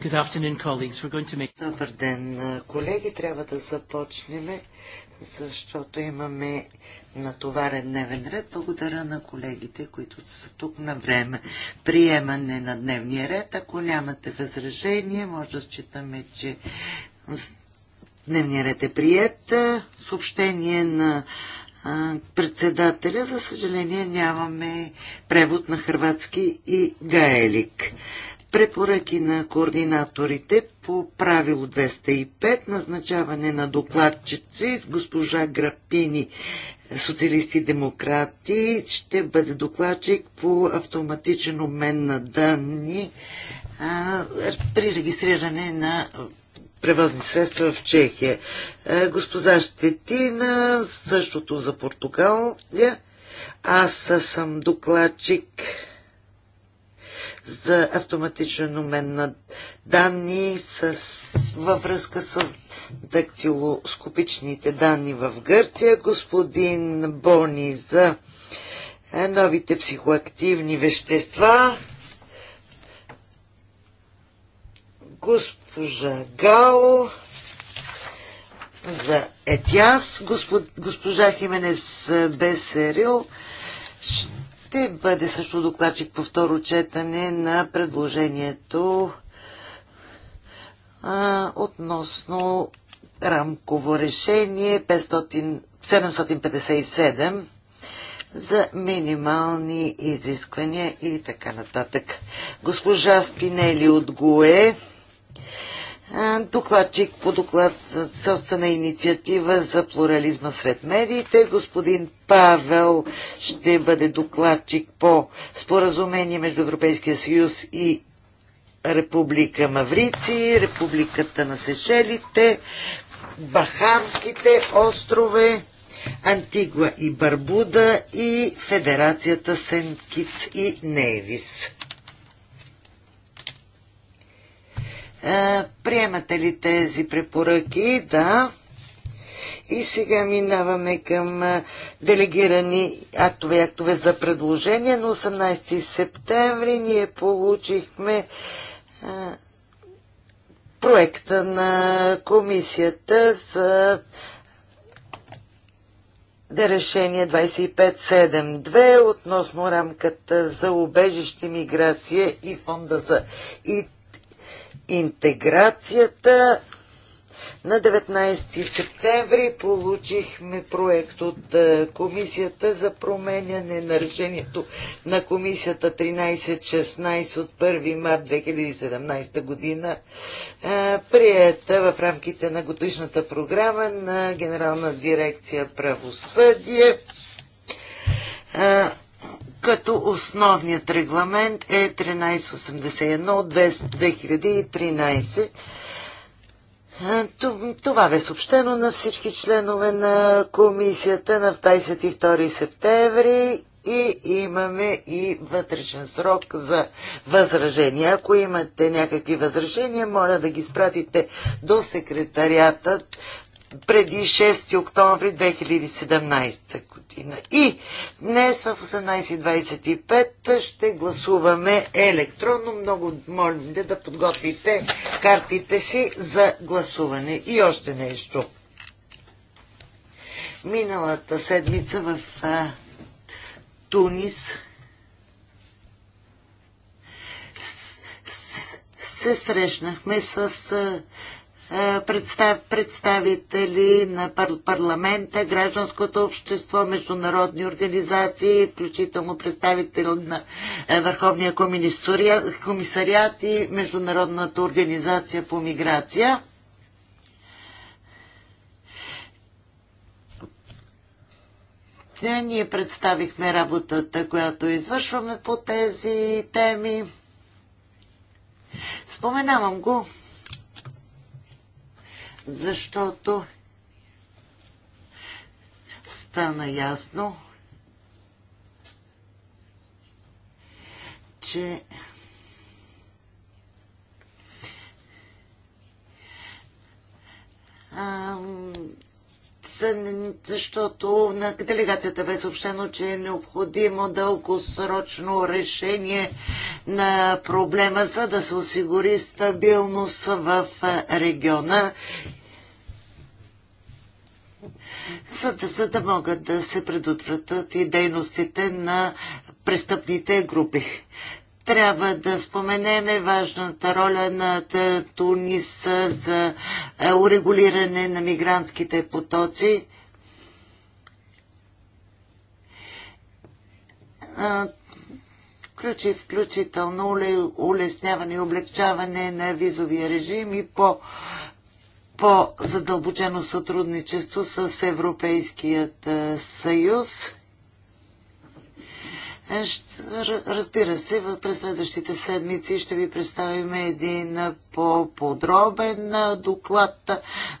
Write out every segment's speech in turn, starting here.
Good afternoon, colleagues. We're going to make... Добър ден, колеги. Трябва да започнем, защото имаме натоварен дневен ред. Благодаря на колегите, които са тук на време. Приемане на дневния ред. Ако нямате възражение, може да считаме, че дневния ред е прият. Съобщение на председателя. За съжаление нямаме превод на хрватски и гаелик препоръки на координаторите по правило 205, назначаване на докладчици, госпожа Грапини, социалисти-демократи, ще бъде докладчик по автоматичен обмен на данни а, при регистриране на превозни средства в Чехия. А, госпожа Щетина, същото за Португалия. Аз съм докладчик за автоматичен умен на данни с, във връзка с дактилоскопичните данни в Гърция. Господин Бони за е, новите психоактивни вещества. Госпожа Гал за Етяс, госпожа Хименес е, Бесерил ще бъде също докладчик по второ четане на предложението а, относно рамково решение 500, 757 за минимални изисквания и така нататък. Госпожа Спинели от ГУЕ докладчик по доклад за собствена инициатива за плурализма сред медиите. Господин Павел ще бъде докладчик по споразумение между Европейския съюз и Република Маврици, Републиката на Сешелите, Бахамските острове, Антигуа и Барбуда и Федерацията Сенкиц Китс и Невис. Е, приемате ли тези препоръки? Да. И сега минаваме към е, делегирани актове и актове за предложение. На 18 септември ние получихме а, е, проекта на комисията за да решение 2572 относно рамката за убежище, миграция и фонда за и интеграцията. На 19 септември получихме проект от е, Комисията за променяне на решението на Комисията 1316 от 1 март 2017 година, е, приета в рамките на годишната програма на Генерална дирекция правосъдие. Е, като основният регламент е 1381 от 2013. Това бе съобщено на всички членове на комисията на 22 септември и имаме и вътрешен срок за възражения. Ако имате някакви възражения, моля да ги спратите до секретариатът преди 6 октомври 2017 година. И днес в 18.25 ще гласуваме електронно. Много молим да подготвите картите си за гласуване. И още нещо. Миналата седмица в а, Тунис с, с, се срещнахме с а, е, представители на парламента, гражданското общество, международни организации, включително представител на е, Върховния комисариат и Международната организация по миграция. Е, ние представихме работата, която извършваме по тези теми. Споменавам го, защото стана ясно, че а, защото на делегацията бе съобщено, че е необходимо дългосрочно решение на проблема, за да се осигури стабилност в региона за да, за да могат да се предотвратят и дейностите на престъпните групи. Трябва да споменеме важната роля на Тунис за е, урегулиране на мигрантските потоци. включи включително улесняване и облегчаване на визовия режим и по по-задълбочено сътрудничество с Европейският е, съюз. Е, разбира се, през следващите седмици ще ви представим един по-подробен е, доклад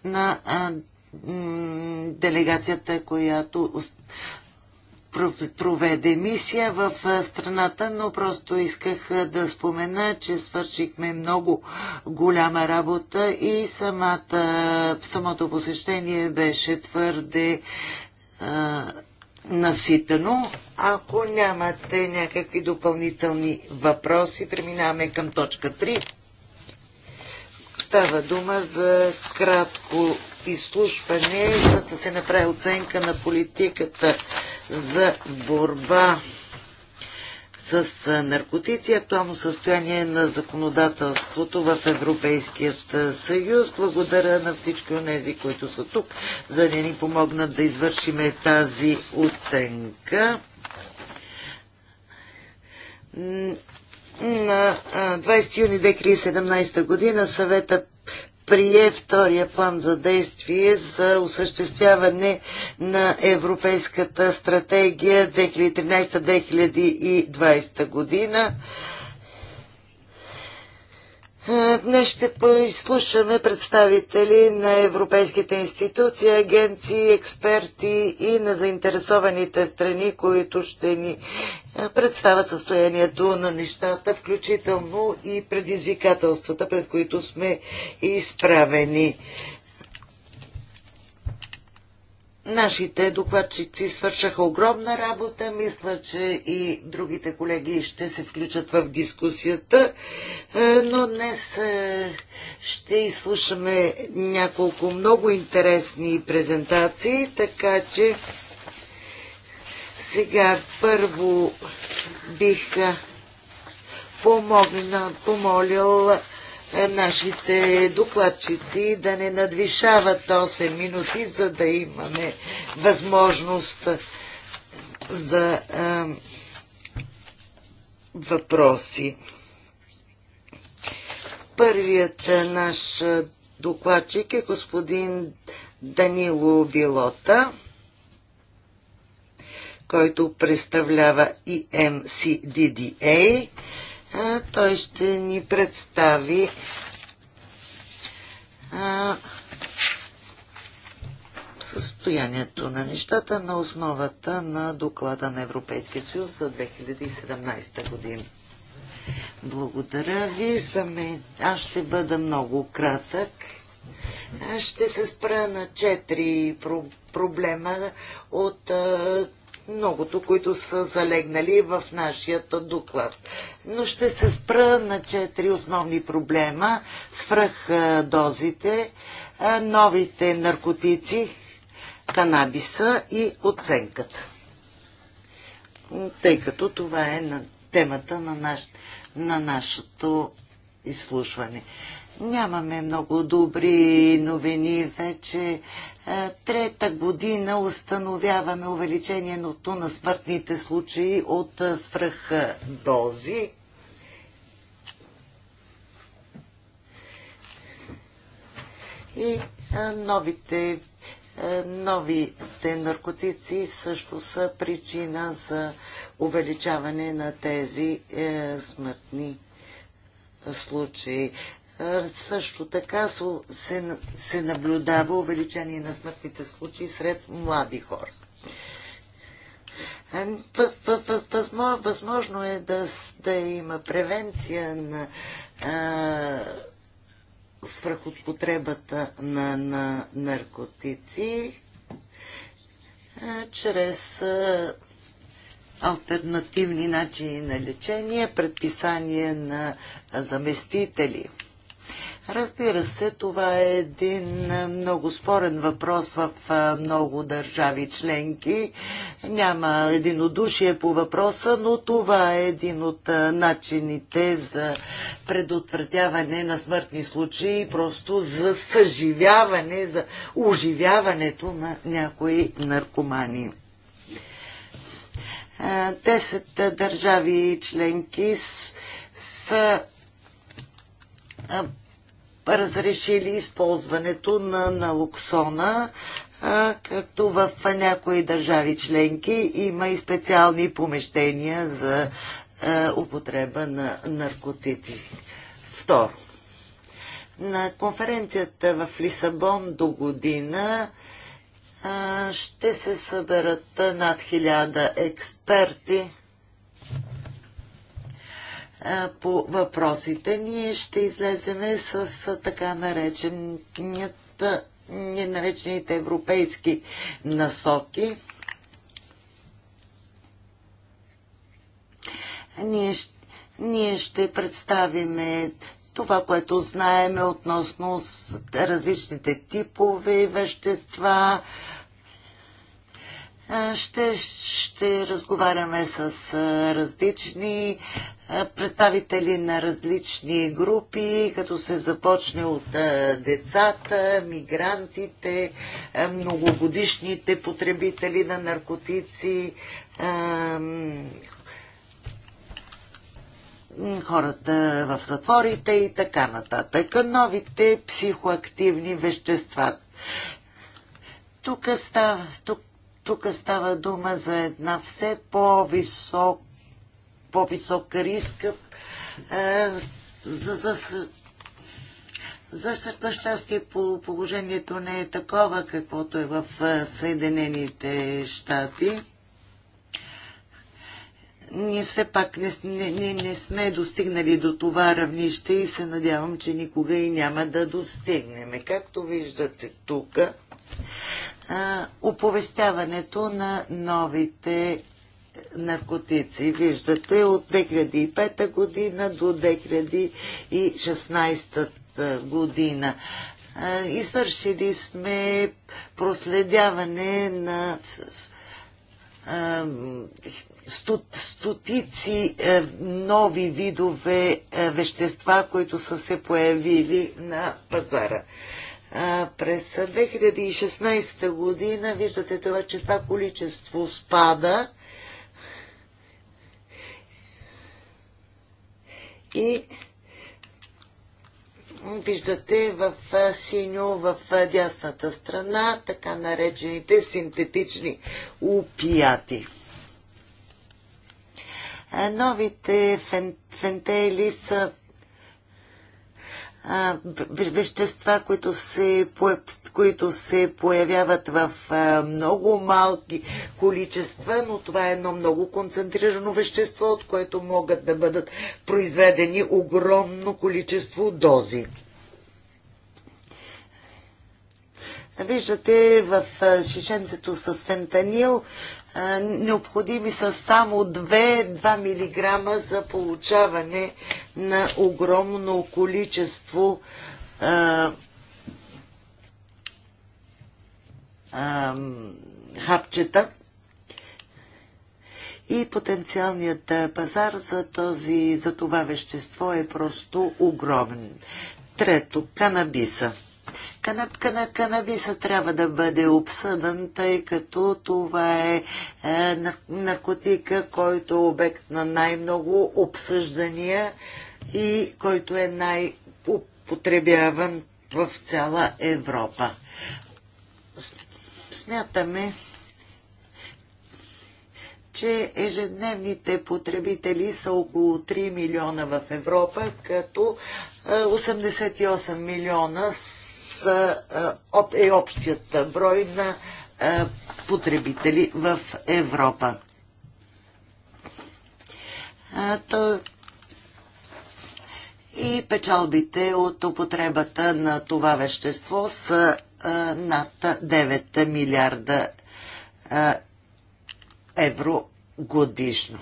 на делегацията, която проведе мисия в страната, но просто исках да спомена, че свършихме много голяма работа и самата, самото посещение беше твърде а, наситено. Ако нямате някакви допълнителни въпроси, преминаваме към точка 3. Става дума за кратко изслушване, за да се направи оценка на политиката за борба с наркотици, актуално състояние на законодателството в Европейският съюз. Благодаря на всички от тези, които са тук, за да ни помогнат да извършиме тази оценка. На 20 юни 2017 година съвета прие втория план за действие за осъществяване на Европейската стратегия 2013-2020 година. Е, днес ще изслушаме представители на европейските институции, агенции, експерти и на заинтересованите страни, които ще ни е, представят състоянието на нещата, включително и предизвикателствата, пред които сме изправени. Нашите докладчици свършаха огромна работа. Мисля, че и другите колеги ще се включат в дискусията. Е, но днес е, ще изслушаме няколко много интересни презентации, така че сега първо бих е, помогна, помолил е, нашите докладчици да не надвишават 8 минути, за да имаме възможност за а, е, въпроси. Първият е, наш докладчик е господин Данило Билота, който представлява EMCDDA а, той ще ни представи а, състоянието на нещата на основата на доклада на Европейския съюз за 2017 година. Благодаря ви за мен. Аз ще бъда много кратък. Аз ще се спра на четири проблема от многото, които са залегнали в нашия доклад. Но ще се спра на четири основни проблема. Свръх дозите, новите наркотици, канабиса и оценката. Тъй като това е на темата на, наш, на нашето изслушване. Нямаме много добри новини. Вече е, трета година установяваме увеличението на смъртните случаи от е, свръхдози. Е, И новите, новите наркотици също са причина за увеличаване на тези смъртни случаи също така се, се наблюдава увеличение на смъртните случаи сред млади хора. Възможно е да, да има превенция на а, свръхотпотребата на, на наркотици а, чрез а, альтернативни начини на лечение, предписание на заместители – Разбира се, това е един много спорен въпрос в много държави членки. Няма единодушие по въпроса, но това е един от начините за предотвратяване на смъртни случаи, просто за съживяване, за оживяването на някои наркомани. Десет държави членки са разрешили използването на налоксона, като в някои държави членки има и специални помещения за употреба на наркотици. Второ, на конференцията в Лисабон до година ще се съберат над хиляда експерти по въпросите. Ние ще излеземе с така нареченият, наречените европейски насоки. Ние, ние ще представиме това, което знаеме относно различните типове вещества, ще, ще разговаряме с различни представители на различни групи, като се започне от децата, мигрантите, многогодишните потребители на наркотици, хората в затворите и така нататък. Новите психоактивни вещества. Тук става, тук тук става дума за една все по-висок, по-висок риск е, за, за, за, същата щастие положението не е такова, каквото е в е, Съединените щати. Ние все пак не, не, не сме достигнали до това равнище и се надявам, че никога и няма да достигнем. Както виждате тук, оповестяването на новите наркотици. Виждате от 2005 година до 2016 година. Извършили сме проследяване на стотици нови видове вещества, които са се появили на пазара през 2016 година виждате това, че това количество спада и виждате в синьо, в дясната страна, така наречените синтетични опияти. Новите фентели са вещества, които се, които се появяват в много малки количества, но това е едно много концентрирано вещество, от което могат да бъдат произведени огромно количество дози. Виждате в шишенцето с фентанил Необходими са само 2-2 мг за получаване на огромно количество а, а, хапчета и потенциалният пазар за, този, за това вещество е просто огромен. Трето, канабиса. Канаб, канаб, канабиса трябва да бъде обсъден, тъй като това е, е наркотика, който е обект на най-много обсъждания и който е най-употребяван в цяла Европа. Смятаме, че ежедневните потребители са около 3 милиона в Европа, като 88 е, милиона е общият брой на потребители в Европа. И печалбите от употребата на това вещество са над 9 милиарда евро годишно.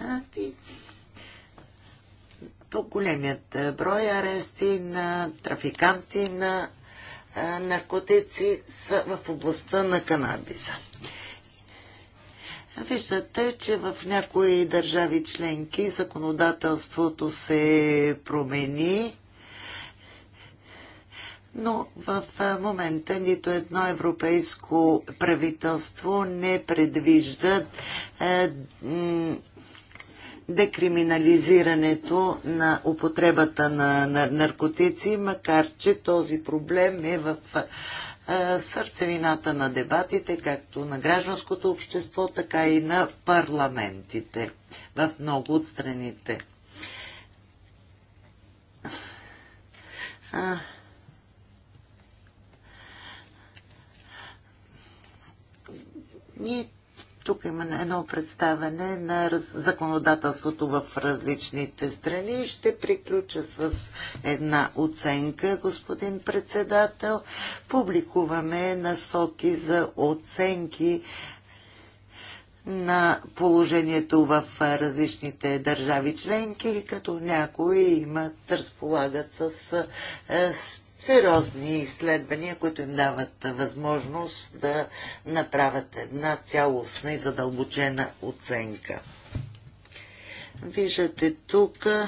А, ти по големият брой арести на трафиканти на наркотици са в областта на канабиса. Виждате, че в някои държави членки законодателството се промени, но в момента нито едно европейско правителство не предвижда декриминализирането на употребата на, наркотици, макар че този проблем е в сърцевината на дебатите, както на гражданското общество, така и на парламентите в много от страните. Ние тук има едно представене на законодателството в различните страни. Ще приключа с една оценка, господин председател. Публикуваме насоки за оценки на положението в различните държави членки, като някои имат, разполагат с е, сериозни изследвания, които им дават възможност да направят една цялостна и задълбочена оценка. Виждате тук а,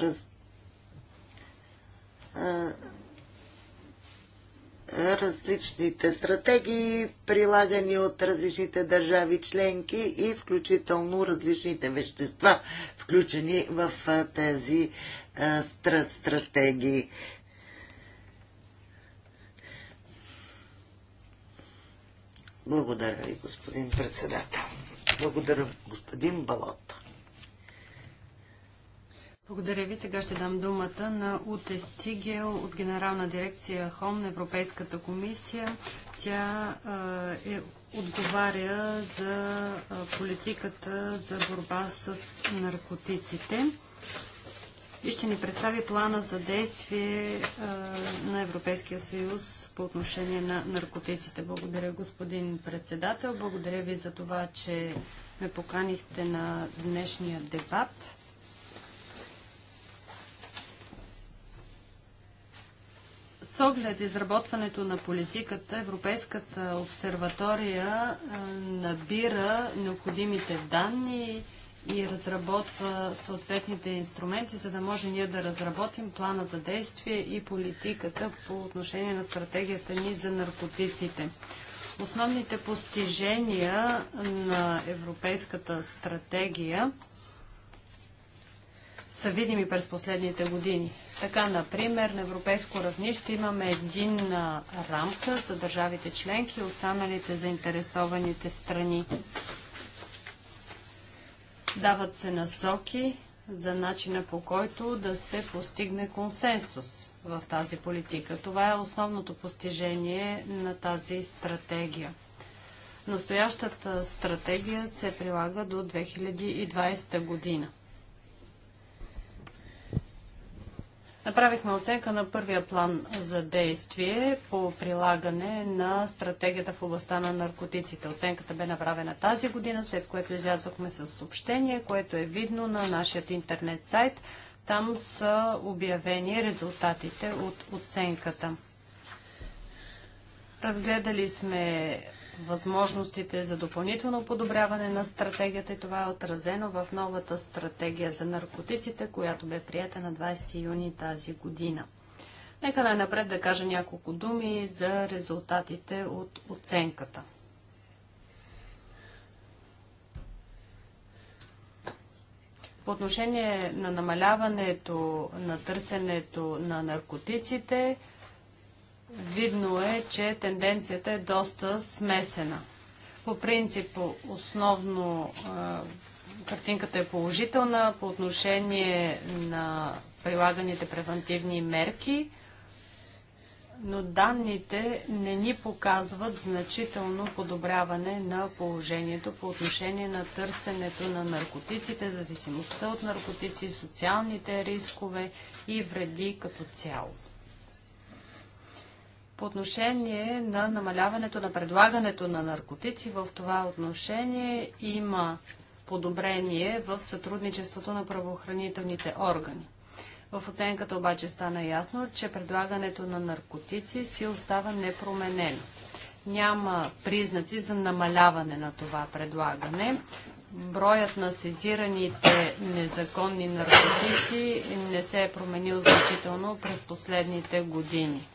раз, а, различните стратегии, прилагани от различните държави членки и включително различните вещества, включени в тези стратегии. Благодаря ви, господин председател. Благодаря, господин Балота. Благодаря ви. Сега ще дам думата на Уте Стигел от Генерална дирекция ХОМ на Европейската комисия. Тя е, отговаря за политиката за борба с наркотиците и ще ни представи плана за действие на Европейския съюз по отношение на наркотиците. Благодаря, господин председател. Благодаря ви за това, че ме поканихте на днешния дебат. оглед изработването на политиката, Европейската обсерватория набира необходимите данни и разработва съответните инструменти, за да може ние да разработим плана за действие и политиката по отношение на стратегията ни за наркотиците. Основните постижения на Европейската стратегия – са видими през последните години. Така, например, на европейско равнище имаме един рамка за държавите членки и останалите заинтересованите страни. Дават се насоки за начина по който да се постигне консенсус в тази политика. Това е основното постижение на тази стратегия. Настоящата стратегия се прилага до 2020 година. Направихме оценка на първия план за действие по прилагане на стратегията в областта на наркотиците. Оценката бе направена тази година, след което излязохме с съобщение, което е видно на нашия интернет сайт. Там са обявени резултатите от оценката. Разгледали сме възможностите за допълнително подобряване на стратегията и това е отразено в новата стратегия за наркотиците, която бе прията на 20 юни тази година. Нека най-напред да кажа няколко думи за резултатите от оценката. По отношение на намаляването на търсенето на наркотиците, видно е, че тенденцията е доста смесена. По принцип, основно картинката е положителна по отношение на прилаганите превентивни мерки, но данните не ни показват значително подобряване на положението по отношение на търсенето на наркотиците, зависимостта от наркотици, социалните рискове и вреди като цяло. По отношение на намаляването на предлагането на наркотици, в това отношение има подобрение в сътрудничеството на правоохранителните органи. В оценката обаче стана ясно, че предлагането на наркотици си остава непроменено. Няма признаци за намаляване на това предлагане. Броят на сезираните незаконни наркотици не се е променил значително през последните години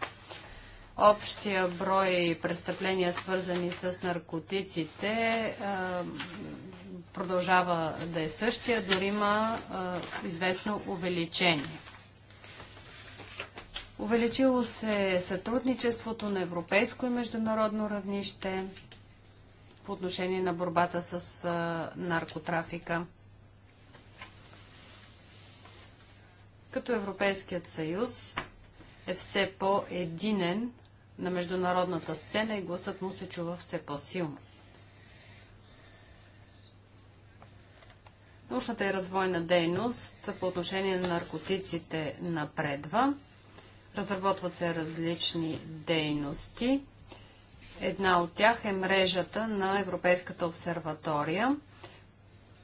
общия брой престъпления, свързани с наркотиците, продължава да е същия, дори има известно увеличение. Увеличило се сътрудничеството на европейско и международно равнище по отношение на борбата с наркотрафика. Като Европейският съюз е все по-единен на международната сцена и гласът му се чува все по-силно. Научната и развойна дейност по отношение на наркотиците напредва. Разработват се различни дейности. Една от тях е мрежата на Европейската обсерватория.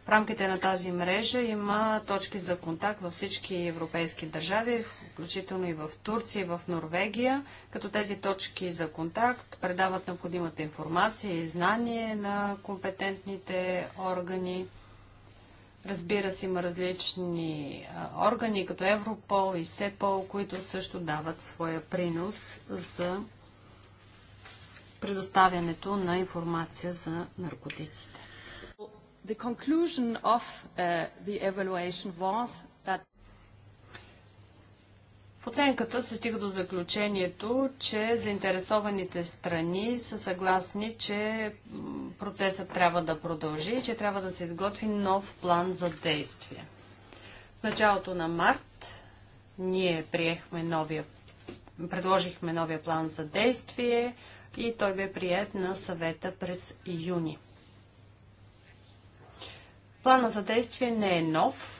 В рамките на тази мрежа има точки за контакт във всички европейски държави, в включително и в Турция, и в Норвегия, като тези точки за контакт предават необходимата информация и знание на компетентните органи. Разбира се, има различни органи, като Европол и СЕПОЛ, които също дават своя принос за предоставянето на информация за наркотиците. Uh, that... В оценката се стига до заключението, че заинтересованите страни са съгласни, че процесът трябва да продължи и че трябва да се изготви нов план за действие. В началото на март ние приехме новия, предложихме новия план за действие и той бе прият на съвета през юни. Плана за действие не е нов.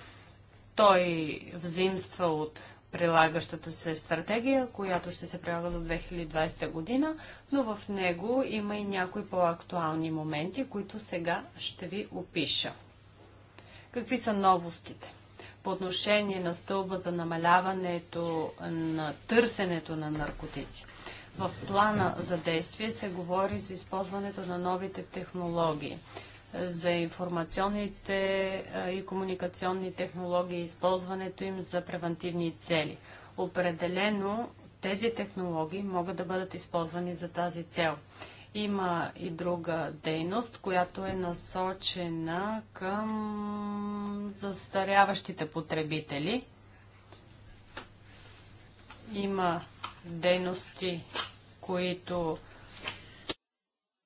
Той взимства от прилагащата се стратегия, която ще се прилага до 2020 година, но в него има и някои по-актуални моменти, които сега ще ви опиша. Какви са новостите? По отношение на стълба за намаляването на търсенето на наркотици. В плана за действие се говори за използването на новите технологии за информационните и комуникационни технологии, използването им за превентивни цели. Определено тези технологии могат да бъдат използвани за тази цел. Има и друга дейност, която е насочена към застаряващите потребители. Има дейности, които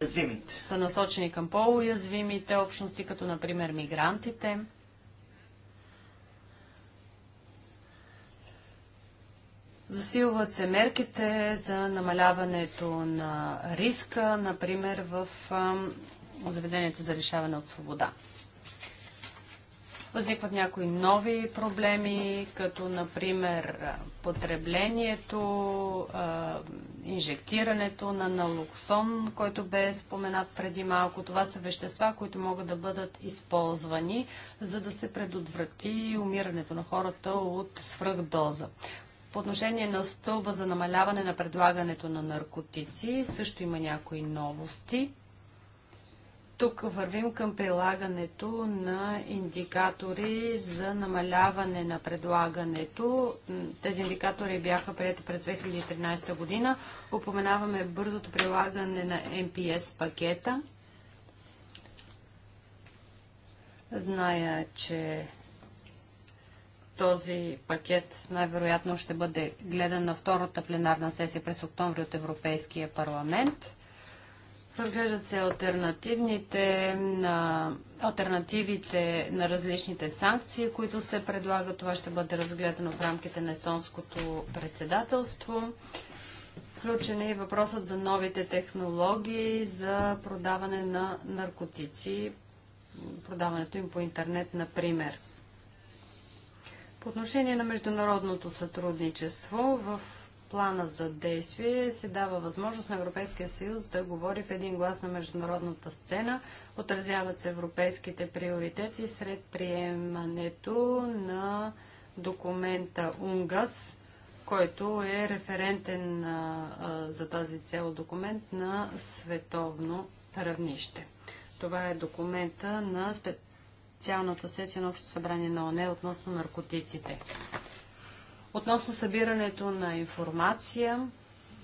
уязвимите. Са насочени към по-уязвимите общности, като например мигрантите. Засилват се мерките за намаляването на риска, например в заведението за решаване от свобода. Възникват някои нови проблеми, като например потреблението, инжектирането на налоксон, който бе споменат преди малко. Това са вещества, които могат да бъдат използвани, за да се предотврати умирането на хората от свръхдоза. По отношение на стълба за намаляване на предлагането на наркотици също има някои новости. Тук вървим към прилагането на индикатори за намаляване на предлагането. Тези индикатори бяха прияти през 2013 година. Упоменаваме бързото прилагане на MPS пакета. Зная, че този пакет най-вероятно ще бъде гледан на втората пленарна сесия през октомври от Европейския парламент. Разглеждат се альтернативните на альтернативите на различните санкции, които се предлагат. Това ще бъде разгледано в рамките на естонското председателство. Включен е и въпросът за новите технологии за продаване на наркотици, продаването им по интернет, например. По отношение на международното сътрудничество, в плана за действие се дава възможност на Европейския съюз да говори в един глас на международната сцена, отразяват се европейските приоритети сред приемането на документа УНГАС, който е референтен за тази цел документ на световно равнище. Това е документа на специалната сесия на Общо събрание на ОНЕ относно наркотиците. Относно събирането на информация,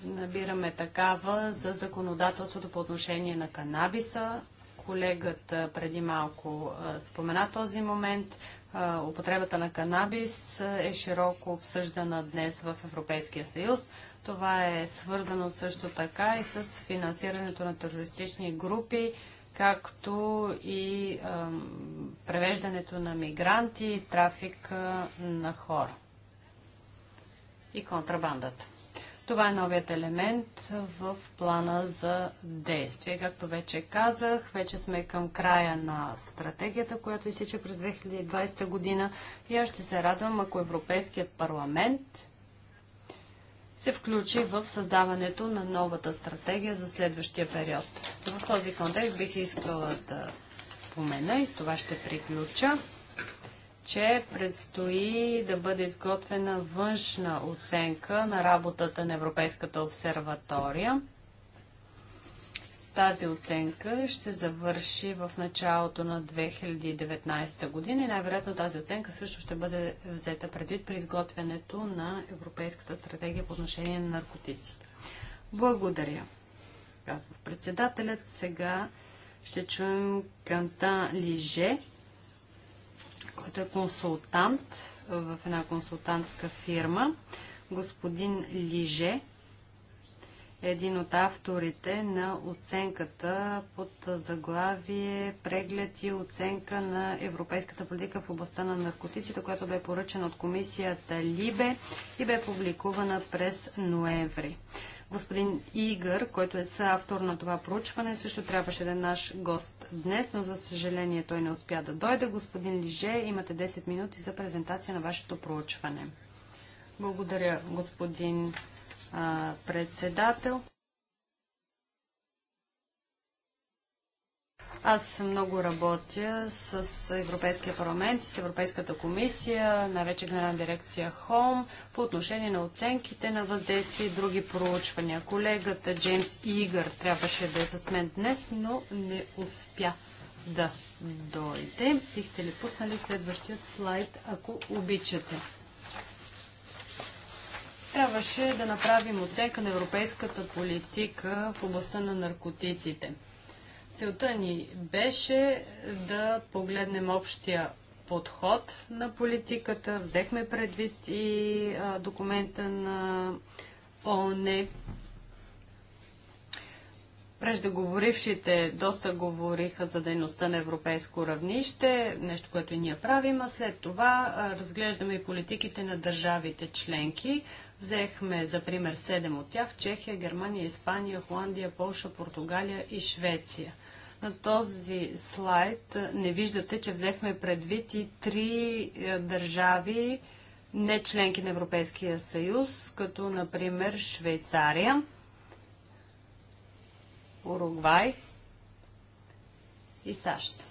набираме такава за законодателството по отношение на канабиса. Колегата преди малко спомена този момент. употребата на канабис е широко обсъждана днес в Европейския съюз. Това е свързано също така и с финансирането на терористични групи, както и превеждането на мигранти и трафик на хора и контрабандата. Това е новият елемент в плана за действие. Както вече казах, вече сме към края на стратегията, която изсича през 2020 година и аз ще се радвам, ако Европейският парламент се включи в създаването на новата стратегия за следващия период. В този контекст бих искала да спомена и с това ще приключа че предстои да бъде изготвена външна оценка на работата на Европейската обсерватория. Тази оценка ще завърши в началото на 2019 година и най-вероятно тази оценка също ще бъде взета предвид при изготвянето на Европейската стратегия по отношение на наркотиците. Благодаря, казва председателят. Сега ще чуем Канта Лиже е консултант в една консултантска фирма. Господин Лиже е един от авторите на оценката под заглавие Преглед и оценка на европейската политика в областта на наркотиците, която бе поръчена от комисията Либе и бе публикувана през ноември. Господин Игър, който е съавтор на това проучване, също трябваше да е наш гост днес, но за съжаление той не успя да дойде. Господин Лиже, имате 10 минути за презентация на вашето проучване. Благодаря, господин а, председател. Аз много работя с Европейския парламент и с Европейската комисия, най-вече Генерална дирекция ХОМ, по отношение на оценките на въздействие и други проучвания. Колегата Джеймс Игър трябваше да е с мен днес, но не успя да дойде. Бихте ли пуснали следващият слайд, ако обичате? Трябваше да направим оценка на европейската политика в областта на наркотиците – Целта ни беше да погледнем общия подход на политиката. Взехме предвид и документа на ООН. Преждеговорившите доста говориха за дейността на европейско равнище, нещо, което и ние правим, а след това разглеждаме и политиките на държавите членки. Взехме за пример 7 от тях – Чехия, Германия, Испания, Холандия, Полша, Португалия и Швеция. На този слайд не виждате, че взехме предвид и три е, държави, не членки на Европейския съюз, като например Швейцария, Уругвай и САЩ.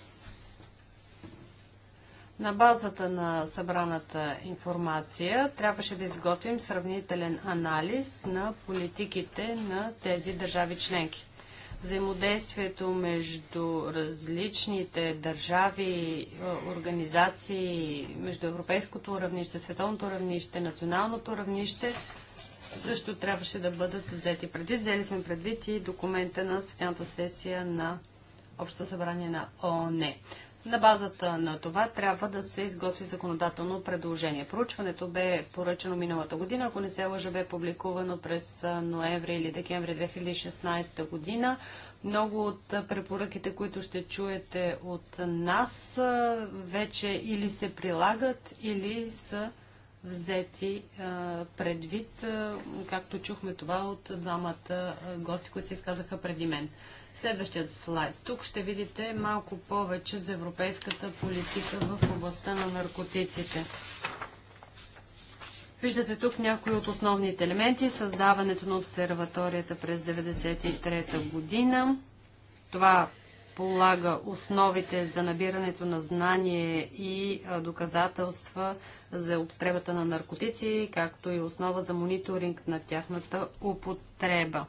На базата на събраната информация трябваше да изготвим сравнителен анализ на политиките на тези държави членки взаимодействието между различните държави, организации, между европейското равнище, световното равнище, националното равнище, също трябваше да бъдат взети предвид. Взели сме предвид и документа на специалната сесия на Общо събрание на ООН. На базата на това трябва да се изготви законодателно предложение. Проучването бе поръчано миналата година, ако не се лъжа, бе публикувано през ноември или декември 2016 година. Много от препоръките, които ще чуете от нас, вече или се прилагат, или са взети предвид, както чухме това от двамата гости, които се изказаха преди мен. Следващият слайд. Тук ще видите малко повече за европейската политика в областта на наркотиците. Виждате тук някои от основните елементи. Създаването на обсерваторията през 1993 година. Това полага основите за набирането на знание и доказателства за употребата на наркотици, както и основа за мониторинг на тяхната употреба.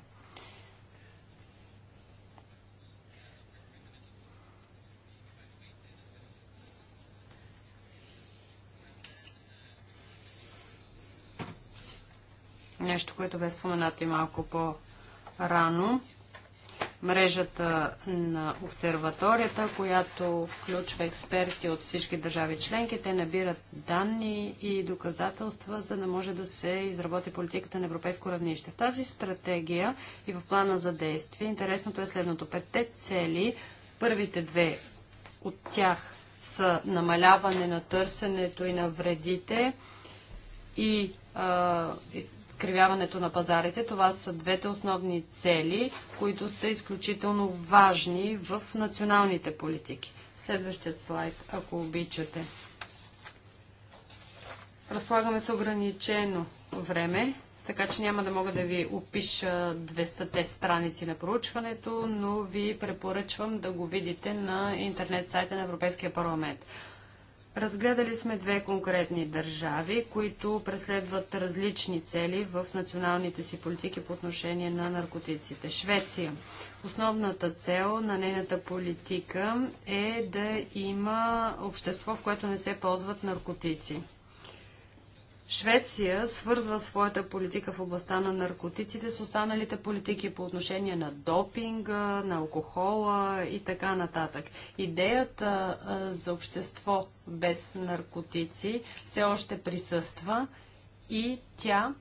Нещо, което бе споменато и малко по-рано. Мрежата на обсерваторията, която включва експерти от всички държави членки, те набират данни и доказателства, за да може да се изработи политиката на европейско равнище. В тази стратегия и в плана за действие интересното е следното. Петте цели, първите две от тях са намаляване на търсенето и на вредите и а, изкривяването на пазарите. Това са двете основни цели, които са изключително важни в националните политики. Следващият слайд, ако обичате. Разполагаме с ограничено време, така че няма да мога да ви опиша 200-те страници на проучването, но ви препоръчвам да го видите на интернет сайта на Европейския парламент. Разгледали сме две конкретни държави, които преследват различни цели в националните си политики по отношение на наркотиците. Швеция. Основната цел на нейната политика е да има общество, в което не се ползват наркотици. Швеция свързва своята политика в областта на наркотиците с останалите политики по отношение на допинга, на алкохола и така нататък. Идеята за общество без наркотици все още присъства и тя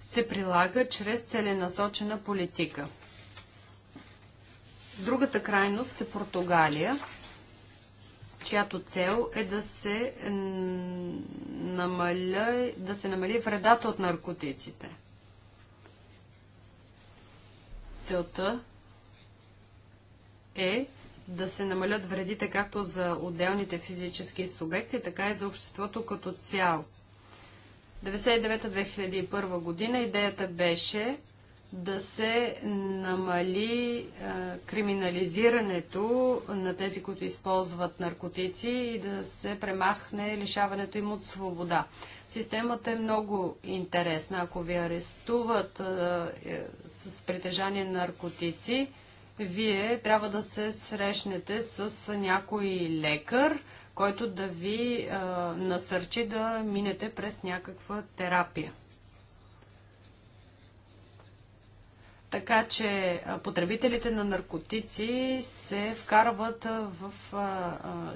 се прилага чрез целенасочена политика. Другата крайност е Португалия чиято цел е да се намали, да се намали вредата от наркотиците. Целта е да се намалят вредите както за отделните физически субекти, така и за обществото като цяло. 99 2001 година идеята беше да се намали а, криминализирането на тези, които използват наркотици и да се премахне лишаването им от свобода. Системата е много интересна. Ако ви арестуват а, е, с притежание на наркотици, вие трябва да се срещнете с някой лекар, който да ви а, насърчи да минете през някаква терапия. Така че потребителите на наркотици се вкарват в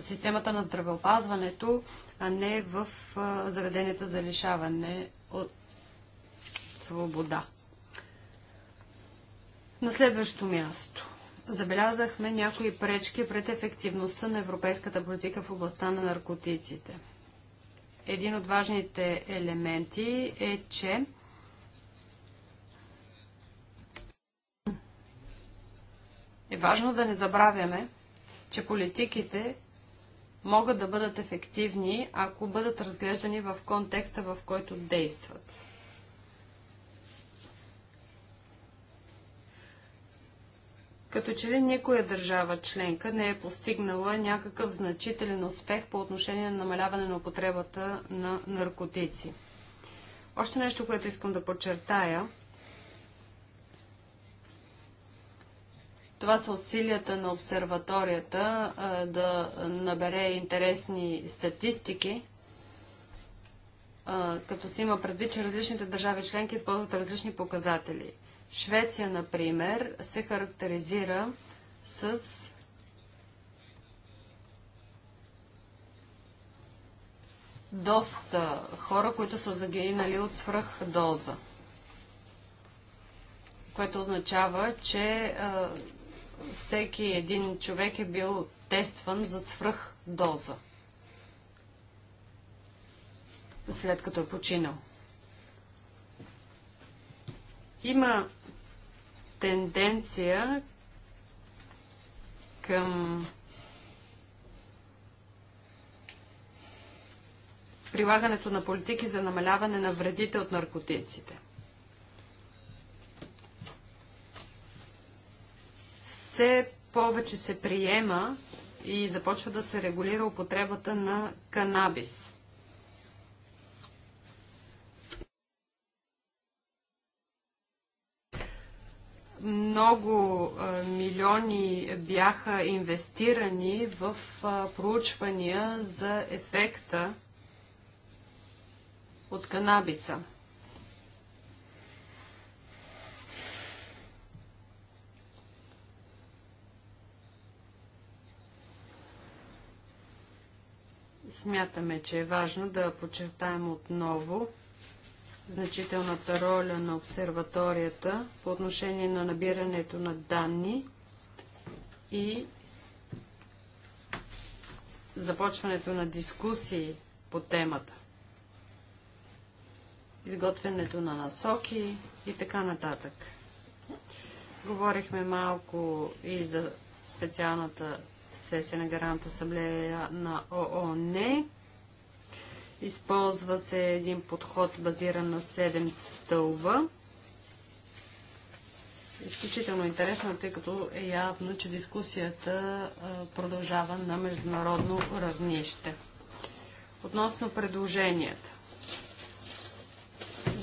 системата на здравеопазването, а не в заведенията за лишаване от свобода. На следващо място. Забелязахме някои пречки пред ефективността на европейската политика в областта на наркотиците. Един от важните елементи е, че е важно да не забравяме, че политиките могат да бъдат ефективни, ако бъдат разглеждани в контекста, в който действат. Като че ли никоя държава членка не е постигнала някакъв значителен успех по отношение на намаляване на употребата на наркотици. Още нещо, което искам да подчертая – Това са усилията на обсерваторията да набере интересни статистики, като се има предвид, че различните държави членки използват различни показатели. Швеция, например, се характеризира с доста хора, които са загинали от свръхдоза. Което означава, че а, всеки един човек е бил тестван за свръхдоза, след като е починал. Има тенденция към прилагането на политики за намаляване на вредите от наркотиците – все повече се приема и започва да се регулира употребата на канабис. Много а, милиони бяха инвестирани в а, проучвания за ефекта от канабиса. Смятаме, че е важно да подчертаем отново значителната роля на обсерваторията по отношение на набирането на данни и започването на дискусии по темата, изготвянето на насоки и така нататък. Говорихме малко и за специалната сесия на Гаранта асамблея на ООН. Използва се един подход базиран на 7 стълба. Изключително интересно, е, тъй като е явно, че дискусията продължава на международно равнище. Относно предложенията,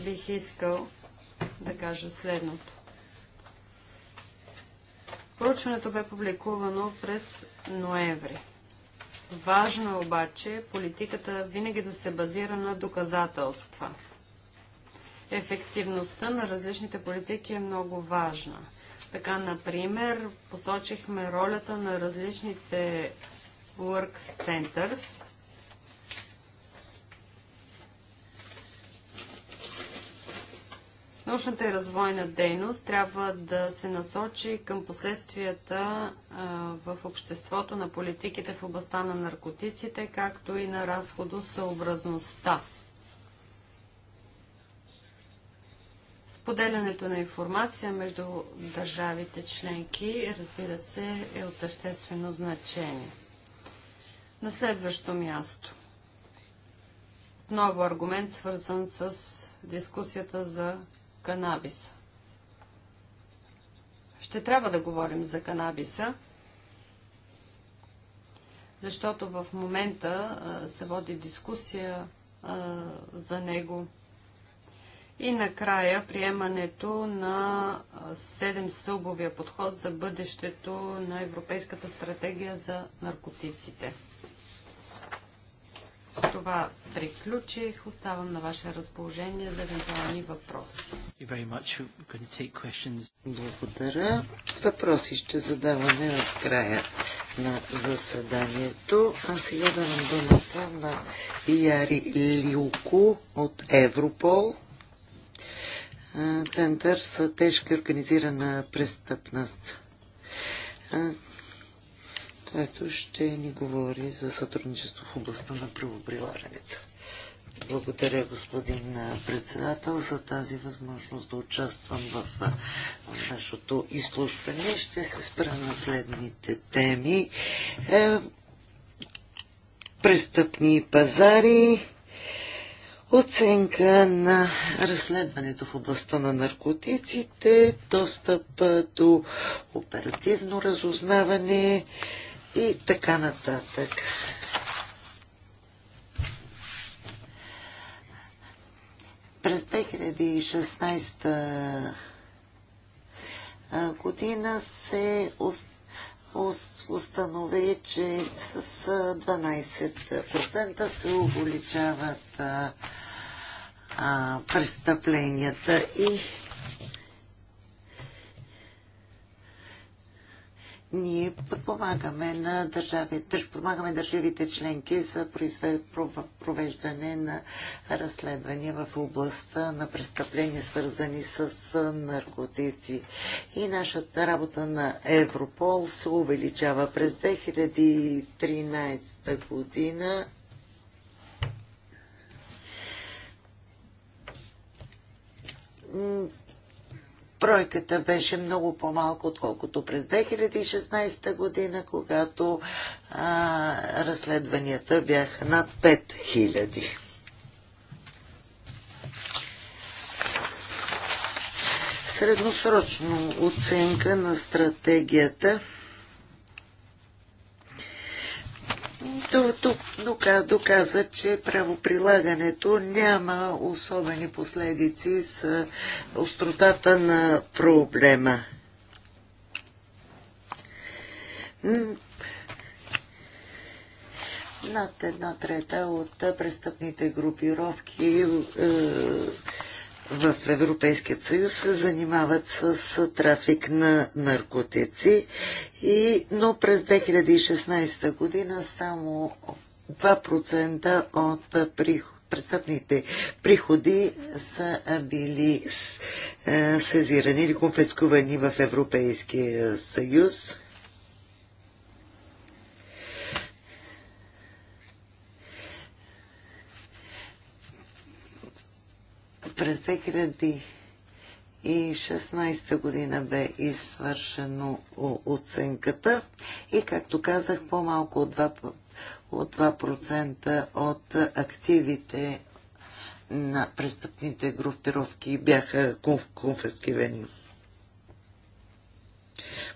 бих искал да кажа следното. Проучването бе публикувано през ноември. Важно е обаче политиката винаги да се базира на доказателства. Ефективността на различните политики е много важна. Така, например, посочихме ролята на различните work centers – Научната и развойна дейност трябва да се насочи към последствията в обществото на политиките в областта на наркотиците, както и на разходосъобразността. Споделянето на информация между държавите членки, разбира се, е от съществено значение. На следващо място. Ново аргумент, свързан с дискусията за канабиса. Ще трябва да говорим за канабиса, защото в момента се води дискусия за него. И накрая приемането на 7 стълбовия подход за бъдещето на Европейската стратегия за наркотиците. С това приключих. Оставам на ваше разположение за евентуални въпроси. Благодаря. Въпроси ще задаваме от края на заседанието. А сега давам думата на Яри Лилко от Европол. Център за тежка организирана престъпност. Ето ще ни говори за сътрудничество в областта на правоприлагането. Благодаря, господин председател, за тази възможност да участвам в нашето изслушване. Ще се спра на следните теми. Е, престъпни пазари, оценка на разследването в областта на наркотиците, достъп до оперативно разузнаване, и така нататък. През 2016 година се установи, че с 12% се увеличават престъпленията и ние подпомагаме на държавите, подпомагаме държавите членки за провеждане на разследвания в областта на престъпления, свързани с наркотици. И нашата работа на Европол се увеличава през 2013 година бройката беше много по-малко, отколкото през 2016 година, когато а, разследванията бяха над 5000. Средносрочно оценка на стратегията тук доказа, че правоприлагането няма особени последици с остротата на проблема. Над една трета от престъпните групировки е, в Европейският съюз се занимават с трафик на наркотици, и, но през 2016 година само 2% от приход престъпните приходи са били е, сезирани или конфискувани в Европейския съюз. През 2016 година бе извършено оценката и, както казах, по-малко от 2%, от 2 от активите на престъпните групировки бяха конфискивани.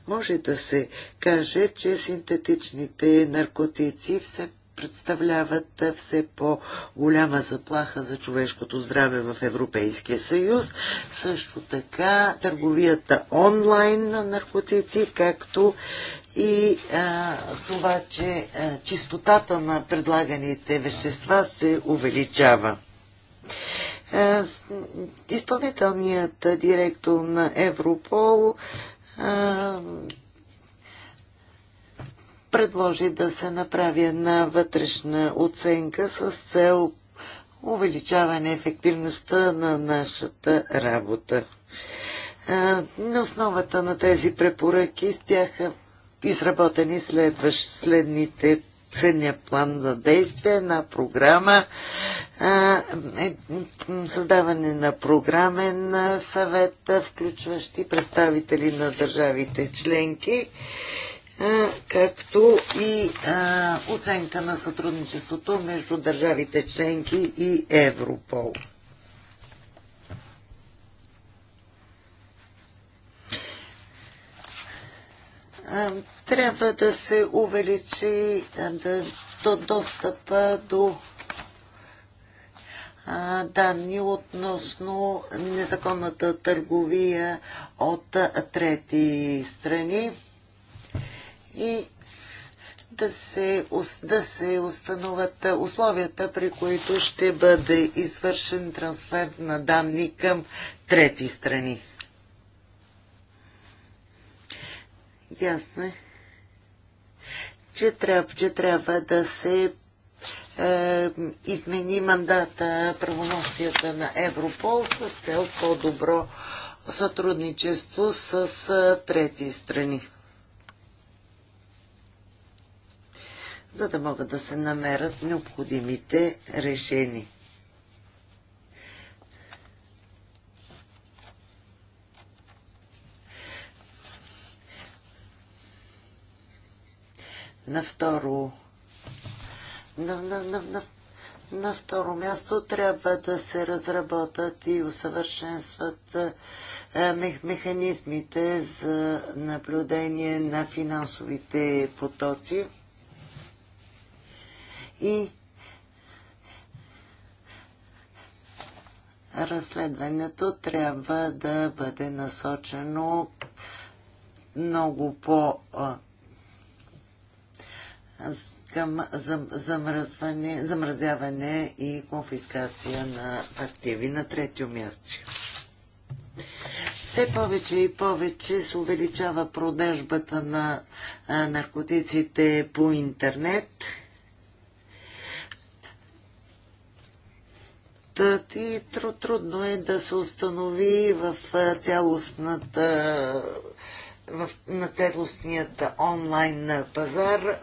Може да се каже, че синтетичните наркотици все представляват все по-голяма заплаха за човешкото здраве в Европейския съюз. Също така търговията онлайн на наркотици, както и а, това, че а, чистотата на предлаганите вещества се увеличава. А, изпълнителният директор на Европол а, предложи да се направи една вътрешна оценка с цел увеличаване ефективността на нашата работа. На основата на тези препоръки бяха изработени следващ, следните следния план за действие, една програма, е, създаване на програмен съвет, включващи представители на държавите членки както и оценка на сътрудничеството между държавите членки и Европол. Трябва да се увеличи да, до достъпа до данни относно незаконната търговия от трети страни и да се, да се установят условията, при които ще бъде извършен трансфер на данни към трети страни. Ясно е, че трябва, че трябва да се е, измени мандата, правомощията на Европол с цел по-добро сътрудничество с е, трети страни. за да могат да се намерят необходимите решения. На второ на, на, на, на, на второ място трябва да се разработат и усъвършенстват е, механизмите за наблюдение на финансовите потоци и разследването трябва да бъде насочено много по към замръзване, замразяване и конфискация на активи на третио място. Все повече и повече се увеличава продажбата на наркотиците по интернет – Тът и трудно е да се установи в цялостната в, на целостният онлайн пазар,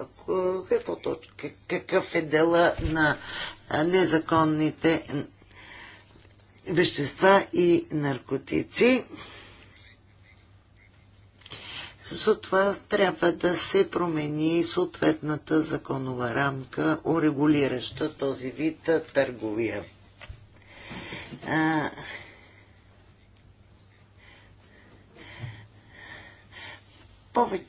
какво точно, какъв е дела на незаконните вещества и наркотици. Затова трябва да се промени съответната законова рамка, урегулираща този вид търговия. А, повече,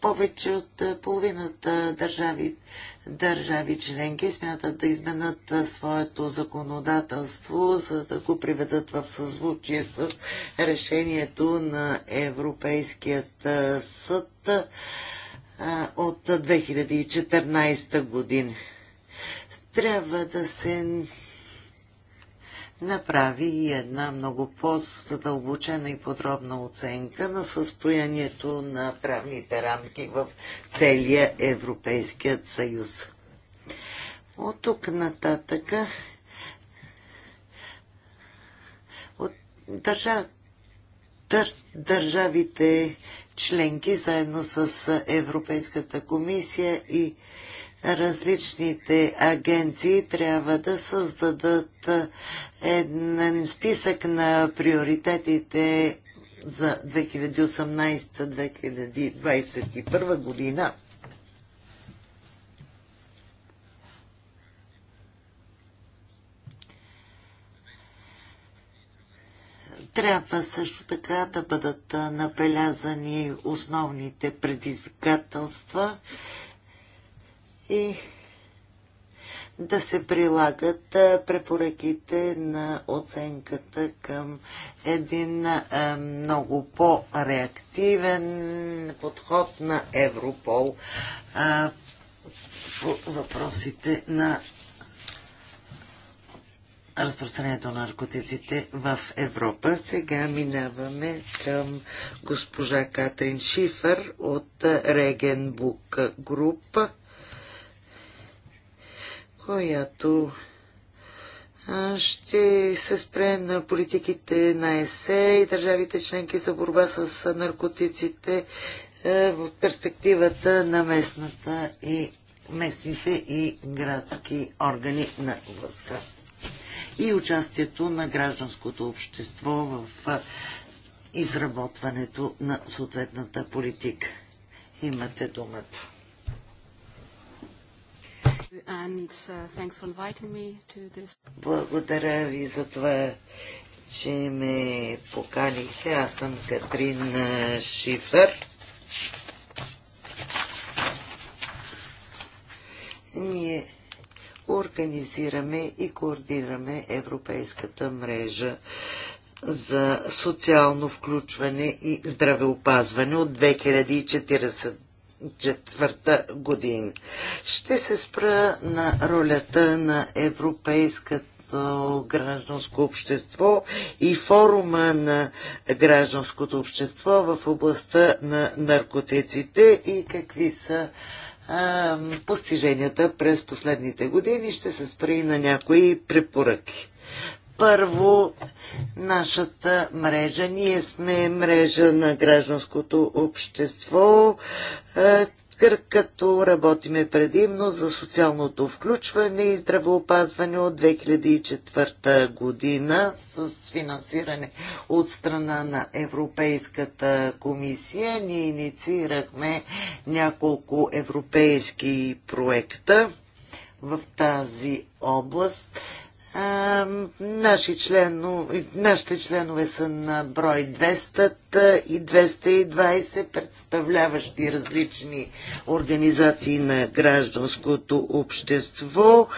повече от половината държави, държави членки смятат да изменят своето законодателство, за да го приведат в съзвучие с решението на Европейският съд от 2014 година. Трябва да се направи и една много по-задълбочена и подробна оценка на състоянието на правните рамки в целия Европейският съюз. От тук нататъка от държа, дър, държавите членки заедно с Европейската комисия и различните агенции трябва да създадат един списък на приоритетите за 2018-2021 година. Трябва също така да бъдат набелязани основните предизвикателства и да се прилагат препоръките на оценката към един много по-реактивен подход на Европол по въпросите на разпространението на наркотиците в Европа. Сега минаваме към госпожа Катрин Шифър от Регенбук група която ще се спре на политиките на ЕСЕ и държавите членки за борба с наркотиците в перспективата на местната и местните и градски органи на властта и участието на гражданското общество в изработването на съответната политика. Имате думата. Uh, Благодаря ви за това, че ме поканихте. Аз съм Катрин Шифър. Ние организираме и координираме Европейската мрежа за социално включване и здравеопазване от 2014 Четвърта година. Ще се спра на ролята на Европейската гражданско общество и форума на гражданското общество в областта на наркотиците и какви са а, постиженията през последните години. Ще се спра и на някои препоръки. Първо, нашата мрежа. Ние сме мрежа на гражданското общество, е, като работиме предимно за социалното включване и здравеопазване от 2004 година с финансиране от страна на Европейската комисия. Ние инициирахме няколко европейски проекта в тази област наши члено, нашите членове са на брой 200 и 220, представляващи различни организации на гражданското общество,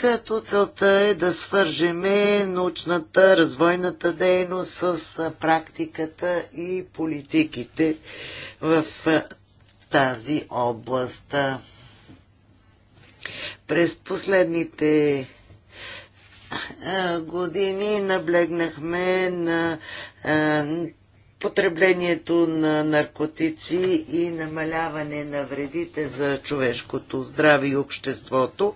като целта е да свържеме научната, развойната дейност с практиката и политиките в тази област. През последните години наблегнахме на е, потреблението на наркотици и намаляване на вредите за човешкото здраве и обществото.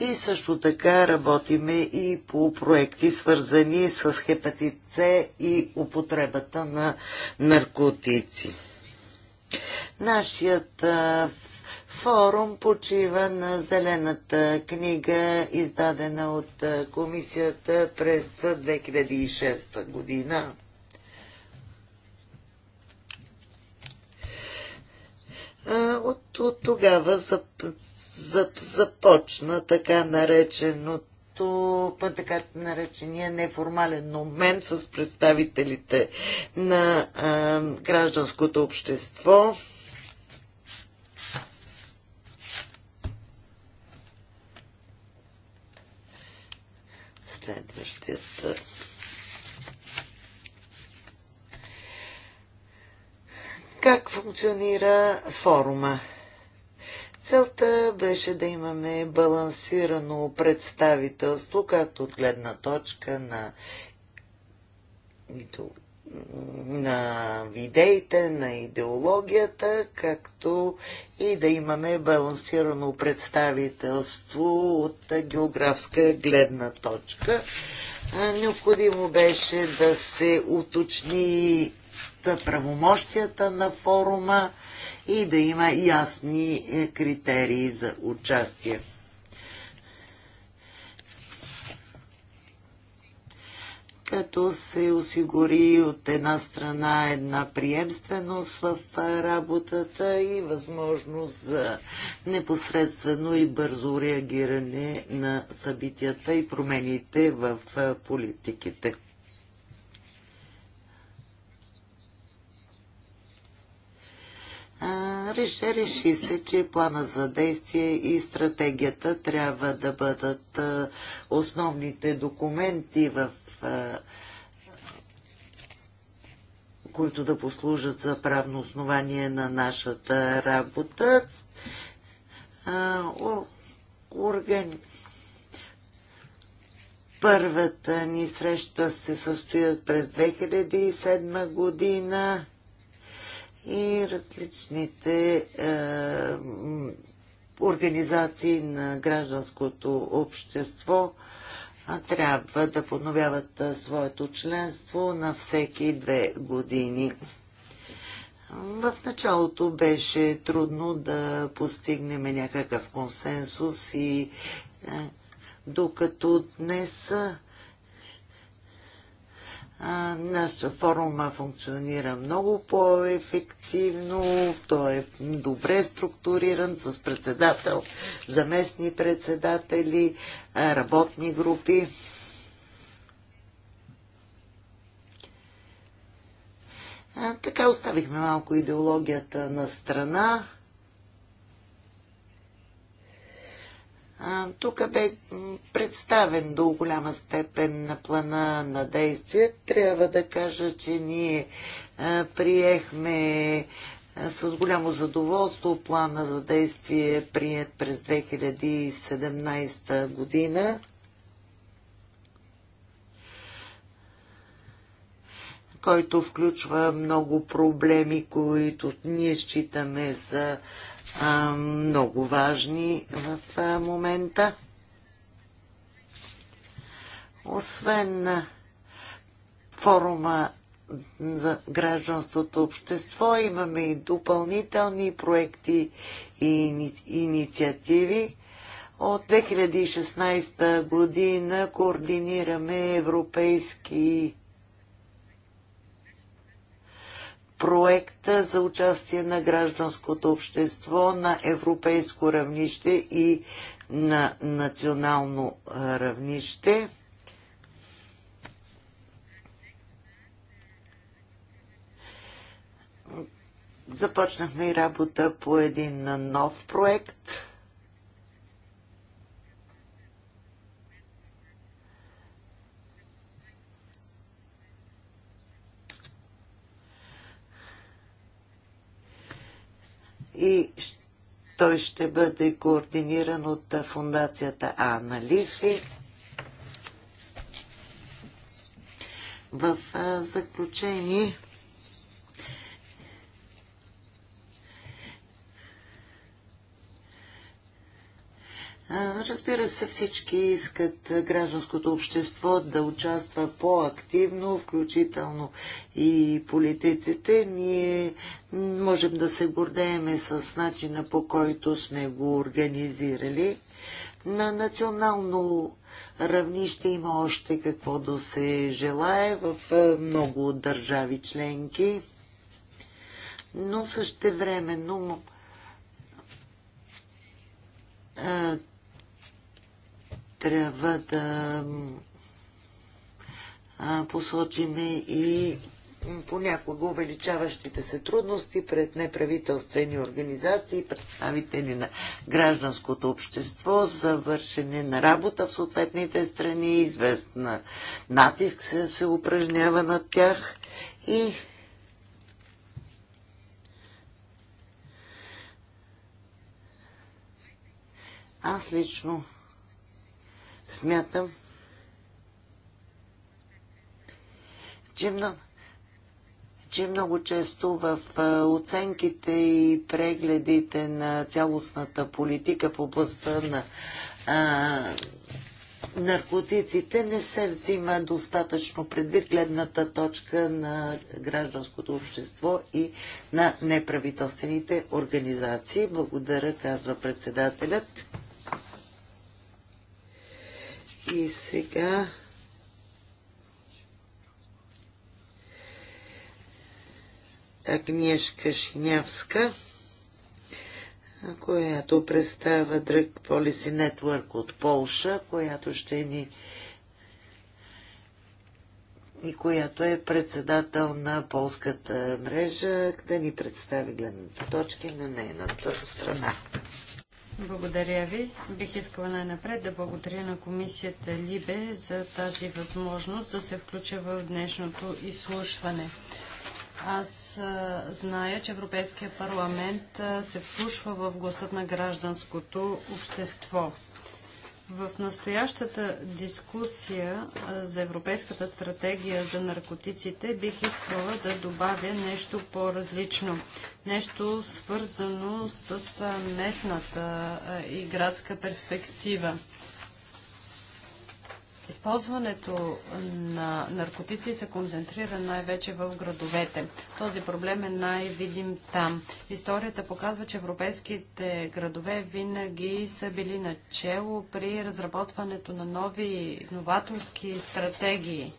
И също така работиме и по проекти, свързани с хепатит С и употребата на наркотици. Нашият е, форум почива на зелената книга, издадена от комисията през 2006 година. От, от тогава зап, зап, започна така нареченото така наречения неформален момент с представителите на а, гражданското общество. следващата. Как функционира форума? Целта беше да имаме балансирано представителство, както от гледна точка на, на идеите, на идеологията, както и да имаме балансирано представителство от географска гледна точка. Необходимо беше да се уточни правомощията на форума и да има ясни е, критерии за участие. като се осигури от една страна една приемственост в работата и възможност за непосредствено и бързо реагиране на събитията и промените в политиките. Реши, реши се, че плана за действие и стратегията трябва да бъдат основните документи в които да послужат за правно основание на нашата работа. Орген. Първата ни среща се състоят през 2007 година и различните организации на гражданското общество трябва да подновяват своето членство на всеки две години. В началото беше трудно да постигнем някакъв консенсус и докато днес на форума функционира много по-ефективно, той е добре структуриран с председател, заместни председатели, работни групи. А, така оставихме малко идеологията на страна Тук бе представен до голяма степен на плана на действие. Трябва да кажа, че ние приехме с голямо задоволство плана за действие, прият през 2017 година. който включва много проблеми, които ние считаме за а, много важни в а, момента. Освен а, форума за гражданството общество, имаме и допълнителни проекти и инициативи. От 2016 година координираме европейски проекта за участие на гражданското общество на европейско равнище и на национално равнище. Започнахме и работа по един нов проект – и той ще бъде координиран от фундацията Анна Лифи. В заключение Разбира се, всички искат гражданското общество да участва по-активно, включително и политиците. Ние можем да се гордееме с начина по който сме го организирали. На национално равнище има още какво да се желае в много държави членки, но същевременно трябва да посочиме и понякога увеличаващите се трудности пред неправителствени организации, представители на гражданското общество за вършене на работа в съответните страни, известна натиск се, се упражнява над тях и аз лично смятам, че много, че много често в оценките и прегледите на цялостната политика в областта на а, наркотиците не се взима достатъчно предвид гледната точка на гражданското общество и на неправителствените организации. Благодаря, казва председателят. И сега Агнешка Шинявска, която представя Drug Policy Network от Полша, която ще ни и която е председател на полската мрежа, да ни представи гледната точки на нейната страна. Благодаря ви. Бих искала най-напред да благодаря на комисията Либе за тази възможност да се включа в днешното изслушване. Аз а, зная, че Европейския парламент а, се вслушва в гласът на гражданското общество. В настоящата дискусия за Европейската стратегия за наркотиците бих искала да добавя нещо по-различно. Нещо свързано с местната и градска перспектива. Използването на наркотици се концентрира най-вече в градовете. Този проблем е най-видим там. Историята показва, че европейските градове винаги са били начело при разработването на нови новаторски стратегии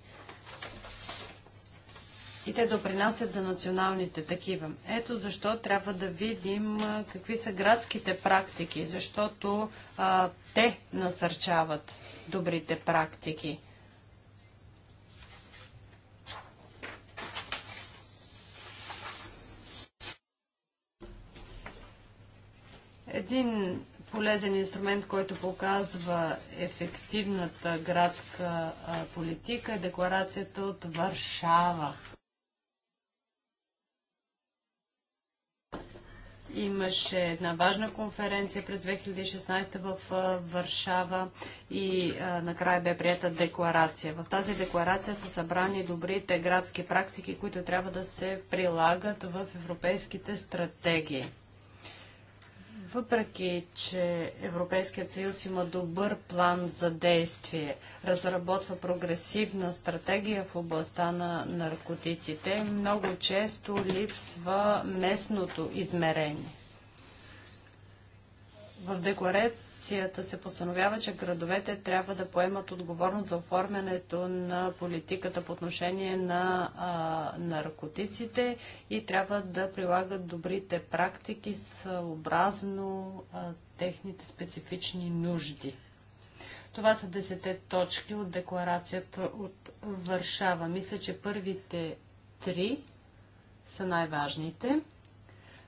и те допринасят за националните такива. Ето защо трябва да видим какви са градските практики, защото а, те насърчават добрите практики. Един полезен инструмент, който показва ефективната градска политика е декларацията от Варшава – Имаше една важна конференция през 2016 в Варшава и накрая бе прията декларация. В тази декларация са събрани добрите градски практики, които трябва да се прилагат в европейските стратегии. Въпреки, че Европейският съюз има добър план за действие, разработва прогресивна стратегия в областта на наркотиците, много често липсва местното измерение. В декларет резолюцията се постановява, че градовете трябва да поемат отговорност за оформянето на политиката по отношение на а, наркотиците и трябва да прилагат добрите практики съобразно а, техните специфични нужди. Това са десете точки от декларацията от Варшава. Мисля, че първите три са най-важните.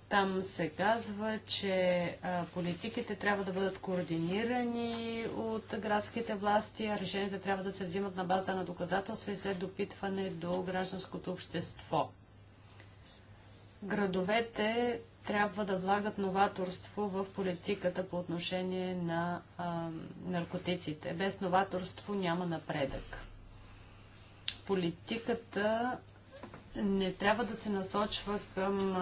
Там се казва, че а, политиките трябва да бъдат координирани от градските власти, а решенията трябва да се взимат на база на доказателства и след допитване до гражданското общество. Градовете трябва да влагат новаторство в политиката по отношение на а, наркотиците. Без новаторство няма напредък. Политиката не трябва да се насочва към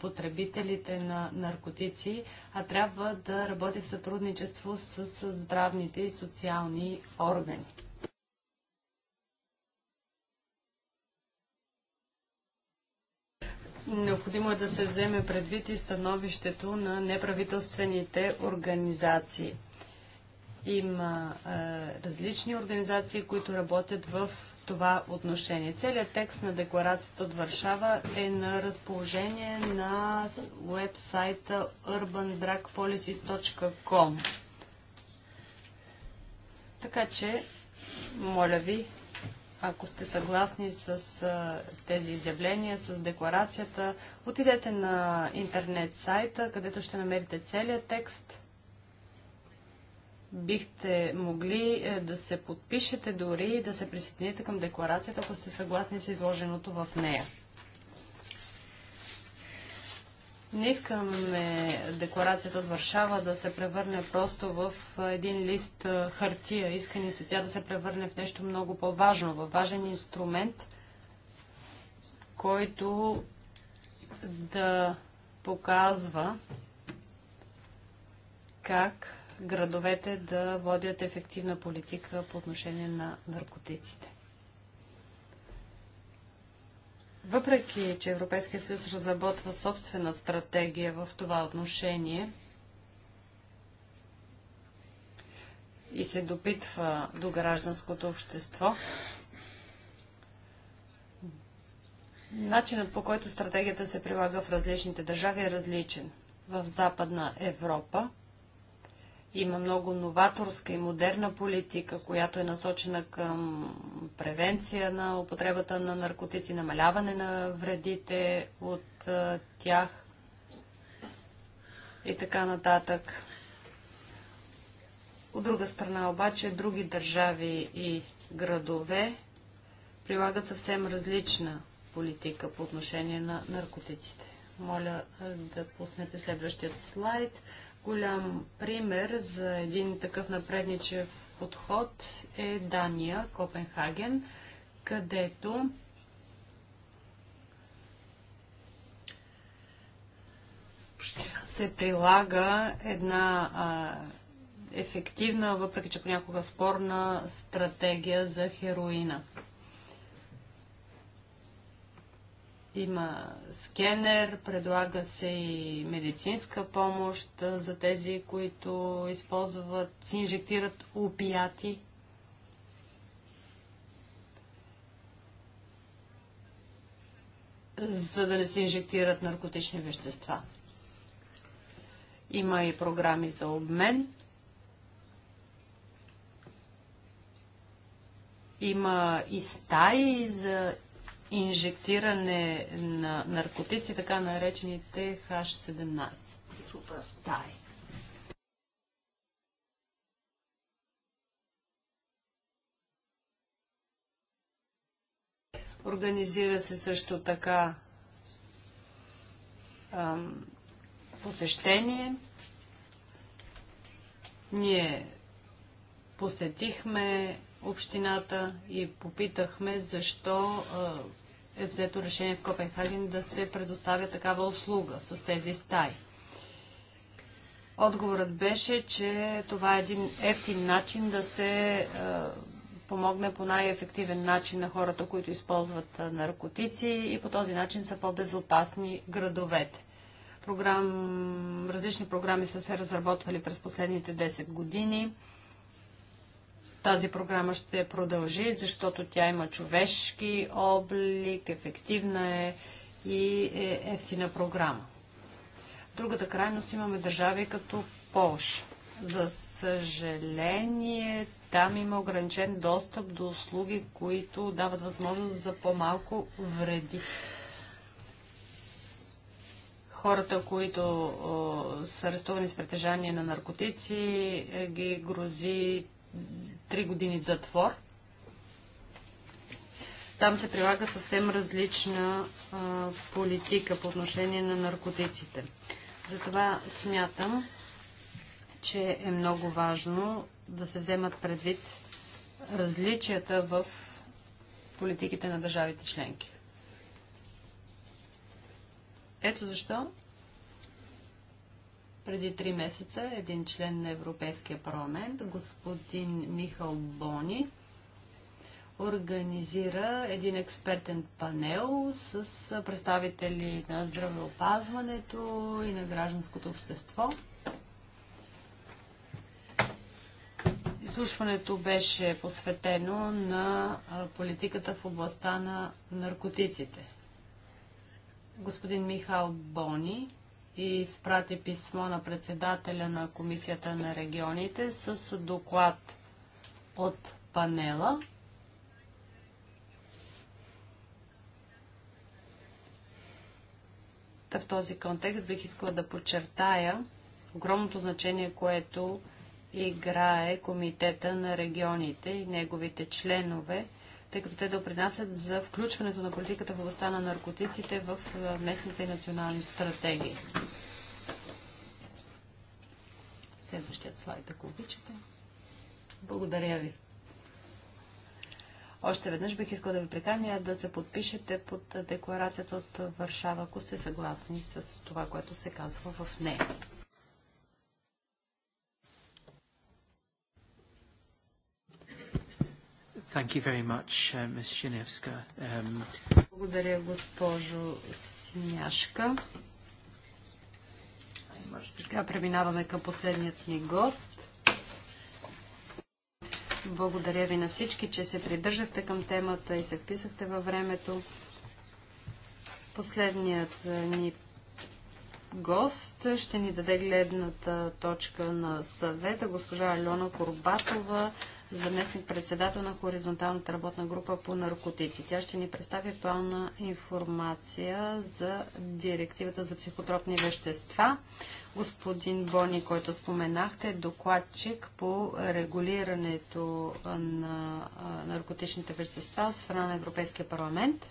потребителите на наркотици, а трябва да работи в сътрудничество с, с здравните и социални органи. Необходимо е да се вземе предвид и становището на неправителствените организации. Има е, различни организации, които работят в това отношение. Целият текст на декларацията от Варшава е на разположение на вебсайта urbandragpolicies.com Така че, моля ви, ако сте съгласни с а, тези изявления, с декларацията, отидете на интернет сайта, където ще намерите целият текст – бихте могли е, да се подпишете дори и да се присъедините към декларацията, ако сте съгласни с изложеното в нея. Не искаме декларацията от Варшава да се превърне просто в е, един лист е, хартия. Искани се тя да се превърне в нещо много по-важно, в важен инструмент, който да показва как градовете да водят ефективна политика по отношение на наркотиците. Въпреки, че Европейския съюз разработва собствена стратегия в това отношение и се допитва до гражданското общество, начинът по който стратегията се прилага в различните държави е различен. В Западна Европа – има много новаторска и модерна политика, която е насочена към превенция на употребата на наркотици, намаляване на вредите от тях и така нататък. От друга страна обаче, други държави и градове прилагат съвсем различна политика по отношение на наркотиците. Моля да пуснете следващият слайд. Голям пример за един такъв напредничев подход е Дания, Копенхаген, където се прилага една а, ефективна, въпреки че понякога спорна, стратегия за хероина. Има скенер, предлага се и медицинска помощ за тези, които използват, си инжектират опияти. за да не се инжектират наркотични вещества. Има и програми за обмен. Има и стаи за инжектиране на наркотици, така наречените H17. Стаи. Организира се също така ам, посещение. Ние посетихме общината и попитахме защо е взето решение в Копенхаген да се предоставя такава услуга с тези стаи. Отговорът беше, че това е един ефтин начин да се помогне по най-ефективен начин на хората, които използват наркотици и по този начин са по-безопасни градовете. Програм... Различни програми са се разработвали през последните 10 години. Тази програма ще продължи, защото тя има човешки облик, ефективна е и е ефтина програма. Другата крайност имаме държави като Полш. За съжаление, там има ограничен достъп до услуги, които дават възможност за по-малко вреди. Хората, които о, са арестувани с притежание на наркотици, е, ги грози Три години затвор. Там се прилага съвсем различна а, политика по отношение на наркотиците. Затова смятам, че е много важно да се вземат предвид различията в политиките на държавите членки. Ето защо преди три месеца един член на Европейския парламент, господин Михал Бони, организира един експертен панел с представители на здравеопазването и на гражданското общество. Изслушването беше посветено на политиката в областта на наркотиците. Господин Михал Бони и изпрати писмо на председателя на Комисията на регионите с доклад от панела. в този контекст бих искала да подчертая огромното значение, което играе Комитета на регионите и неговите членове – тъй като те допринасят за включването на политиката в областта на наркотиците в местните и национални стратегии. Следващият слайд, ако обичате. Благодаря ви. Още веднъж бих искал да ви приканя да се подпишете под декларацията от Варшава, ако сте съгласни с това, което се казва в нея. Thank you very much, uh, Ms. Shinevska. Um... Благодаря, госпожо Синяшка. Сега преминаваме към последният ни гост. Благодаря ви на всички, че се придържахте към темата и се вписахте във времето. Последният е, ни гост ще ни даде гледната точка на съвета, госпожа Алена Корбатова, заместник-председател на хоризонталната работна група по наркотици. Тя ще ни представи актуална информация за директивата за психотропни вещества. Господин Бони, който споменахте, е докладчик по регулирането на наркотичните вещества от страна на Европейския парламент.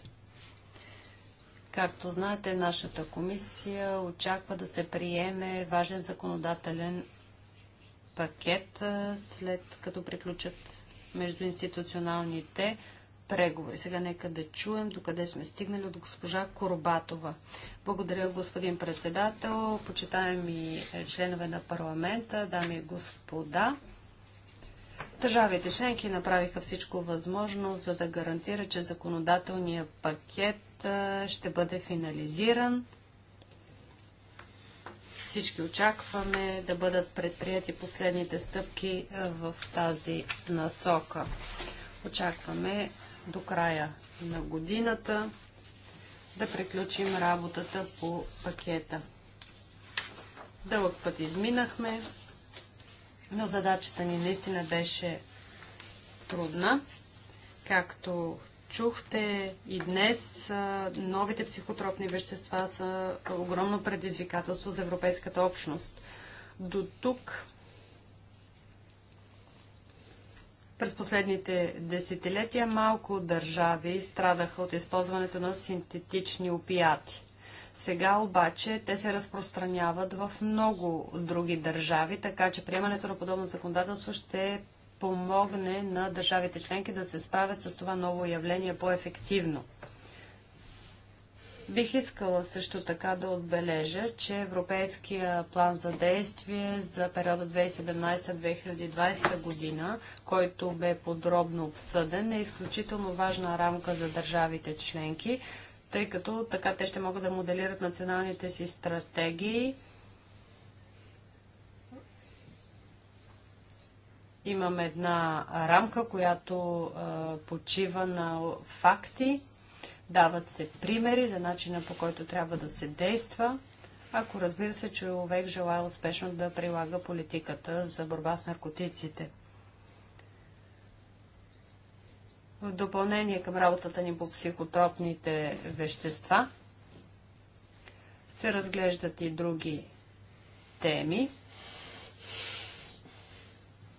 Както знаете, нашата комисия очаква да се приеме важен законодателен пакет, след като приключат междуинституционалните преговори. Сега нека да чуем докъде сме стигнали от госпожа Корбатова. Благодаря, господин председател, почитаеми членове на парламента, дами и господа. Държавите членки направиха всичко възможно, за да гарантира, че законодателният пакет ще бъде финализиран всички очакваме да бъдат предприяти последните стъпки в тази насока. Очакваме до края на годината да приключим работата по пакета. Дълъг път изминахме, но задачата ни наистина беше трудна, както Чухте и днес новите психотропни вещества са огромно предизвикателство за Европейската общност. До тук през последните десетилетия малко държави страдаха от използването на синтетични опияти. Сега обаче те се разпространяват в много други държави, така че приемането на подобно законодателство ще помогне на държавите членки да се справят с това ново явление по-ефективно. Бих искала също така да отбележа, че Европейския план за действие за периода 2017-2020 година, който бе подробно обсъден, е изключително важна рамка за държавите членки, тъй като така те ще могат да моделират националните си стратегии – Имаме една рамка, която почива на факти, дават се примери за начина по който трябва да се действа, ако разбира се, човек желая успешно да прилага политиката за борба с наркотиците. В допълнение към работата ни по психотропните вещества се разглеждат и други теми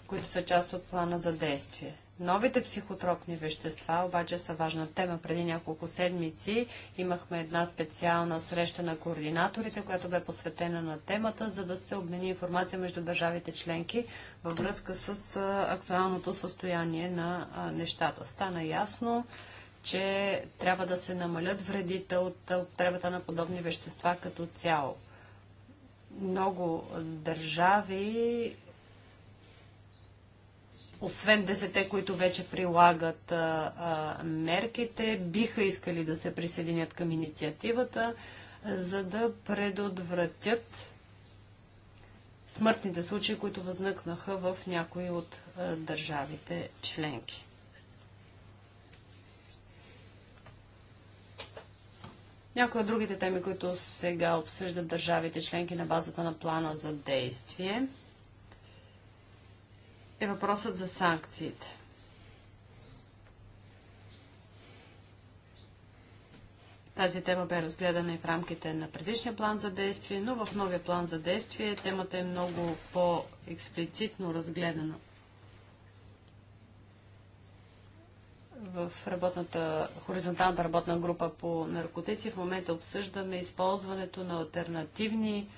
които са част от плана за действие. Новите психотропни вещества обаче са важна тема. Преди няколко седмици имахме една специална среща на координаторите, която бе посветена на темата, за да се обмени информация между държавите членки във връзка с актуалното състояние на нещата. Стана ясно, че трябва да се намалят вредите от употребата на подобни вещества като цяло. Много държави освен десете, които вече прилагат а, а, мерките, биха искали да се присъединят към инициативата, за да предотвратят смъртните случаи, които възникнаха в някои от а, държавите членки. Някои от другите теми, които сега обсъждат държавите членки на базата на плана за действие – е въпросът за санкциите. Тази тема бе разгледана и в рамките на предишния план за действие, но в новия план за действие темата е много по-експлицитно разгледана. В работната, хоризонталната работна група по наркотици в момента обсъждаме използването на альтернативни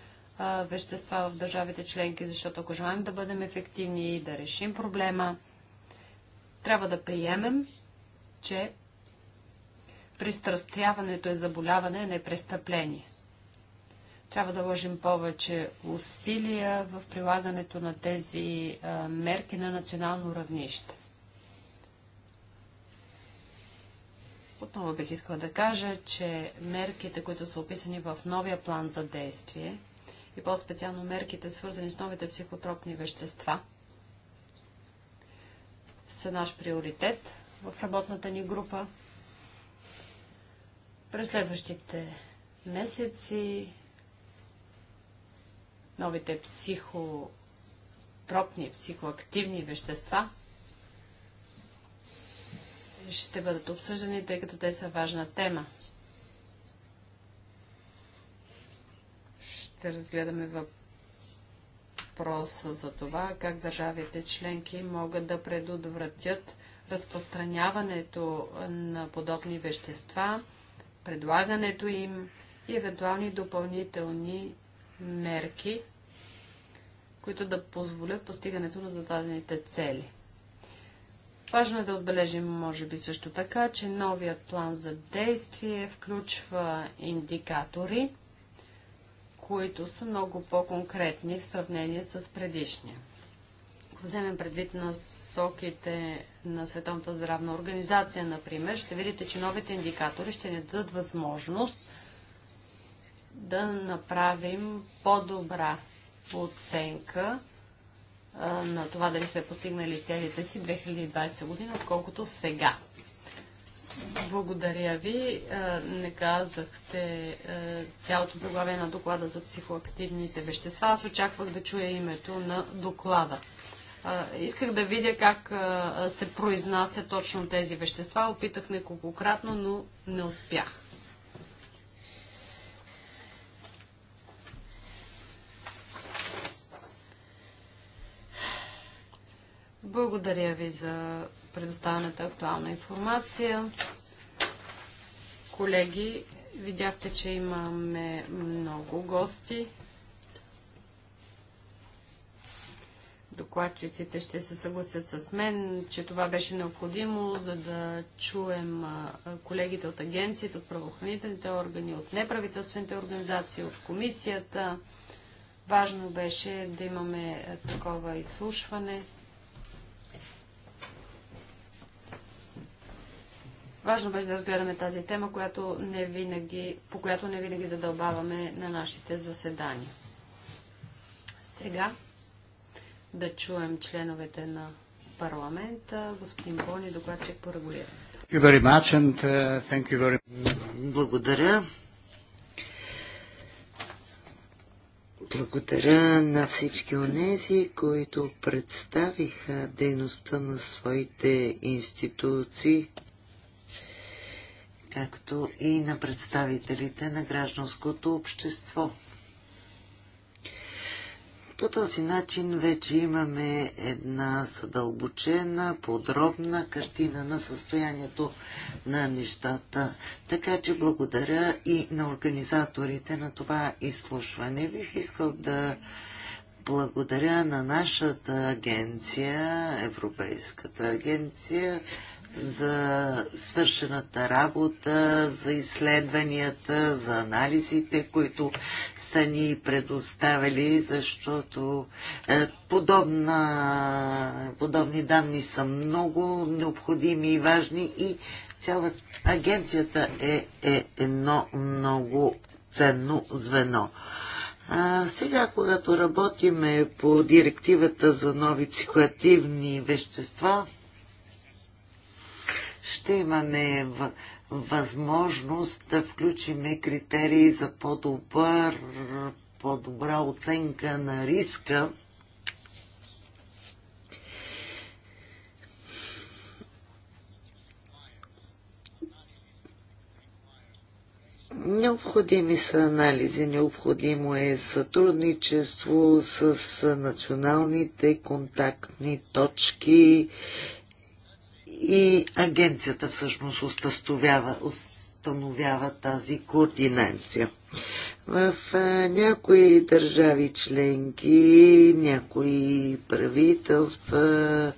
вещества в държавите членки, защото ако желаем да бъдем ефективни и да решим проблема, трябва да приемем, че пристрастяването е заболяване, а не престъпление. Трябва да вложим повече усилия в прилагането на тези мерки на национално равнище. Отново бих искала да кажа, че мерките, които са описани в новия план за действие – и по-специално мерките, свързани с новите психотропни вещества, са наш приоритет в работната ни група. През следващите месеци новите психотропни, психоактивни вещества ще бъдат обсъждани, тъй като те са важна тема. ще разгледаме въпроса за това как държавите членки могат да предотвратят разпространяването на подобни вещества, предлагането им и евентуални допълнителни мерки, които да позволят постигането на зададените цели. Важно е да отбележим, може би също така, че новият план за действие включва индикатори, които са много по-конкретни в сравнение с предишния. Ако вземем предвид на насоките на Световната здравна организация, например, ще видите, че новите индикатори ще ни дадат възможност да направим по-добра оценка на това дали сме постигнали целите си 2020 година, отколкото сега. Благодаря ви. Е, не казахте е, цялото заглавие на доклада за психоактивните вещества. Аз очаквах да чуя името на доклада. Е, исках да видя как се произнася точно тези вещества. Опитах неколкократно, но не успях. Благодаря ви за предоставената актуална информация. Колеги, видяхте, че имаме много гости. Докладчиците ще се съгласят с мен, че това беше необходимо, за да чуем колегите от агенцията, от правоохранителните органи, от неправителствените организации, от комисията. Важно беше да имаме такова изслушване. Важно беше да разгледаме тази тема, която не винаги, по която не винаги задълбаваме на нашите заседания. Сега да чуем членовете на парламента. Господин Бони, докладчик по регулирането. Uh, Благодаря. Благодаря на всички онези, които представиха дейността на своите институции както и на представителите на гражданското общество. По този начин вече имаме една съдълбочена, подробна картина на състоянието на нещата. Така че благодаря и на организаторите на това изслушване. Бих искал да благодаря на нашата агенция, Европейската агенция за свършената работа, за изследванията, за анализите, които са ни предоставили, защото е, подобна, подобни данни са много необходими и важни и цялата агенцията е, е едно много ценно звено. А, сега, когато работиме по директивата за нови психоативни вещества, ще имаме възможност да включиме критерии за по-добър, по-добра оценка на риска. Необходими са анализи, необходимо е сътрудничество с националните контактни точки, и агенцията всъщност установява, установява тази координация. В някои държави членки, някои правителства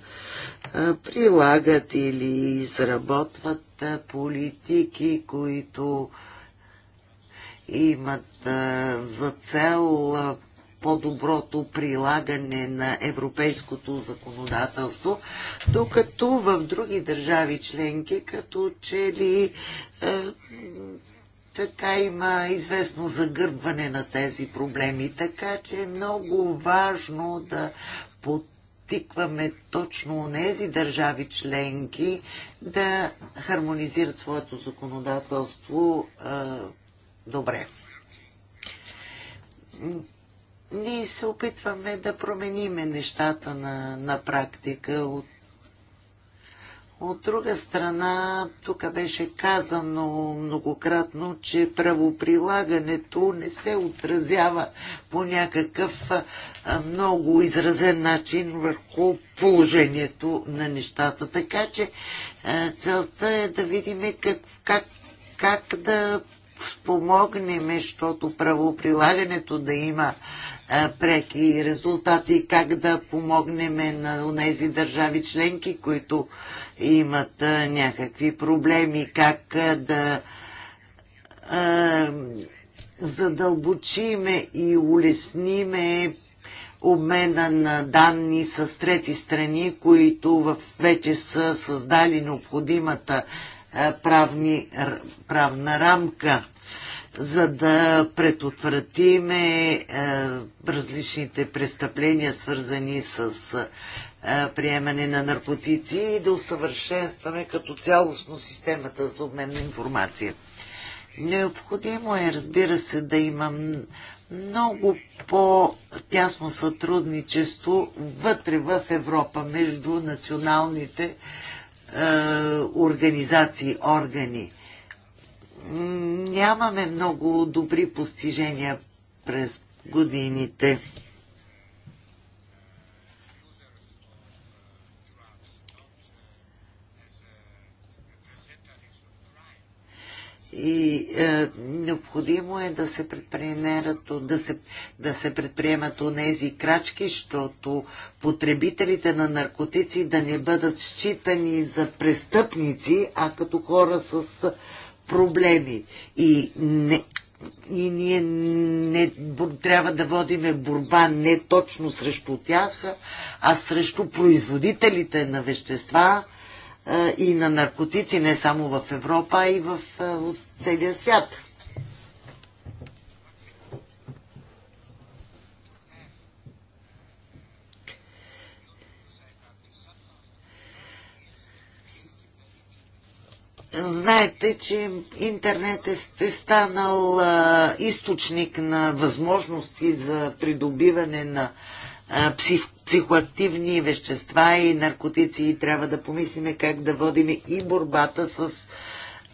прилагат или изработват политики, които имат за цел по-доброто прилагане на европейското законодателство, докато в други държави членки, като че ли е, така има известно загърбване на тези проблеми. Така че е много важно да подтикваме точно тези държави членки да хармонизират своето законодателство е, добре ние се опитваме да промениме нещата на, на практика. От, от друга страна, тук беше казано многократно, че правоприлагането не се отразява по някакъв много изразен начин върху положението на нещата. Така че целта е да видим как, как, как да спомогне защото правоприлагането да има преки резултати, как да помогнем на тези държави членки, които имат някакви проблеми, как да задълбочиме и улесниме обмена на данни с трети страни, които вече са създали необходимата правни, правна рамка, за да предотвратиме различните престъпления, свързани с приемане на наркотици и да усъвършенстваме като цялостно системата за обмен на информация. Необходимо е, разбира се, да имам много по-тясно сътрудничество вътре в Европа между националните е, организации, органи. Нямаме много добри постижения през годините. и е, необходимо е да се предприемат да се, да се предприемат онези крачки, защото потребителите на наркотици да не бъдат считани за престъпници, а като хора с проблеми. И, не, и ние не, трябва да водиме борба не точно срещу тях, а срещу производителите на вещества, и на наркотици не само в Европа, а и в целия свят. Знаете, че интернет е, е станал източник на възможности за придобиване на псих, психоактивни вещества и наркотици и трябва да помислиме как да водим и борбата с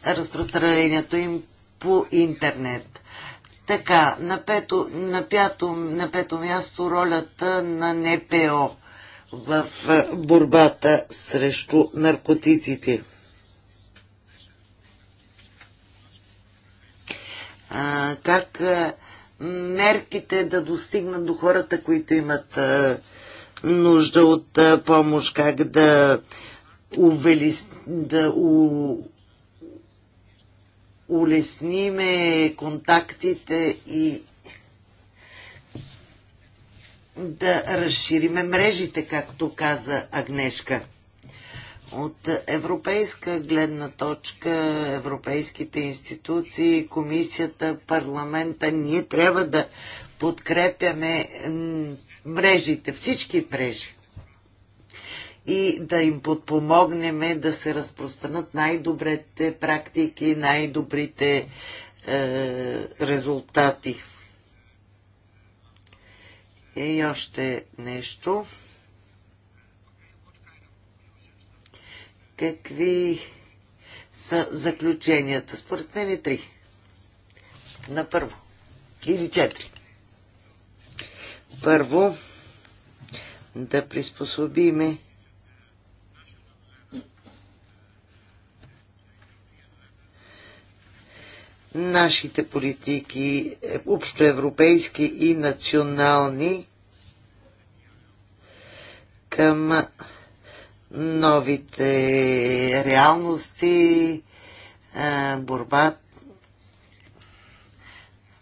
разпространението им по интернет. Така, на пето, на пято, на пето място ролята на НПО в борбата срещу наркотиците. А, как а, мерките да достигнат до хората, които имат нужда от помощ, как да, увели, да у, улесниме контактите и да разшириме мрежите, както каза Агнешка. От европейска гледна точка, европейските институции, комисията, парламента, ние трябва да подкрепяме мрежите, всички мрежи и да им подпомогнеме да се разпространят най-добрите практики, най-добрите е, резултати. И още нещо. Какви са заключенията? Според мен е три. На първо. Или четири. Първо, да приспособиме нашите политики, е, общоевропейски и национални, към новите реалности, борба,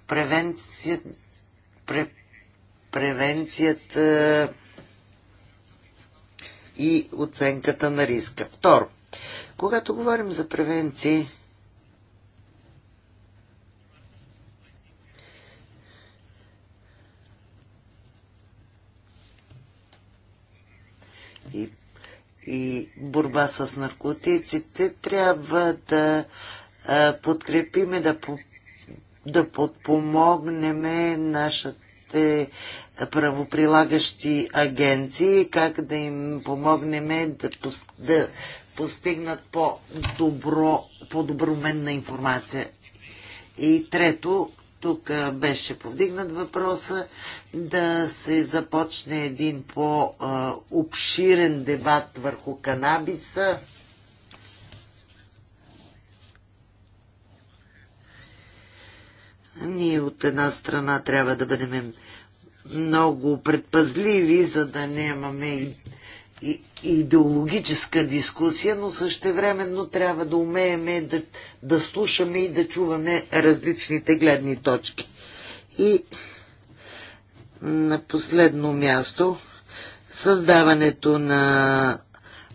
превенция, пре, превенцията и оценката на риска. Второ, когато говорим за превенции, и и борба с наркотиците, трябва да подкрепиме, да, да подпомогнем нашите правоприлагащи агенции, как да им помогнем да, да постигнат по-добро, по добро информация. И трето, тук беше повдигнат въпроса да се започне един по-обширен дебат върху канабиса. Ние от една страна трябва да бъдем много предпазливи, за да нямаме идеологическа дискусия, но същевременно трябва да умееме да, да слушаме и да чуваме различните гледни точки. И на последно място създаването на,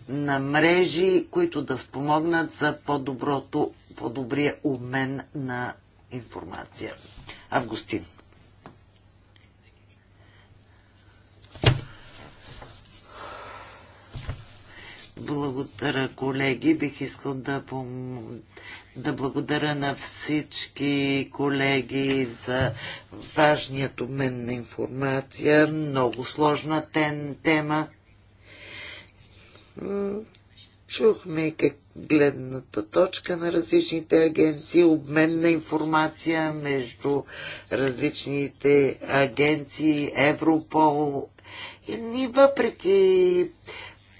на мрежи, които да спомогнат за по-доброто, по-добрия обмен на информация. Августин. Благодаря, колеги. Бих искал да, пом... да благодаря на всички колеги за важният обмен на информация. Много сложна тен... тема. Чухме как гледната точка на различните агенции, обмен на информация между различните агенции, Европол. И въпреки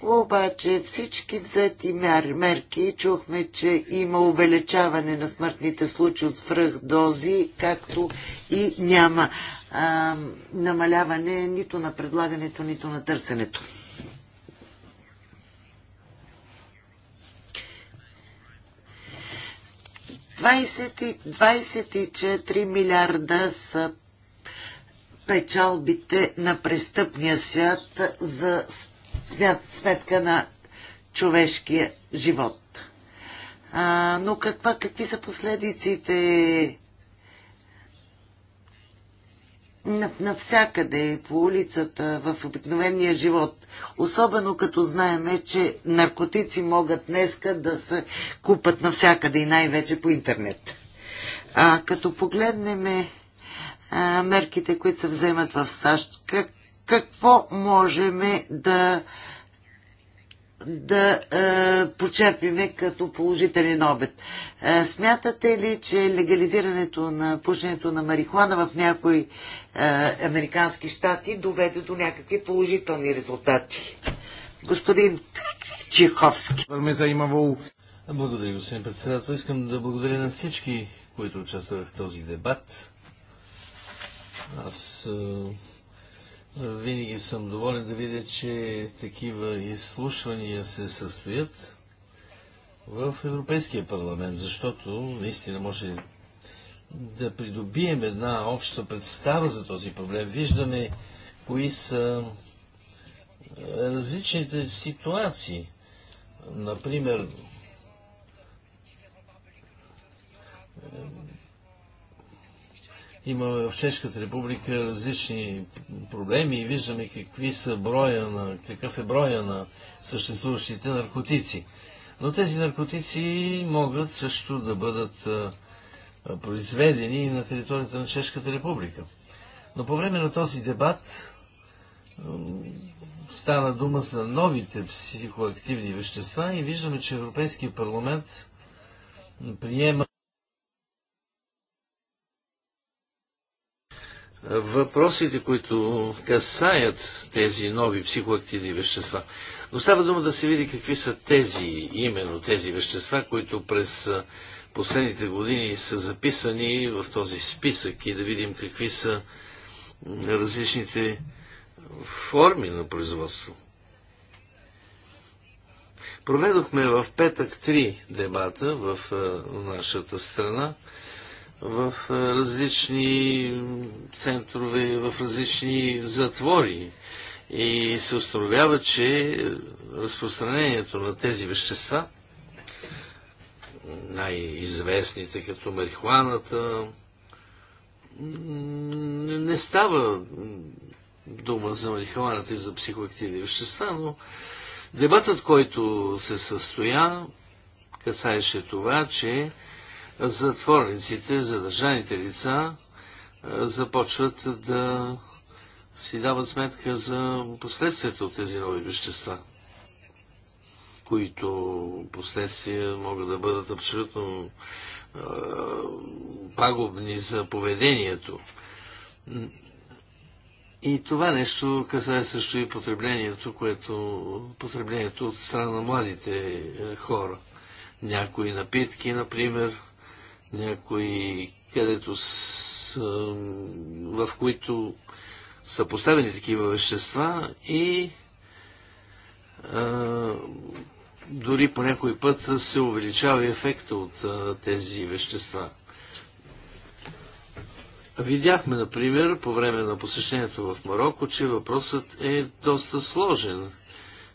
обаче всички взети мер, мерки чухме, че има увеличаване на смъртните случаи от свръхдози, както и няма а, намаляване нито на предлагането, нито на търсенето. Двадесет 24 милиарда са печалбите на престъпния свят за свят, сметка на човешкия живот. А, но каква, какви са последиците навсякъде, по улицата, в обикновения живот. Особено като знаеме, че наркотици могат днеска да се купат навсякъде и най-вече по интернет. А като погледнем мерките, които се вземат в САЩ, как, какво можем да да е, почерпиме като положителен обед. Е, смятате ли, че легализирането на пушенето на марихуана в някои е, американски щати доведе до някакви положителни резултати? Господин Чеховски. Благодаря, господин председател. Искам да благодаря на всички, които участваха в този дебат. Аз е, винаги съм доволен да видя, че такива изслушвания се състоят в Европейския парламент, защото наистина може да придобием една обща представа за този проблем. Виждаме кои са е, различните ситуации. Например, Има в Чешката република различни проблеми и виждаме какви са броя на, какъв е броя на съществуващите наркотици. Но тези наркотици могат също да бъдат произведени на територията на Чешката република. Но по време на този дебат стана дума за новите психоактивни вещества и виждаме, че Европейския парламент приема въпросите, които касаят тези нови психоактивни вещества. Но става дума да се види какви са тези, именно тези вещества, които през последните години са записани в този списък и да видим какви са различните форми на производство. Проведохме в петък три дебата в нашата страна в различни центрове, в различни затвори. И се установява, че разпространението на тези вещества, най-известните като марихуаната, не става дума за марихуаната и за психоактивни вещества, но дебатът, който се състоя, касаеше това, че затворниците, задържаните лица започват да си дават сметка за последствията от тези нови вещества, които последствия могат да бъдат абсолютно е, пагубни за поведението. И това нещо касае също и потреблението, което потреблението от страна на младите хора. Някои напитки, например, някои, където с, в които са поставени такива вещества и а, дори по някой път се увеличава ефекта от а, тези вещества. Видяхме, например, по време на посещението в Марокко, че въпросът е доста сложен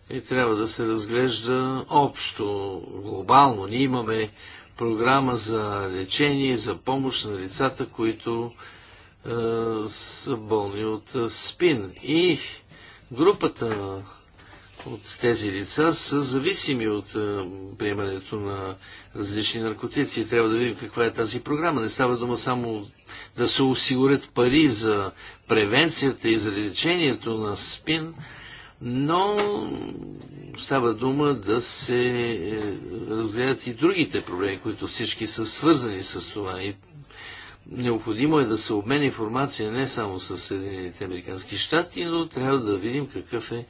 и трябва да се разглежда общо, глобално. Ние имаме програма за лечение, за помощ на лицата, които е, са болни от е, спин. И групата от тези лица са зависими от е, приемането на различни наркотици. Трябва да видим каква е тази програма. Не става дума само да се осигурят пари за превенцията и за лечението на спин, но става дума да се е, разгледат и другите проблеми, които всички са свързани с това. И необходимо е да се обменя информация не само с Съединените Американски щати, но трябва да видим какъв е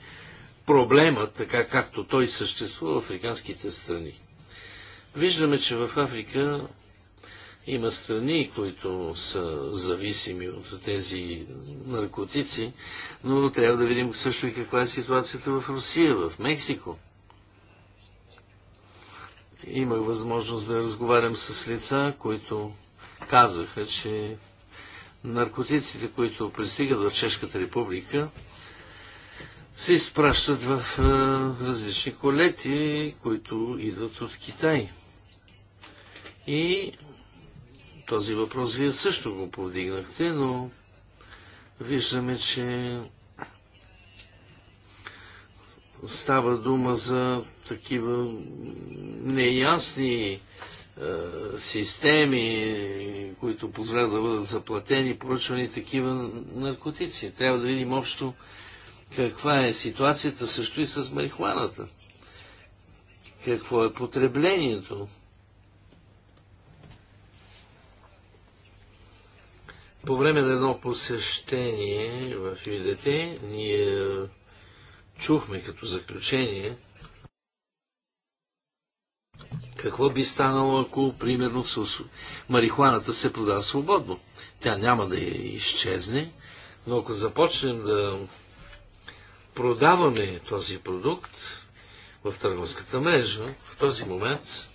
проблемът, така както той съществува в африканските страни. Виждаме, че в Африка има страни, които са зависими от тези наркотици, но трябва да видим също и каква е ситуацията в Русия, в Мексико. Имах възможност да разговарям с лица, които казаха, че наркотиците, които пристигат в Чешката република, се изпращат в е, различни колети, които идват от Китай. И този въпрос вие също го повдигнахте, но виждаме, че става дума за такива неясни е, системи, които позволяват да бъдат заплатени, поръчвани такива наркотици. Трябва да видим общо каква е ситуацията също и с марихуаната. Какво е потреблението? По време на едно посещение в ЮДТ ние чухме като заключение какво би станало, ако, примерно, марихуаната се продава свободно. Тя няма да изчезне, но ако започнем да продаваме този продукт в търговската мрежа, в този момент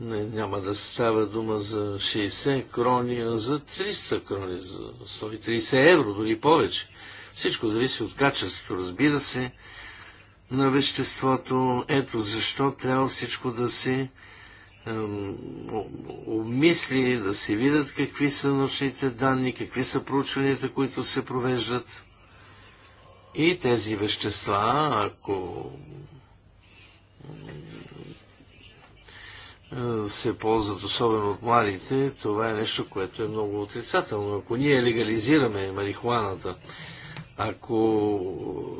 не, няма да става дума за 60 крони, а за 300 крони, за 130 евро, дори повече. Всичко зависи от качеството, разбира се, на веществото. Ето защо трябва всичко да се обмисли, да се видят какви са научните данни, какви са проучванията, които се провеждат. И тези вещества, ако е, се ползват особено от младите, това е нещо, което е много отрицателно. Ако ние легализираме марихуаната, ако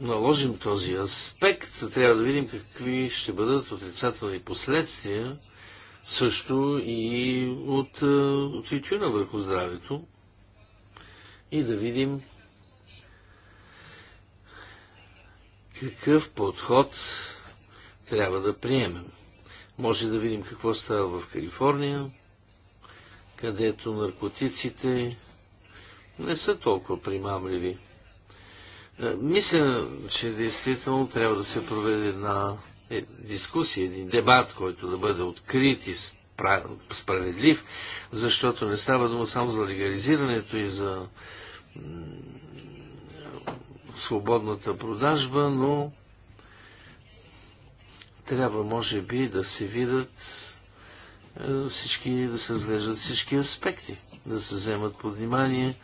наложим този аспект, трябва да видим какви ще бъдат отрицателни последствия също и от, е, от тютюна върху здравето и да видим какъв подход трябва да приемем. Може да видим какво става в Калифорния, където наркотиците не са толкова примамливи. Е, мисля, че действително трябва да се проведе една е, дискусия, един дебат, който да бъде открит и справедлив, защото не става дума само за легализирането и за свободната продажба, но трябва, може би, да се видят е, всички, да се разглеждат всички аспекти, да се вземат под внимание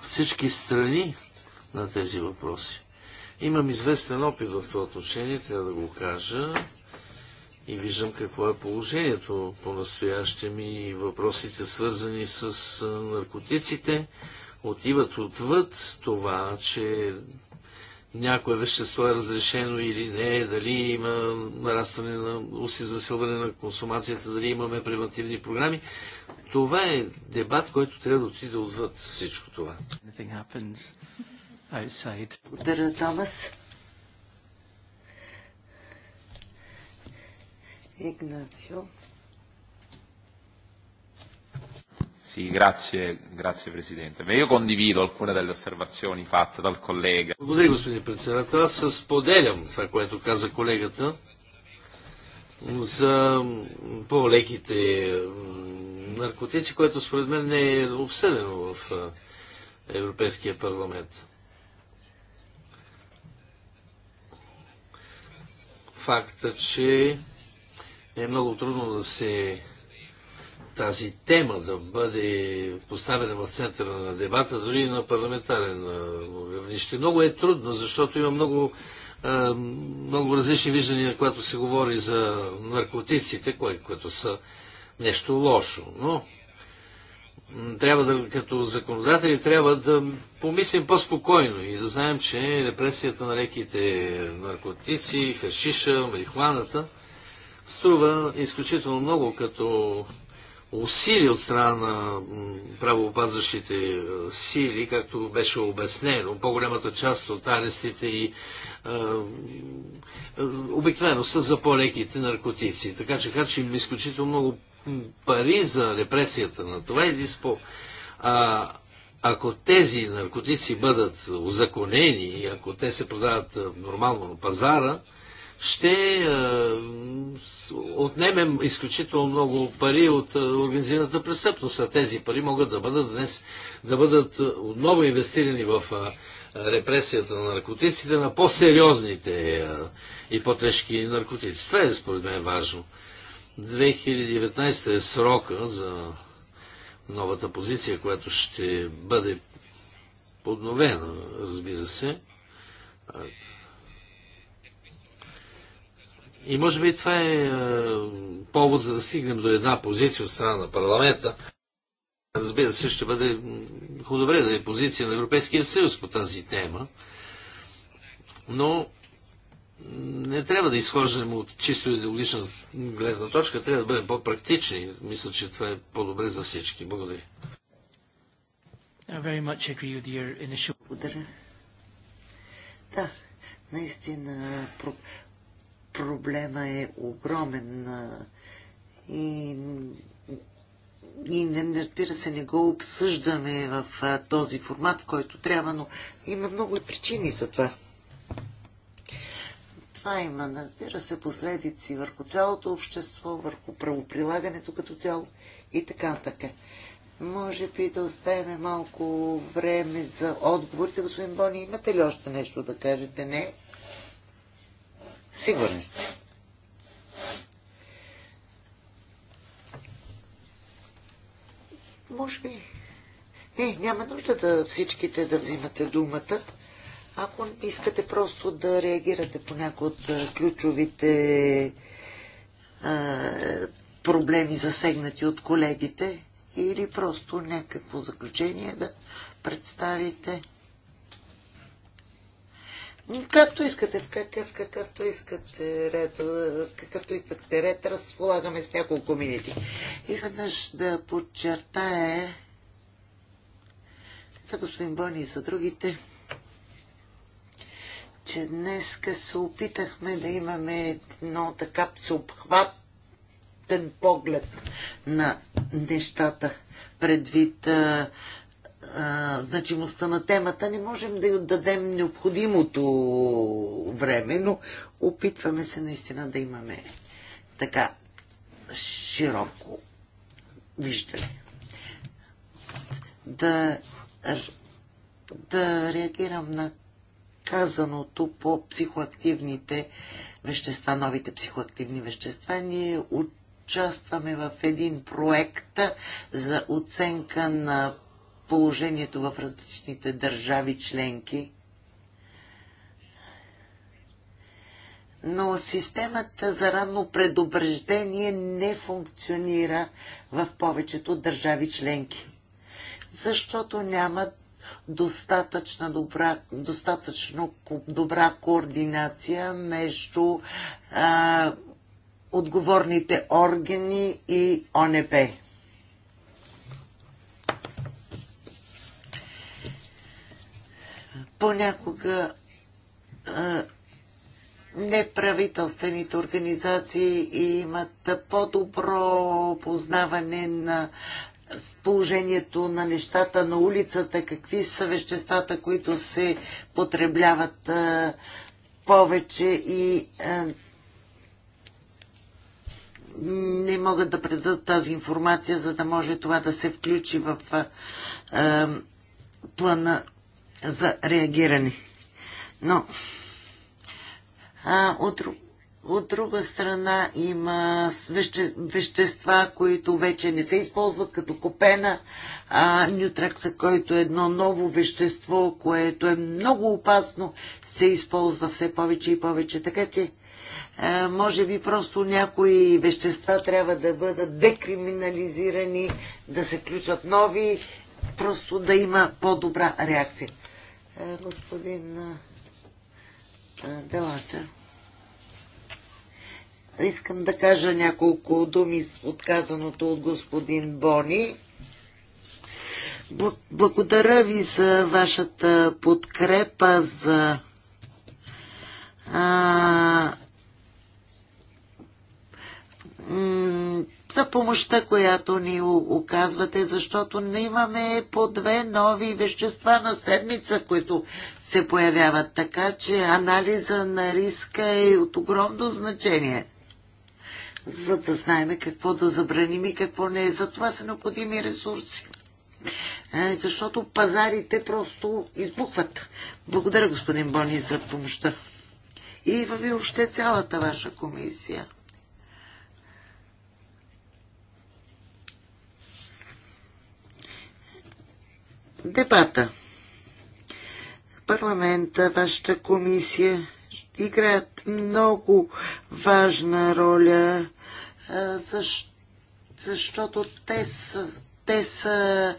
всички страни на тези въпроси. Имам известен опит в това отношение, трябва да го кажа и виждам какво е положението по-настояще ми и въпросите свързани с е, наркотиците отиват отвъд това, че някое вещество е разрешено или не, дали има нарастване на уси засилване на консумацията, дали имаме превентивни програми. Това е дебат, който трябва да отиде отвъд всичко това. Благодаря, Томас. Игнатио. Sì, grazie, grazie Presidente. Beh, io condivido alcune delle osservazioni fatte dal collega. Благодаря, господин председател. Аз споделям това, което каза колегата за по-леките наркотици, което според мен не е обсъдено в Европейския парламент. Факта, че е много трудно да се тази тема да бъде поставена в центъра на дебата, дори на парламентарен равнище. Много е трудно, защото има много, много различни виждания, когато се говори за наркотиците, които са нещо лошо. Но трябва да, като законодатели, трябва да помислим по-спокойно и да знаем, че репресията на леките наркотици, хашиша, марихуаната струва изключително много като усилия от страна на правоопазващите е, сили, както беше обяснено, по-голямата част от арестите и е, е, обикновено са за по-леките наркотици. Така че харчим изключително много пари за репресията на това и диспо. А, ако тези наркотици бъдат озаконени, ако те се продават нормално на пазара, ще е, отнемем изключително много пари от е, организираната престъпност, а тези пари могат да бъдат днес, да бъдат е, отново инвестирани в репресията на наркотиците, на по-сериозните и по-тежки наркотици. Това е според мен важно. 2019 е срока за новата позиция, която ще бъде подновена, разбира се. И може би това е, е повод за да стигнем до една позиция от страна на парламента. Разбира се, ще бъде добре да е позиция на Европейския съюз по тази тема. Но не трябва да изхождаме от чисто идеологична гледна точка, трябва да бъдем по-практични. Мисля, че това е по-добре за всички. Благодаря. Благодаря. Да, наистина проблема е огромен и, и не, разбира се, не го обсъждаме в този формат, в който трябва, но има много причини за това. Това има, разбира се, последици върху цялото общество, върху правоприлагането като цяло и така така. Може би да оставим малко време за отговорите. Господин Бони, имате ли още нещо да кажете? Не. Сигурни сте. Може би. Не, няма нужда да всичките да взимате думата. Ако искате просто да реагирате по някои от ключовите а, проблеми, засегнати от колегите, или просто някакво заключение да представите. Както искате, какъв, какъвто искате ред, какъвто искате ред, разполагаме с няколко минути. Изведнъж да подчертая за господин Бони и за другите, че днес се опитахме да имаме едно така всеобхватен поглед на нещата предвид а, а, значимостта на темата, не можем да й отдадем необходимото време, но опитваме се наистина да имаме така широко виждане. Да, да реагирам на казаното по психоактивните вещества, новите психоактивни вещества. Ние участваме в един проект за оценка на положението в различните държави членки. Но системата за ранно предупреждение не функционира в повечето държави членки, защото няма достатъчно добра, достатъчно добра координация между а, отговорните органи и ОНП. понякога неправителствените организации имат по-добро познаване на положението на нещата на улицата, какви са веществата, които се потребляват а, повече и а, не могат да предадат тази информация, за да може това да се включи в а, плана за реагиране. Но а, от, от друга страна има веще, вещества, които вече не се използват като копена. А, нютракса, който е едно ново вещество, което е много опасно, се използва все повече и повече. Така че, може би просто някои вещества трябва да бъдат декриминализирани, да се включат нови, просто да има по-добра реакция. Е, господин е, е, Делата. Искам да кажа няколко думи с отказаното от господин Бони. Благодаря ви за вашата подкрепа за а, за помощта, която ни оказвате, защото не имаме по две нови вещества на седмица, които се появяват. Така че анализа на риска е от огромно значение за да знаем какво да забраним и какво не е. За това са необходими ресурси. Е, защото пазарите просто избухват. Благодаря, господин Бони, за помощта. И във въобще цялата ваша комисия. Дебата. Парламента, вашата комисия играят много важна роля, защото те са, те са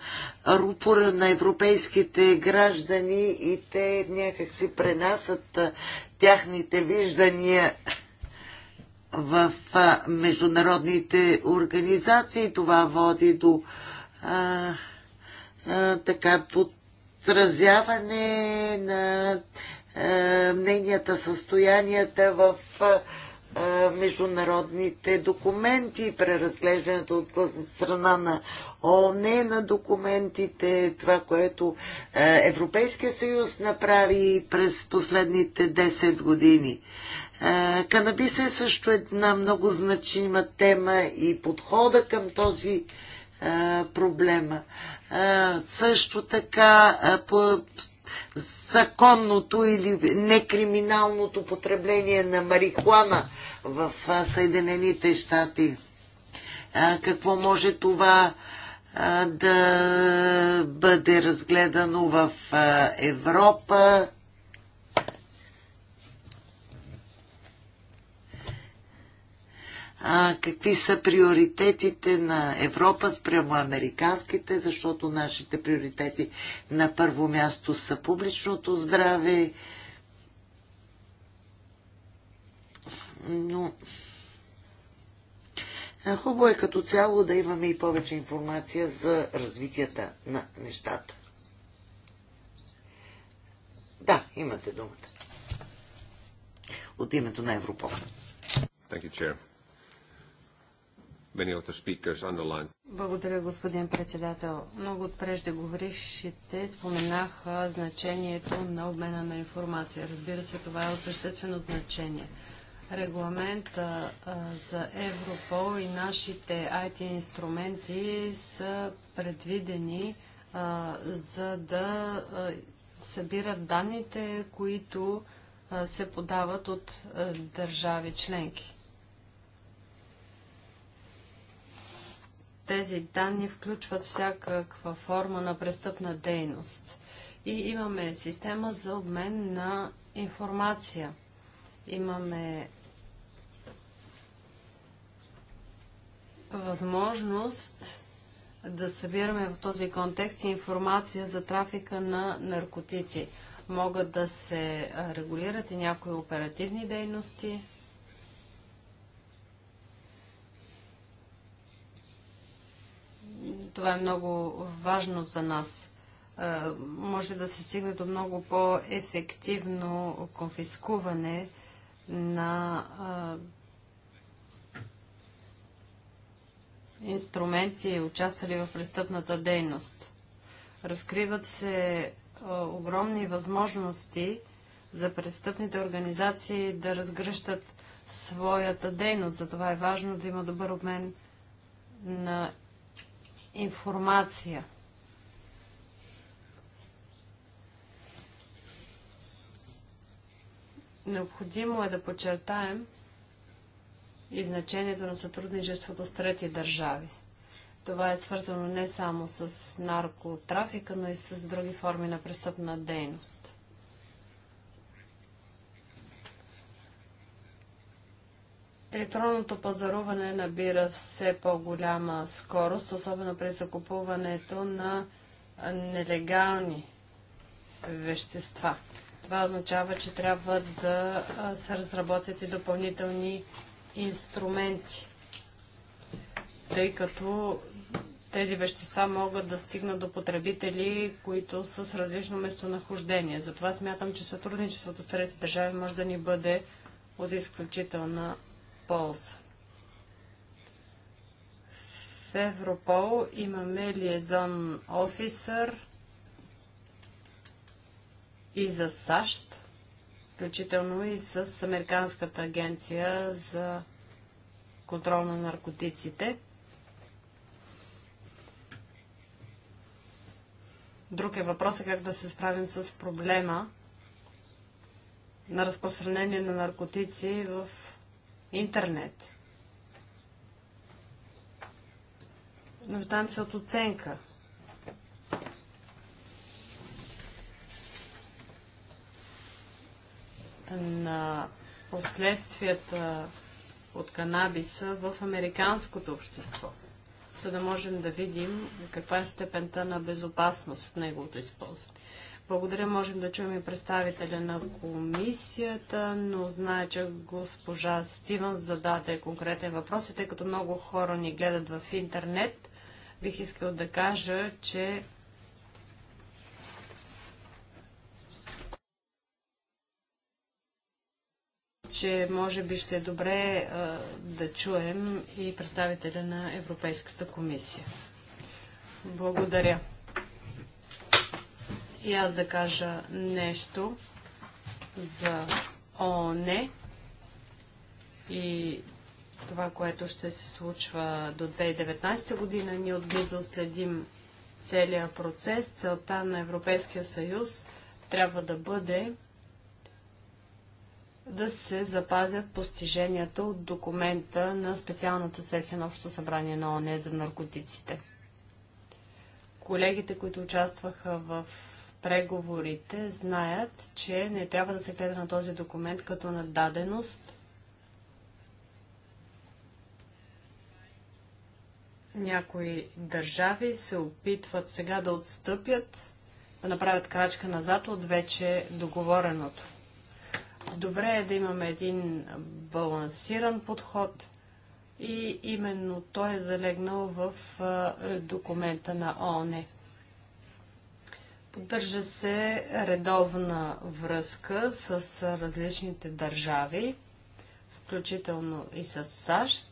рупора на европейските граждани и те някак си пренасят тяхните виждания в международните организации. Това води до а, а, така подразяване на а, мненията, състоянията в а, международните документи, преразглеждането от страна на ОНЕ на документите, това, което а, Европейския съюз направи през последните 10 години. Канабис е също една много значима тема и подхода към този проблема. Също така по законното или некриминалното потребление на марихуана в Съединените щати. Какво може това да бъде разгледано в Европа? а, какви са приоритетите на Европа спрямо американските, защото нашите приоритети на първо място са публичното здраве. Но хубаво е като цяло да имаме и повече информация за развитията на нещата. Да, имате думата. От името на Европол. Thank you, Chair. Благодаря, господин председател. Много от преждеговорившите споменаха значението на обмена на информация. Разбира се, това е от съществено значение. Регламента за Европол и нашите IT инструменти са предвидени за да събират данните, които се подават от държави членки. тези данни включват всякаква форма на престъпна дейност. И имаме система за обмен на информация. Имаме възможност да събираме в този контекст информация за трафика на наркотици. Могат да се регулират и някои оперативни дейности, Това е много важно за нас. Може да се стигне до много по-ефективно конфискуване на инструменти, участвали в престъпната дейност. Разкриват се огромни възможности за престъпните организации да разгръщат своята дейност. Затова е важно да има добър обмен на информация. Необходимо е да подчертаем и значението на сътрудничеството с трети държави. Това е свързано не само с наркотрафика, но и с други форми на престъпна дейност. Електронното пазаруване набира все по-голяма скорост, особено при закупуването на нелегални вещества. Това означава, че трябва да се разработят и допълнителни инструменти, тъй като тези вещества могат да стигнат до потребители, които са с различно местонахождение. Затова смятам, че сътрудничеството с трети държави може да ни бъде от изключителна полза. В Европол имаме лиезон офисър и за САЩ, включително и с Американската агенция за контрол на наркотиците. Друг е въпросът как да се справим с проблема на разпространение на наркотици в интернет. Нуждаем се от оценка. на последствията от канабиса в американското общество, за да можем да видим каква е степента на безопасност от неговото използване. Благодаря, можем да чуем и представителя на комисията, но знае, че госпожа Стивън зададе конкретен въпрос и тъй като много хора ни гледат в интернет, бих искал да кажа, че че може би ще е добре а, да чуем и представителя на Европейската комисия. Благодаря и аз да кажа нещо за ООН и това, което ще се случва до 2019 година. Ние отблизо следим целият процес. Целта на Европейския съюз трябва да бъде да се запазят постиженията от документа на специалната сесия на Общото събрание на ОНЕ за наркотиците. Колегите, които участваха в преговорите знаят, че не трябва да се гледа на този документ като на даденост. Някои държави се опитват сега да отстъпят, да направят крачка назад от вече договореното. Добре е да имаме един балансиран подход и именно той е залегнал в документа на ООН. Поддържа се редовна връзка с различните държави, включително и с САЩ.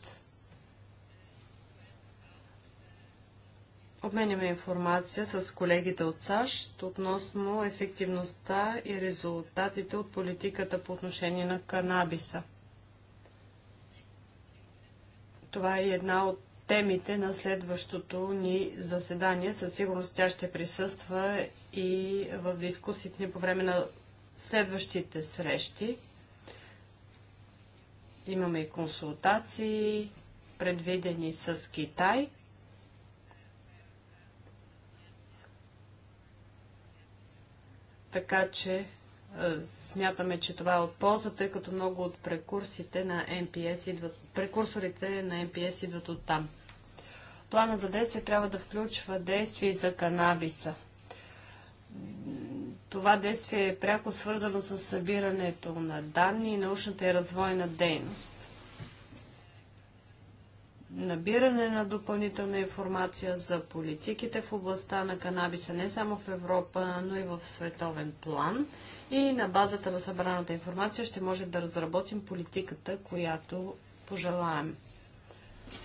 Обменяме информация с колегите от САЩ относно ефективността и резултатите от политиката по отношение на канабиса. Това е една от темите на следващото ни заседание. Със сигурност тя ще присъства и в дискусиите ни по време на следващите срещи. Имаме и консултации, предвидени с Китай. Така че е, смятаме, че това е от полза, тъй като много от прекурсите на МПС идват, прекурсорите на МПС идват от там. Плана за действие трябва да включва действия за канабиса. Това действие е пряко свързано с събирането на данни и научната и развойна дейност набиране на допълнителна информация за политиките в областта на канабиса не само в Европа, но и в световен план. И на базата на събраната информация ще може да разработим политиката, която пожелаем.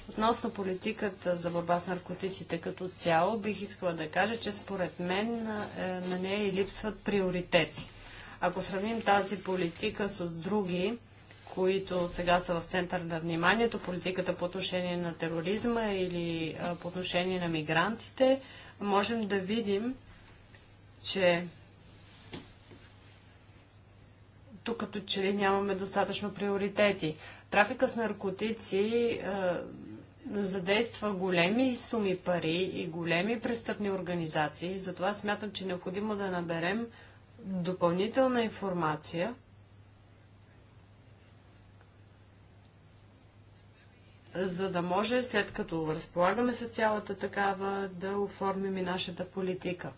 Относно политиката за борба с наркотиците като цяло, бих искала да кажа, че според мен е, на нея и липсват приоритети. Ако сравним тази политика с други, които сега са в център на вниманието, политиката по отношение на тероризма или по отношение на мигрантите, можем да видим, че тук като че ли нямаме достатъчно приоритети. Трафика с наркотици задейства големи суми пари и големи престъпни организации. Затова смятам, че е необходимо да наберем допълнителна информация – за да може, след като разполагаме с цялата такава, да оформим и нашата политика.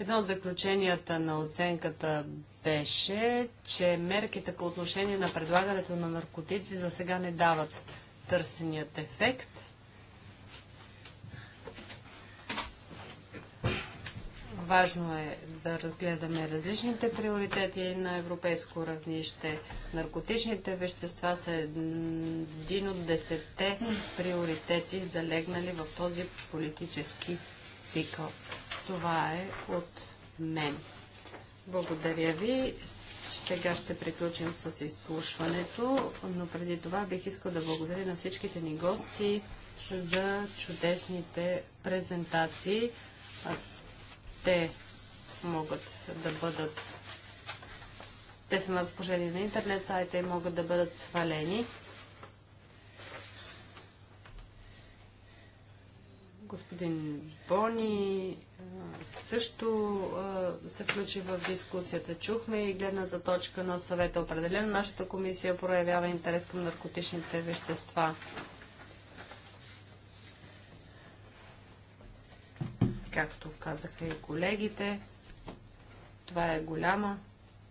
Едно от заключенията на оценката беше, че мерките по отношение на предлагането на наркотици за сега не дават търсеният ефект – Важно е да разгледаме различните приоритети на европейско равнище. Наркотичните вещества са един от десетте приоритети, залегнали в този политически цикъл. Това е от мен. Благодаря ви. Сега ще приключим с изслушването, но преди това бих искал да благодаря на всичките ни гости за чудесните презентации те могат да бъдат те са на разположение на интернет сайта и могат да бъдат свалени. Господин Бони също се включи в дискусията. Чухме и гледната точка на съвета. Определено нашата комисия проявява интерес към наркотичните вещества. Както казаха и колегите, това е голяма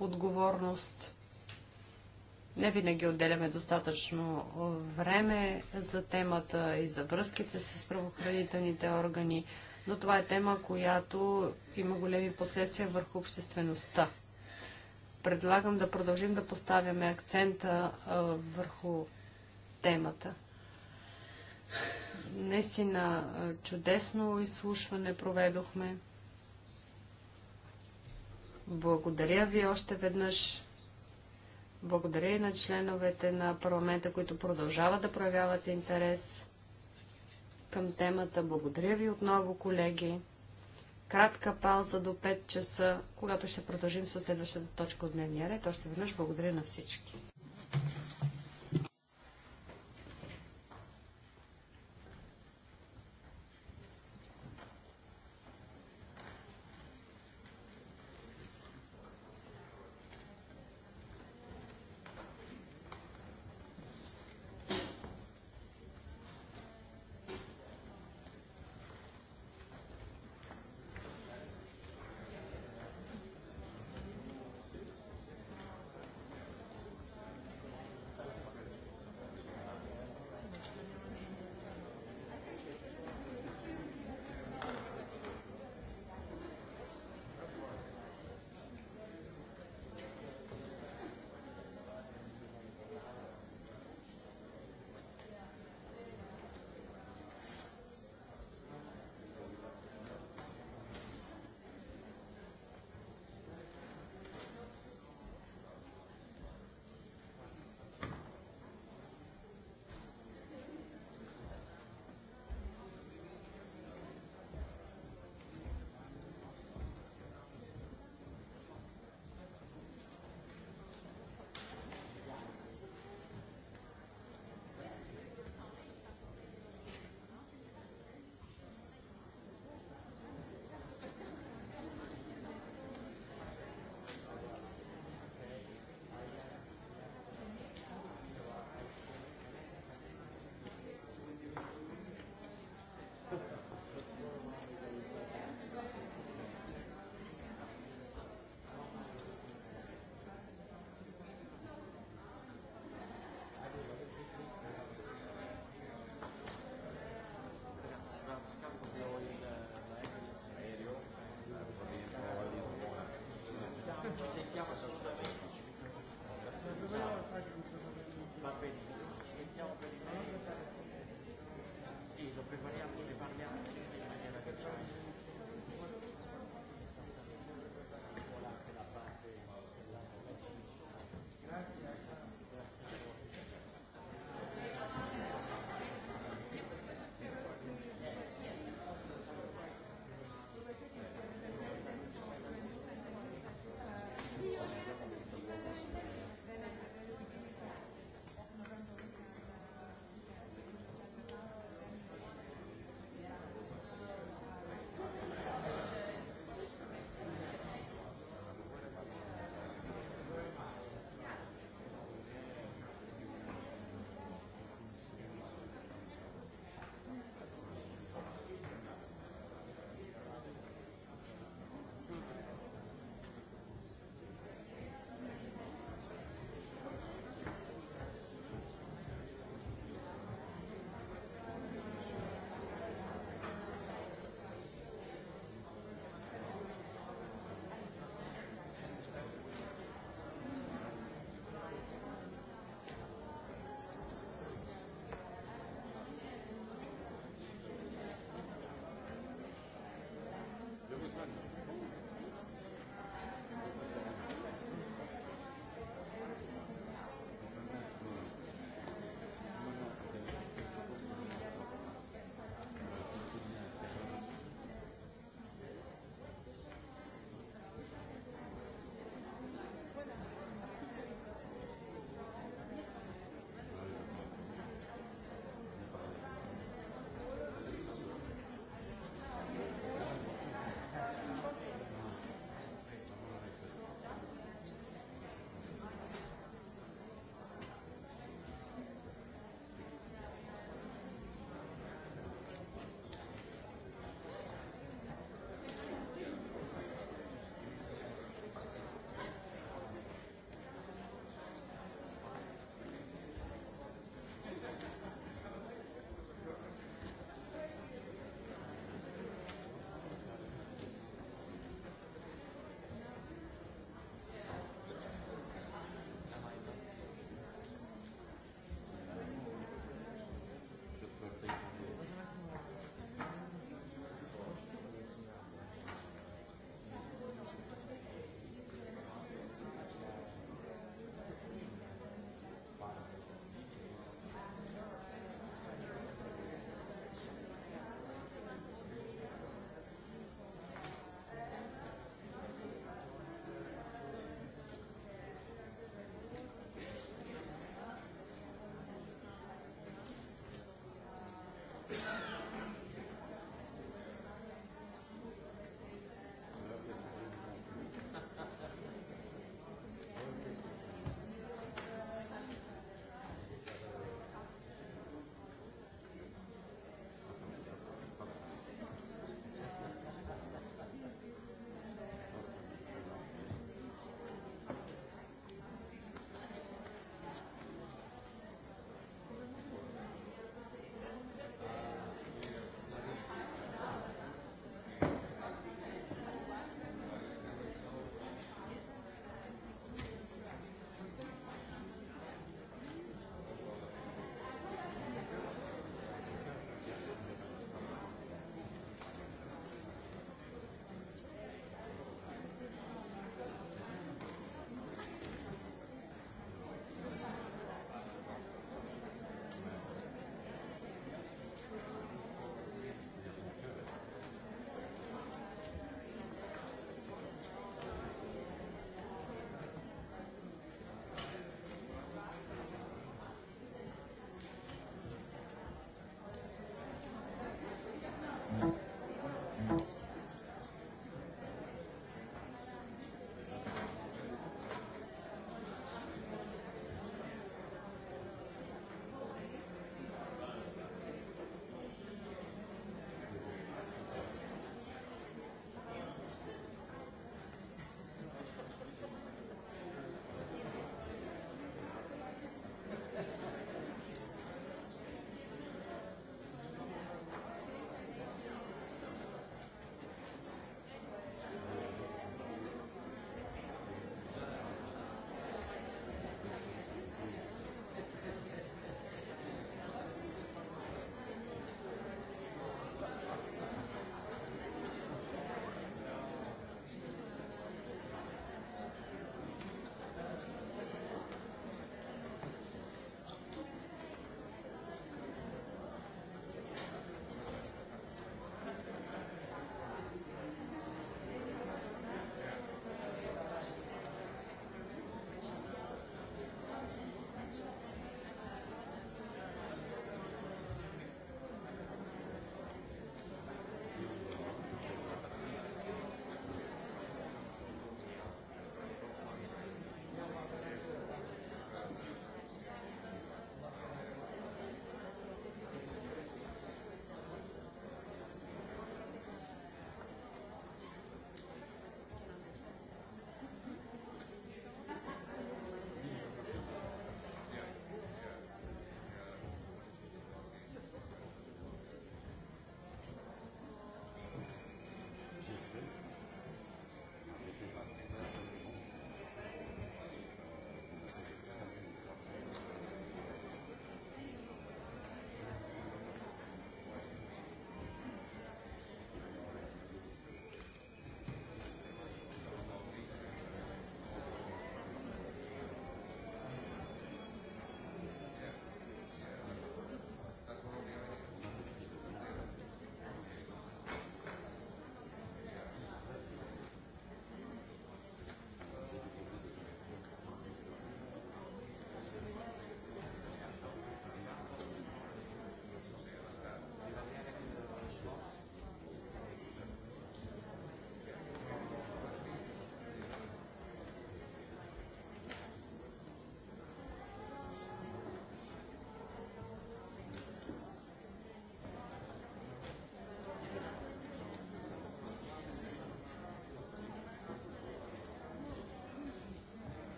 отговорност. Не винаги отделяме достатъчно време за темата и за връзките с правоохранителните органи, но това е тема, която има големи последствия върху обществеността. Предлагам да продължим да поставяме акцента върху темата. Наистина чудесно изслушване проведохме. Благодаря ви още веднъж. Благодаря и на членовете на парламента, които продължават да проявяват интерес към темата. Благодаря ви отново, колеги. Кратка пауза до 5 часа, когато ще продължим с следващата точка от дневния ред. Още веднъж благодаря на всички.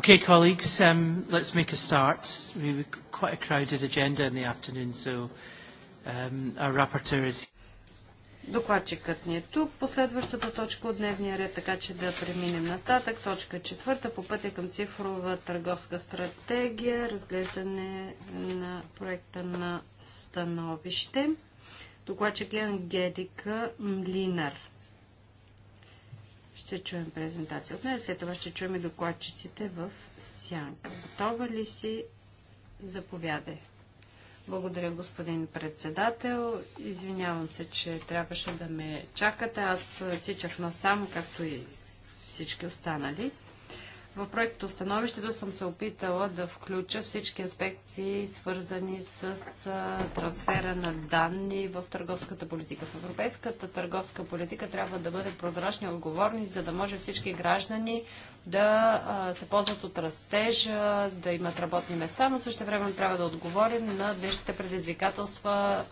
Okay, colleagues, um, let's make a start. We have quite a crowded agenda in the afternoon, so um, our rapporteur is... Докладчикът ни е тук последващата точка от дневния ред, така че да преминем нататък. Точка четвърта по пътя към цифрова търговска стратегия, разглеждане на проекта на становище. Докладчик Лен Гедика Млинар ще чуем презентация от нея. След това ще чуем докладчиците в сянка. Готова ли си? Заповядай. Благодаря, господин председател. Извинявам се, че трябваше да ме чакате. Аз тичах насам, както и всички останали. В проекто становището съм се опитала да включа всички аспекти, свързани с трансфера на данни в търговската политика. В европейската търговска политика трябва да бъде прозрачни и отговорни, за да може всички граждани да се ползват от растежа, да имат работни места, но също време трябва да отговорим на днешните предизвикателства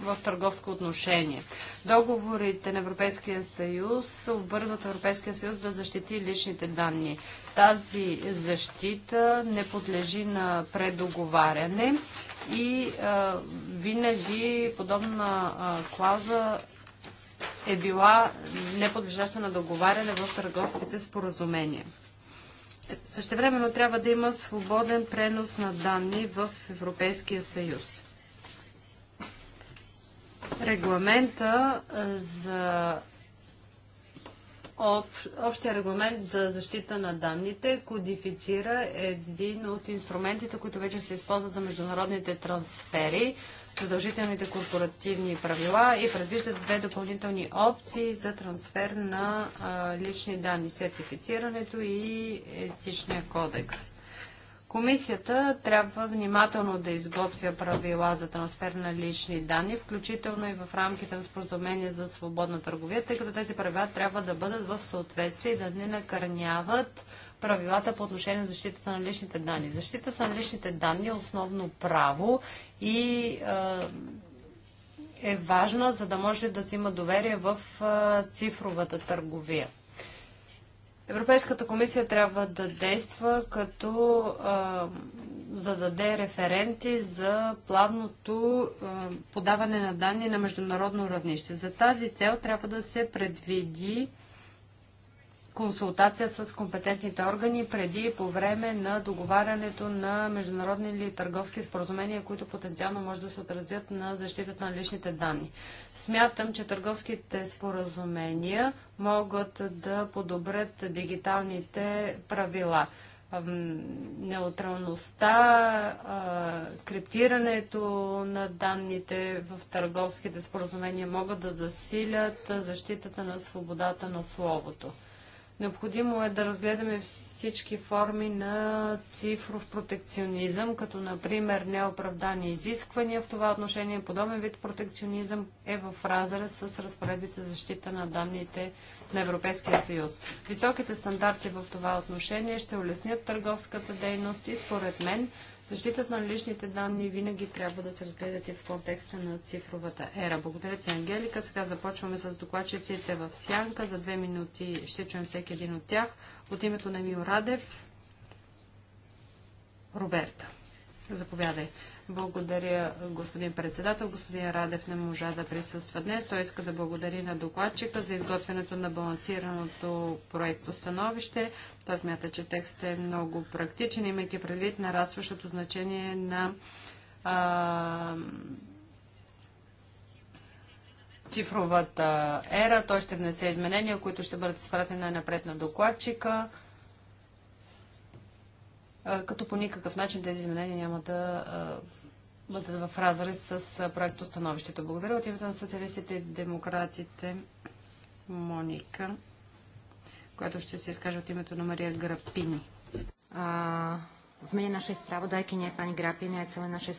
в търговско отношение. Договорите на Европейския съюз обвързват Европейския съюз да защити личните данни. Тази защита не подлежи на предоговаряне и а, винаги подобна а, клауза е била неподлежаща на договаряне в търговските споразумения. Същевременно трябва да има свободен пренос на данни в Европейския съюз. Регламента за общия регламент за защита на данните кодифицира един от инструментите, които вече се използват за международните трансфери, задължителните корпоративни правила и предвиждат две допълнителни опции за трансфер на лични данни, сертифицирането и етичния кодекс. Комисията трябва внимателно да изготвя правила за трансфер на лични данни, включително и в рамките на споразумение за свободна търговия, тъй като тези правила трябва да бъдат в съответствие и да не накърняват правилата по отношение на защитата на личните данни. Защитата на личните данни е основно право и е, важна, за да може да се има доверие в цифровата търговия. Европейската комисия трябва да действа като а, зададе референти за плавното а, подаване на данни на международно равнище. За тази цел трябва да се предвиди консултация с компетентните органи преди и по време на договарянето на международни или търговски споразумения, които потенциално може да се отразят на защитата на личните данни. Смятам, че търговските споразумения могат да подобрят дигиталните правила. Неутралността, криптирането на данните в търговските споразумения могат да засилят защитата на свободата на словото. Необходимо е да разгледаме всички форми на цифров протекционизъм, като например неоправдани изисквания в това отношение. Подобен вид протекционизъм е в разрез с разпоредбите за защита на данните на Европейския съюз. Високите стандарти в това отношение ще улеснят търговската дейност и според мен Защитата на личните данни винаги трябва да се разгледат и в контекста на цифровата ера. Благодаря ти, Ангелика. Сега започваме с докладчиците в Сянка. За две минути ще чуем всеки един от тях. От името на Мил Радев, Роберта. Заповядай. Благодаря, господин председател. Господин Радев не можа да присъства днес. Той иска да благодари на докладчика за изготвянето на балансираното проекто становище. Той смята, че текстът е много практичен, имайки предвид нарастващото значение на а, цифровата ера. Той ще внесе изменения, които ще бъдат изпратени най-напред на докладчика като по никакъв начин тези изменения няма да бъдат в разрез с проекто становището. Благодаря от името на социалистите и демократите Моника, която ще се изкаже от името на Мария Грапини. А, в мене е наша дайки не е пани Грапини, а е цела наша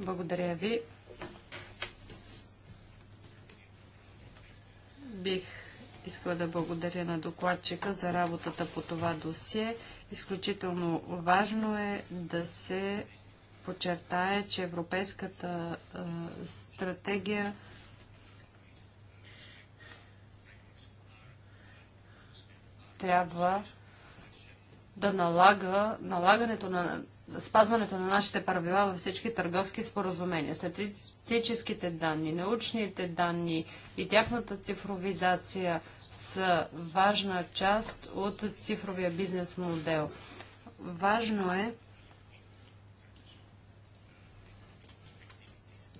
Благодаря ви. Бих искала да благодаря на докладчика за работата по това досие. Изключително важно е да се подчертая, че Европейската стратегия трябва да налага налагането на спазването на нашите правила във всички търговски споразумения. Статистическите данни, научните данни и тяхната цифровизация са важна част от цифровия бизнес модел. Важно е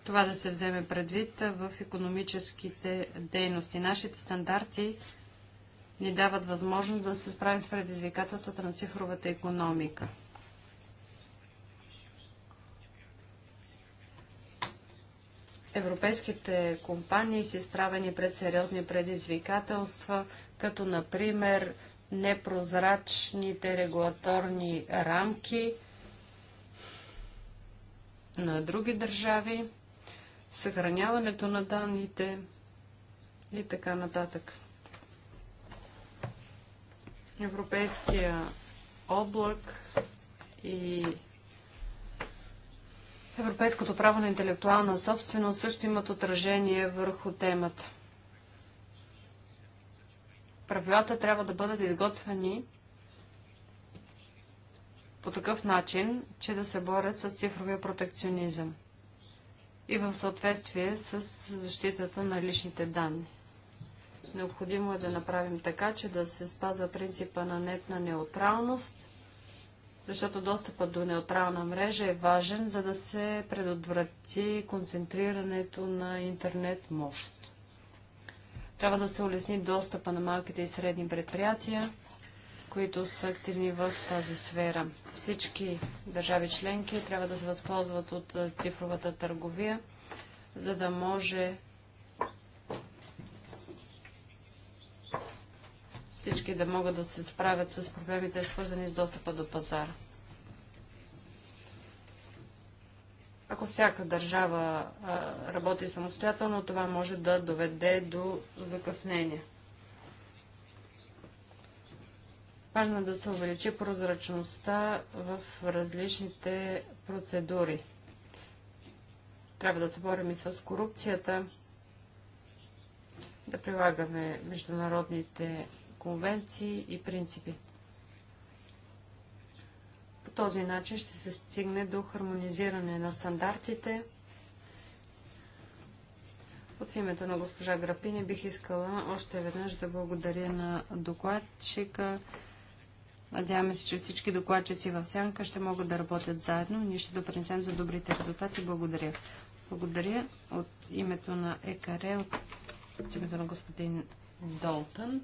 това да се вземе предвид в економическите дейности. Нашите стандарти ни дават възможност да се справим с предизвикателствата на цифровата економика. Европейските компании са изправени пред сериозни предизвикателства, като например непрозрачните регулаторни рамки на други държави съхраняването на данните и така нататък. Европейския облак и Европейското право на интелектуална собственост също имат отражение върху темата. Правилата трябва да бъдат изготвени по такъв начин, че да се борят с цифровия протекционизъм и в съответствие с защитата на личните данни. Необходимо е да направим така, че да се спазва принципа на нетна неутралност, защото достъпът до неутрална мрежа е важен, за да се предотврати концентрирането на интернет мощ. Трябва да се улесни достъпа на малките и средни предприятия, които са активни в тази сфера. Всички държави членки трябва да се възползват от цифровата търговия, за да може всички да могат да се справят с проблемите, свързани с достъпа до пазара. Ако всяка държава а, работи самостоятелно, това може да доведе до закъснение. Важно е да се увеличи прозрачността в различните процедури. Трябва да се борим и с корупцията, да прилагаме международните конвенции и принципи. По този начин ще се стигне до хармонизиране на стандартите. От името на госпожа Грапини бих искала още веднъж да благодаря на докладчика. Надяваме се, че всички докладчици в Сянка ще могат да работят заедно. Ние ще допринесем за добрите резултати. Благодаря. Благодаря от името на ЕКАРЕ, от името на господин Долтън.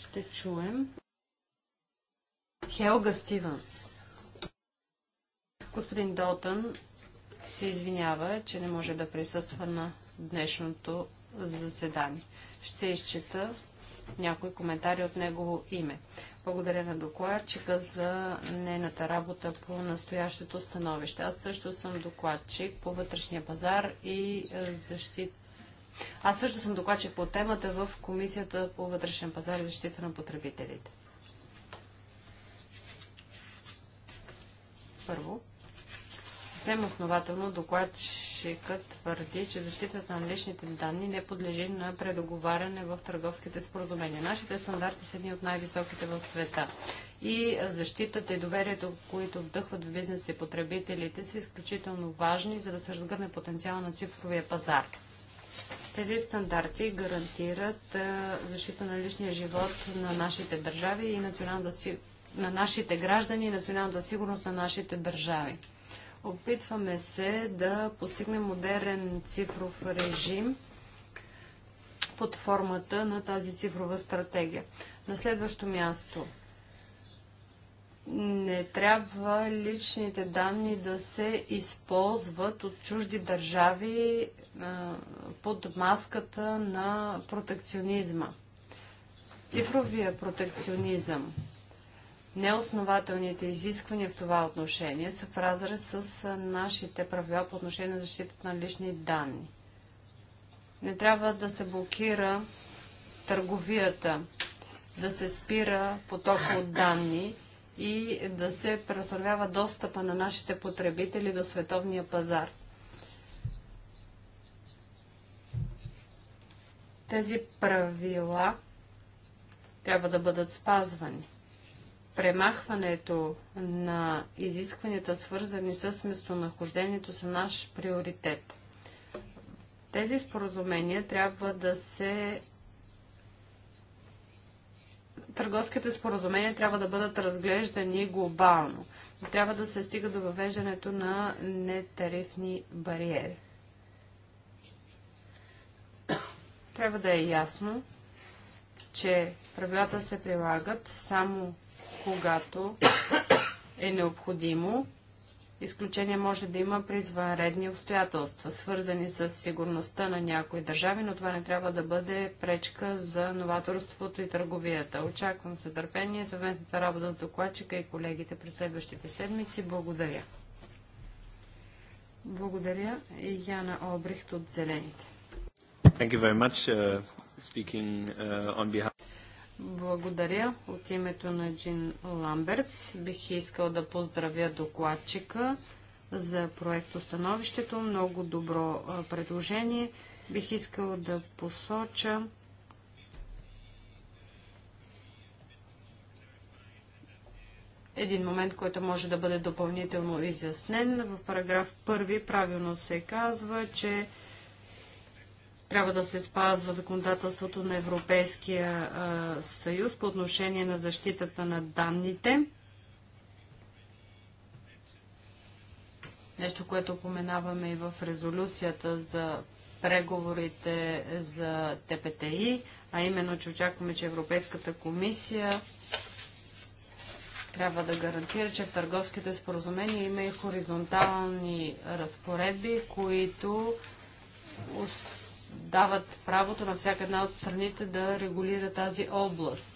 Ще чуем Хелга Стивенс. Господин Долтън се извинява, че не може да присъства на днешното заседание. Ще изчета някои коментари от негово име. Благодаря на докладчика за нейната работа по настоящето становище. Аз също съм докладчик по вътрешния пазар и е, защита. Аз също съм докладчик по темата в Комисията по вътрешен пазар и защита на потребителите. Първо, съвсем основателно докладчик докладчикът твърди, че защитата на личните данни не подлежи на предоговаряне в търговските споразумения. Нашите стандарти са едни от най-високите в света. И защитата и доверието, които вдъхват в бизнеса и потребителите, са изключително важни, за да се разгърне потенциал на цифровия пазар. Тези стандарти гарантират защита на личния живот на нашите държави и националната си... на нашите граждани и националната сигурност на нашите държави. Опитваме се да постигнем модерен цифров режим под формата на тази цифрова стратегия. На следващо място не трябва личните данни да се използват от чужди държави под маската на протекционизма. Цифровия протекционизъм неоснователните изисквания в това отношение са в разрез с нашите правила по отношение на защитата на лични данни. Не трябва да се блокира търговията, да се спира потока от данни и да се пресървява достъпа на нашите потребители до световния пазар. Тези правила трябва да бъдат спазвани премахването на изискванията, свързани с местонахождението, са наш приоритет. Тези споразумения трябва да се. Търговските споразумения трябва да бъдат разглеждани глобално. Трябва да се стига до въвеждането на нетарифни бариери. Трябва да е ясно, че правилата се прилагат само когато е необходимо. Изключение може да има при извънредни обстоятелства, свързани с сигурността на някои държави, но това не трябва да бъде пречка за новаторството и търговията. Очаквам се търпение съвместната работа с докладчика и колегите през следващите седмици. Благодаря. Благодаря и Яна Обрихт от Зелените. Thank you very much. Uh, speaking uh, on behalf... Благодаря. От името на Джин Ламбертс бих искал да поздравя докладчика за проектостановището. Много добро предложение. Бих искал да посоча един момент, който може да бъде допълнително изяснен. В параграф 1 правилно се казва, че трябва да се спазва законодателството на Европейския съюз по отношение на защитата на данните. Нещо, което поменаваме и в резолюцията за преговорите за ТПТИ, а именно, че очакваме, че Европейската комисия трябва да гарантира, че в търговските споразумения има и хоризонтални разпоредби, които дават правото на всяка една от страните да регулира тази област.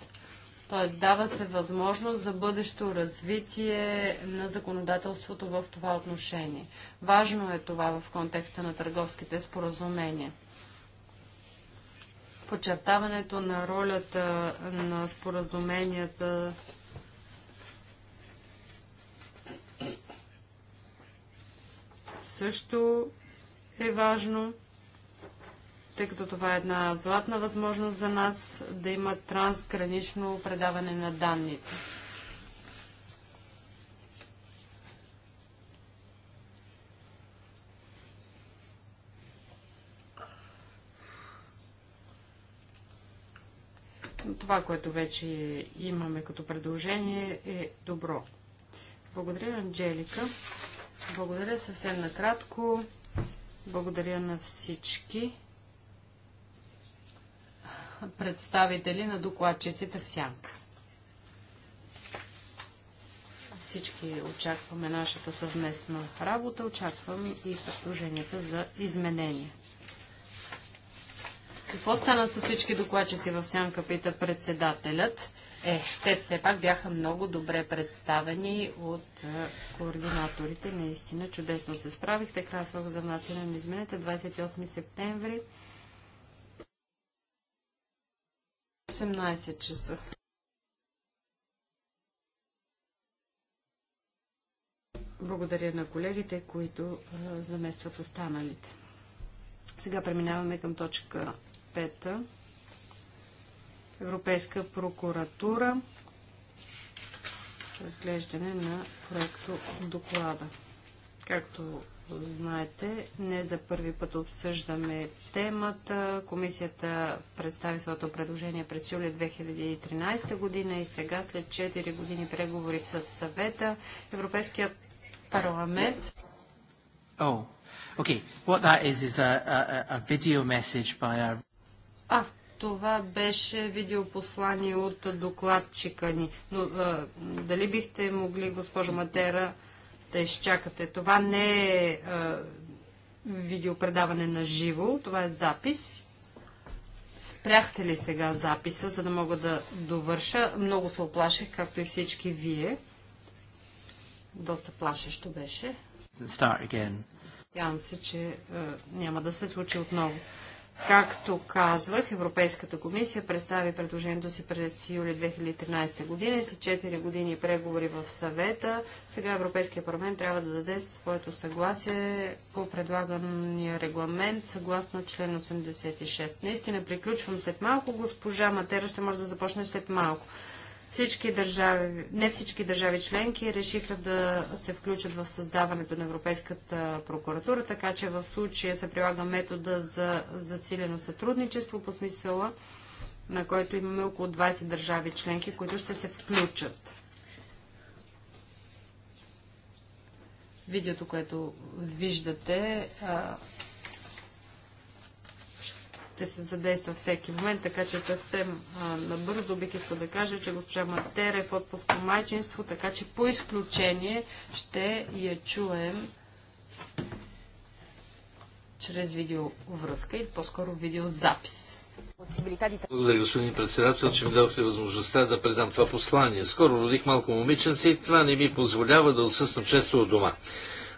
Тоест дава се възможност за бъдещо развитие на законодателството в това отношение. Важно е това в контекста на търговските споразумения. Подчертаването на ролята на споразуменията също е важно тъй като това е една златна възможност за нас да има трансгранично предаване на данните. това, което вече имаме като предложение, е добро. Благодаря, Анджелика. Благодаря съвсем накратко. Благодаря на всички представители на докладчиците в Сянка. Всички очакваме нашата съвместна работа, очаквам и предложенията за изменения. Какво стана с всички докладчици в Сянка, пита председателят. Е, те все пак бяха много добре представени от е, координаторите. Наистина чудесно се справихте. Крайен за внасяне на измените 28 септември. 18 часа. Благодаря на колегите, които заместват останалите. Сега преминаваме към точка 5. Европейска прокуратура. Разглеждане на проекто доклада. Както знаете, не за първи път обсъждаме темата. Комисията представи своето предложение през юли 2013 година и сега, след 4 години преговори с съвета, Европейският парламент. О, oh, окей. What that is is a, a, a video message by our... А, това беше видеопослание от докладчика ни. Но а, дали бихте могли, госпожо Матера, да изчакате. Това не е, е видеопредаване на живо, това е запис. Спряхте ли сега записа, за да мога да довърша? Много се оплаших, както и всички вие. Доста плашещо беше. Надявам се, че е, няма да се случи отново. Както казвах, Европейската комисия представи предложението си през юли 2013 година и след 4 години преговори в съвета, сега Европейския парламент трябва да даде своето съгласие по предлагания регламент съгласно член 86. Наистина приключвам след малко. Госпожа Матера ще може да започне след малко. Всички държави, не всички държави членки решиха да се включат в създаването на Европейската прокуратура, така че в случая се прилага метода за засилено сътрудничество по смисъла, на който имаме около 20 държави членки, които ще се включат. Видеото, което виждате, ще се задейства всеки момент, така че съвсем а, набързо бих искал да кажа, че госпожа Матера е в отпуск по майчинство, така че по изключение ще я чуем чрез видеовръзка и по-скоро видеозапис. Благодаря, господин председател, че ми дадохте възможността да предам това послание. Скоро родих малко момиченце и това не ми позволява да отсъствам често от дома.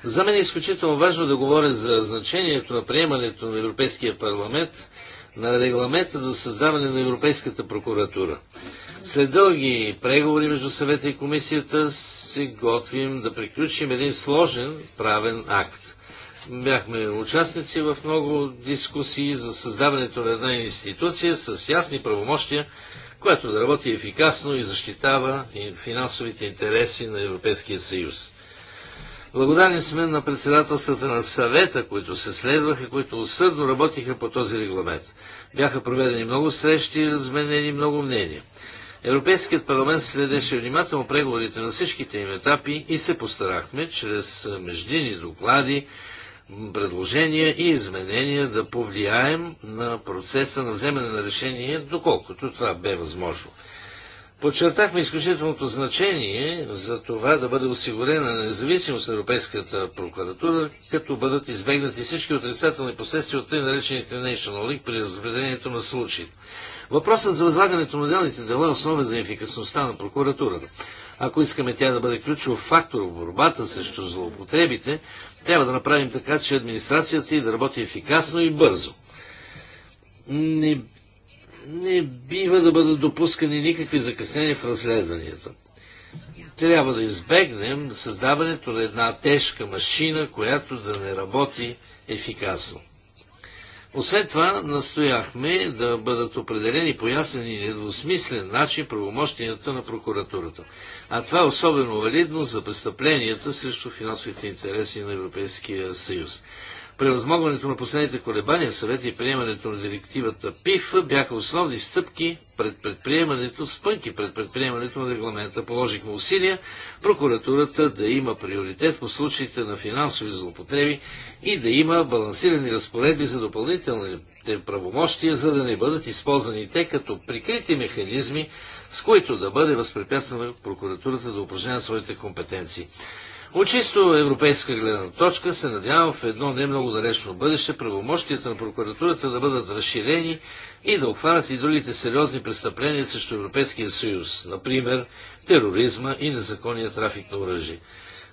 За мен е изключително важно да говоря за значението на приемането на Европейския парламент на регламента за създаване на Европейската прокуратура. След дълги преговори между съвета и комисията се готвим да приключим един сложен правен акт. Бяхме участници в много дискусии за създаването на една институция с ясни правомощия, която да работи ефикасно и защитава финансовите интереси на Европейския съюз. Благодарни сме на председателствата на съвета, които се следваха, които усърдно работиха по този регламент. Бяха проведени много срещи и разменени много мнения. Европейският парламент следеше внимателно преговорите на всичките им етапи и се постарахме чрез междини доклади, предложения и изменения да повлияем на процеса на вземане на решение, доколкото това бе възможно. Подчертахме изключителното значение за това да бъде осигурена независимост на Европейската прокуратура, като бъдат избегнати всички отрицателни последствия от тъй наречените National League при разпределението на случаите. Въпросът за възлагането на делните дела е основа за ефикасността на прокуратурата. Ако искаме тя да бъде ключов фактор в борбата срещу злоупотребите, трябва да направим така, че администрацията и да работи ефикасно и бързо. Не не бива да бъдат допускани никакви закъснения в разследванията. Трябва да избегнем създаването на една тежка машина, която да не работи ефикасно. Освен това, настояхме да бъдат определени по ясен и недвусмислен начин правомощенията на прокуратурата. А това е особено валидно за престъпленията срещу финансовите интереси на Европейския съюз. Превъзмогването на последните колебания в съвет и приемането на директивата ПИФ бяха основни стъпки пред предприемането, спънки пред предприемането на регламента. Положихме усилия прокуратурата да има приоритет по случаите на финансови злопотреби и да има балансирани разпоредби за допълнителните правомощия, за да не бъдат използвани те като прикрити механизми, с които да бъде възпрепятствана прокуратурата да упражнява своите компетенции. От чисто европейска гледна точка се надявам в едно не много далечно бъдеще правомощията на прокуратурата да бъдат разширени и да обхванат и другите сериозни престъпления срещу Европейския съюз, например тероризма и незаконния трафик на оръжие.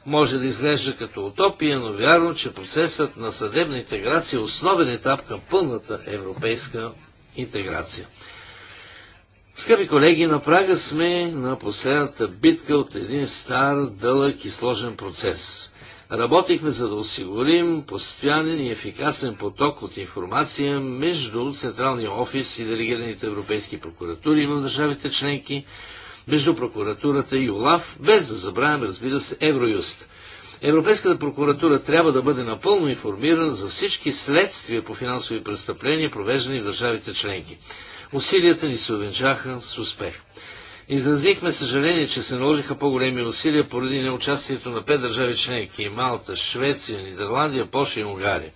Може да изглежда като утопия, но вярвам, че процесът на съдебна интеграция е основен етап към пълната европейска интеграция. Скъпи колеги, на прага сме на последната битка от един стар, дълъг и сложен процес. Работихме за да осигурим постоянен и ефикасен поток от информация между Централния офис и делегираните европейски прокуратури на държавите членки, между прокуратурата и ОЛАВ, без да забравим, разбира се, Евроюст. Европейската прокуратура трябва да бъде напълно информирана за всички следствия по финансови престъпления, провеждани в държавите членки. Усилията ни се увенчаха с успех. Изразихме съжаление, че се наложиха по-големи усилия поради неучастието на пет държави членки – Малта, Швеция, Нидерландия, Польша и Унгария.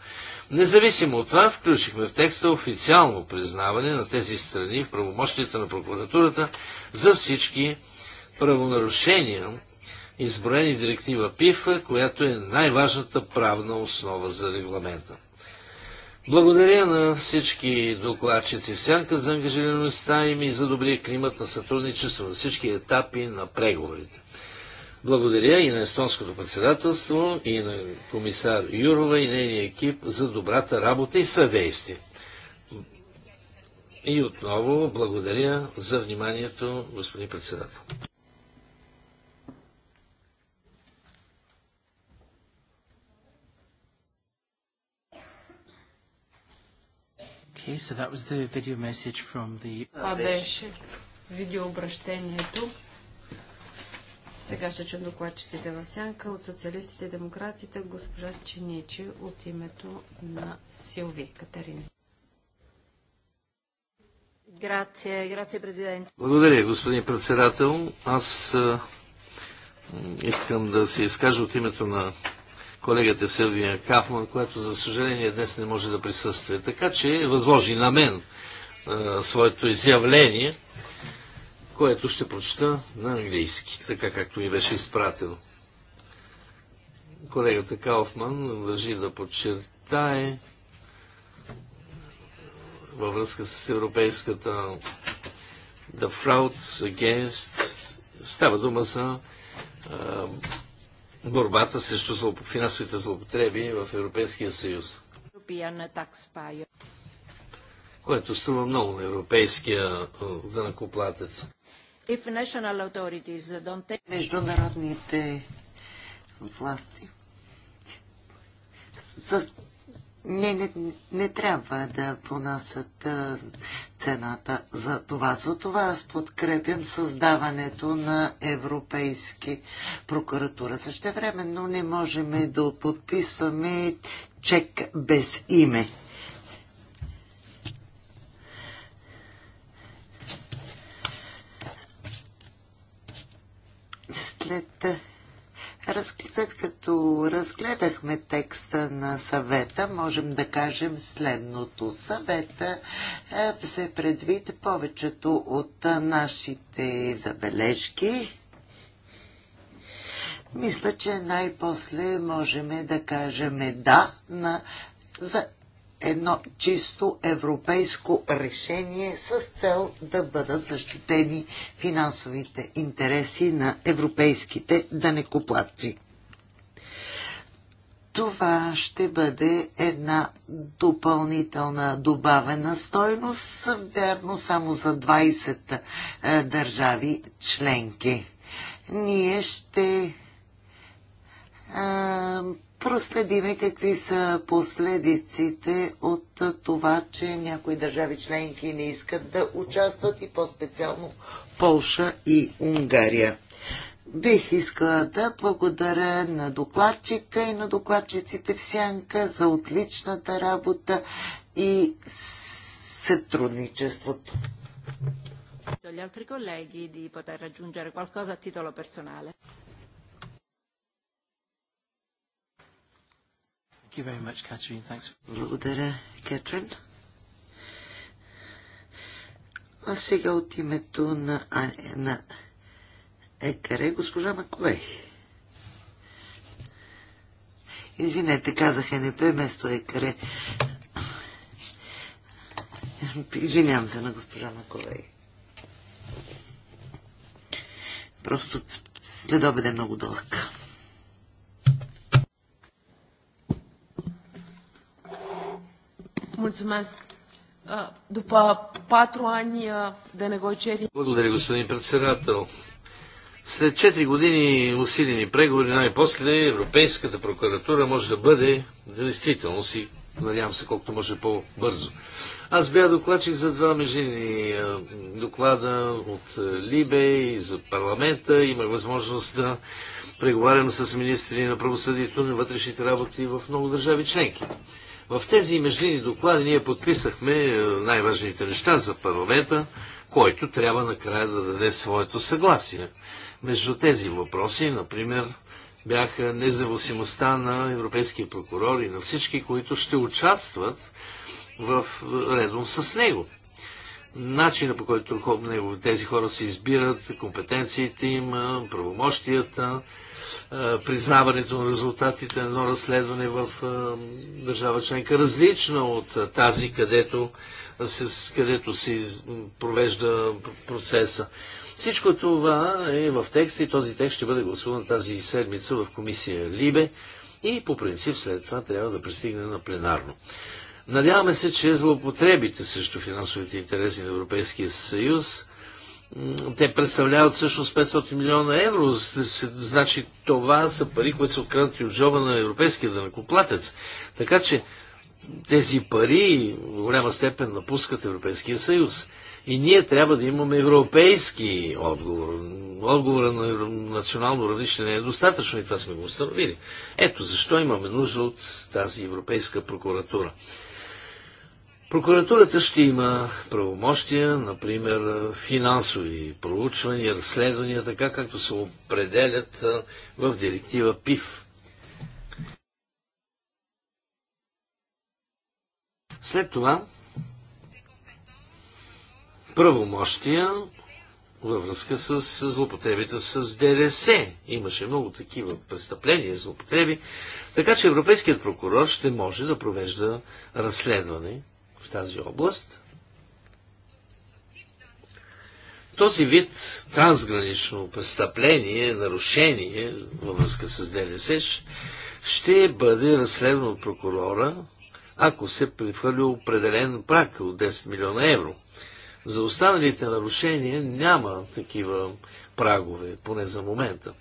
Независимо от това, включихме в текста официално признаване на тези страни в правомощите на прокуратурата за всички правонарушения, изброени директива ПИФА, която е най-важната правна основа за регламента. Благодаря на всички докладчици в сянка за ангажираността им и за добрия климат на сътрудничество на всички етапи на преговорите. Благодаря и на естонското председателство, и на комисар Юрова и нейния екип за добрата работа и съдействие. И отново благодаря за вниманието, господин председател. Okay, so that was the video message from the... Това беше видеообращението. Сега ще чуем докладчетите в сянка от социалистите и демократите, госпожа Чиничи от името на Силви Катерина. Благодаря, господин председател. Аз искам да се изкажа от името на колегата Силвия Кафман, която за съжаление днес не може да присъства. Така че възложи на мен а, своето изявление, което ще прочета на английски, така както ми беше изпратено. Колегата Кауфман държи да подчертае във връзка с европейската The Fraud Against става дума за борбата срещу злоупо... финансовите злоупотреби в Европейския съюз. Което струва много на европейския дънакоплатец. Take... Международните власти с не, не, не трябва да понасят цената за това. За това аз подкрепям създаването на Европейски прокуратура. Същевременно не можем да подписваме чек без име. След след като разгледахме текста на съвета, можем да кажем следното. Съвета се предвид повечето от е, нашите забележки. Мисля, че най-после можем да кажем да на за едно чисто европейско решение с цел да бъдат защитени финансовите интереси на европейските данекоплатци. Това ще бъде една допълнителна добавена стойност, вярно само за 20 е, държави членки. Ние ще е, проследиме какви са последиците от това, че някои държави членки не искат да участват и по-специално Полша и Унгария. Бих искала да благодаря на докладчика и на докладчиците в Сянка за отличната работа и сътрудничеството. Gli altri colleghi di poter aggiungere qualcosa a titolo personale. you very much, Catherine. Thanks. Благодаря, Катрин. А сега от името на, а, на Екаре, госпожа Маковей. Извинете, казах НП вместо Екаре. Извинявам се на госпожа Маковей. Просто след обед е много дълъг. Mulțumesc. După patru ani uh, de negocieri... Благодаря, господин председател. След четири години усилени преговори, най-после Европейската прокуратура може да бъде действително си, надявам се, колкото може по-бързо. Аз бях докладчик за два междинни доклада от Либе и за парламента. Имах възможност да преговарям с министри на правосъдието на вътрешните работи в много държави членки. В тези междинни доклади ние подписахме е, най-важните неща за парламента, който трябва накрая да даде своето съгласие. Между тези въпроси, например, бяха независимостта на европейския прокурор и на всички, които ще участват в, редом с него. Начина по който тези хора се избират, компетенциите им, правомощията, признаването на резултатите на едно разследване в държава членка, различна от тази, където се, където се провежда процеса. Всичко това е в текста и този текст ще бъде гласуван тази седмица в комисия Либе и по принцип след това трябва да пристигне на пленарно. Надяваме се, че злоупотребите срещу финансовите интереси на Европейския съюз те представляват всъщност 500 милиона евро. Значи това са пари, които са откранати от джоба на европейския данъкоплатец. Така че тези пари в голяма степен напускат Европейския съюз. И ние трябва да имаме европейски отговор. Отговора на национално равнище не е достатъчно и това сме го установили. Ето защо имаме нужда от тази Европейска прокуратура. Прокуратурата ще има правомощия, например финансови проучвания, разследвания, така както се определят в директива ПИФ. След това правомощия във връзка с злопотребите с ДДС. Имаше много такива престъпления, злопотреби, така че европейският прокурор ще може да провежда разследване тази област. Този вид трансгранично престъпление, нарушение във връзка с ДНС, ще бъде разследван от прокурора, ако се прехвърли определен прак от 10 милиона евро. За останалите нарушения няма такива прагове, поне за момента.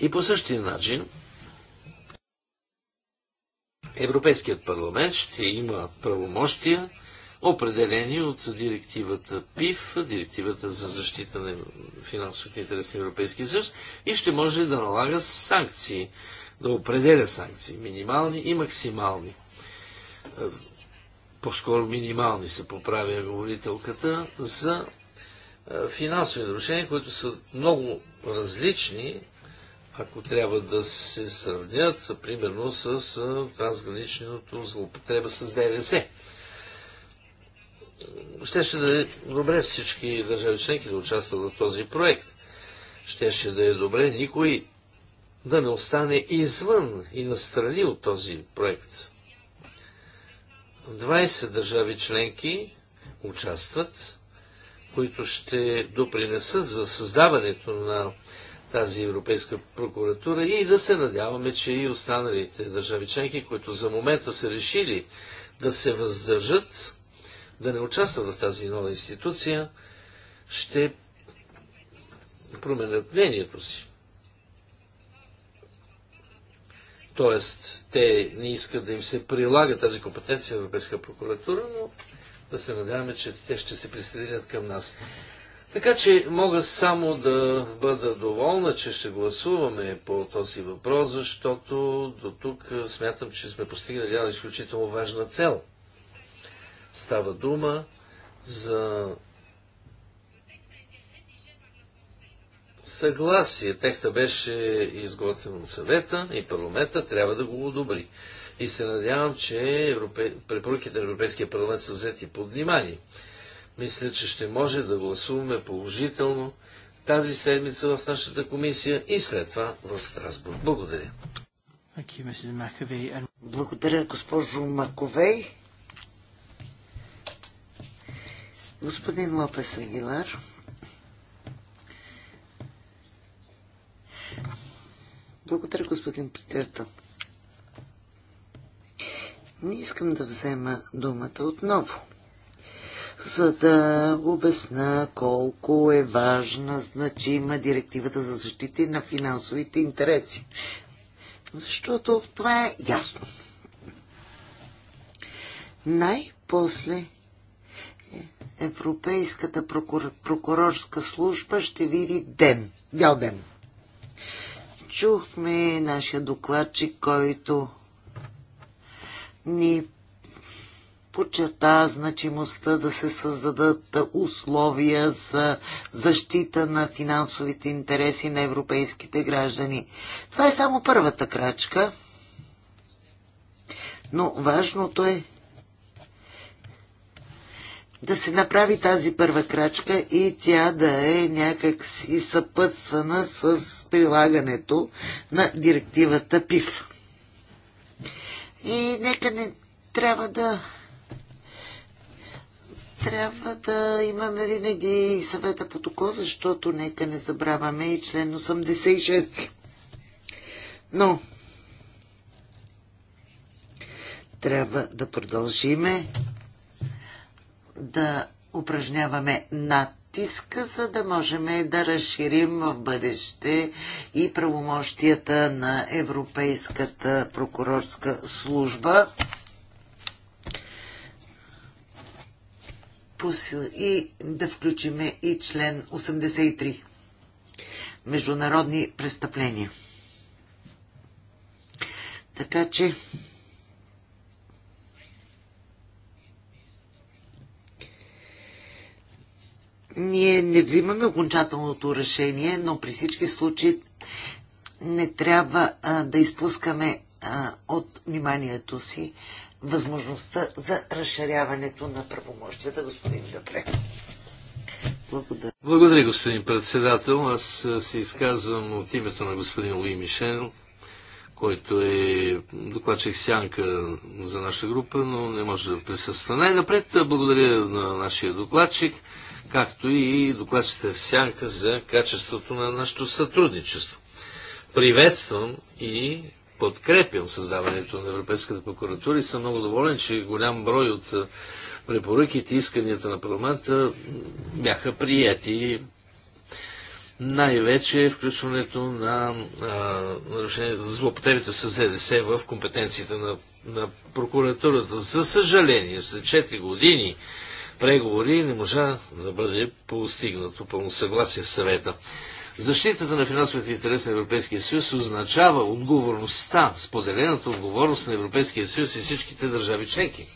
И по същия начин, Европейският парламент ще има правомощия, определени от директивата ПИФ, директивата за защита на финансовите интереси на Европейския съюз и ще може да налага санкции, да определя санкции, минимални и максимални. По-скоро минимални се поправя говорителката за финансови нарушения, които са много различни ако трябва да се сравнят, примерно, с трансграничното злоупотреба с ДВС. Щеше да е добре всички държави членки да участват в този проект. Щеше да е добре никой да не остане извън и настрани от този проект. 20 държави членки участват, които ще допринесат за създаването на тази Европейска прокуратура и да се надяваме, че и останалите държави членки, които за момента са решили да се въздържат, да не участват в тази нова институция, ще променят мнението си. Тоест, те не искат да им се прилага тази компетенция на Европейска прокуратура, но да се надяваме, че те ще се присъединят към нас. Така че мога само да бъда доволна, че ще гласуваме по този въпрос, защото до тук смятам, че сме постигнали една изключително важна цел. Става дума за съгласие. Текста беше изготвен от съвета и парламента трябва да го одобри. И се надявам, че европе... препоръките на Европейския парламент са взети под внимание. Мисля, че ще може да гласуваме положително тази седмица в нашата комисия и след това в Страсбург. Благодаря. Благодаря, госпожо Маковей. Господин Лопес Агилар. Благодаря, господин председател. Не искам да взема думата отново за да обясна колко е важна, значима директивата за защита на финансовите интереси. Защото това е ясно. Най-после Европейската прокур... прокурорска служба ще види ден, бял ден. Чухме нашия докладчик, който ни подчерта значимостта да се създадат условия за защита на финансовите интереси на европейските граждани. Това е само първата крачка, но важното е да се направи тази първа крачка и тя да е някак си съпътствана с прилагането на директивата ПИФ. И нека не трябва да трябва да имаме винаги съвета по токо, защото нека не забравяме и член 86. Но трябва да продължиме да упражняваме натиска, за да можем да разширим в бъдеще и правомощията на Европейската прокурорска служба. посил и да включиме и член 83 международни престъпления. Така че ние не взимаме окончателното решение, но при всички случаи не трябва а, да изпускаме а, от вниманието си възможността за разширяването на правомощията, господин Дъпре. Благодаря. Благодаря, господин председател. Аз се изказвам от името на господин Луи Мишен, който е докладчик сянка за наша група, но не може да присъства. Най-напред благодаря на нашия докладчик, както и докладчите в сянка за качеството на нашето сътрудничество. Приветствам и подкрепям създаването на Европейската прокуратура и съм много доволен, че голям брой от препоръките и исканията на парламента бяха приети. Най-вече включването на нарушението за злопотребите с ДДС в компетенциите на, на прокуратурата. За съжаление, след 4 години преговори не можа да бъде постигнато пълно съгласие в съвета. Защитата на финансовите интереси на Европейския съюз означава отговорността, споделената отговорност на Европейския съюз и всичките държави членки.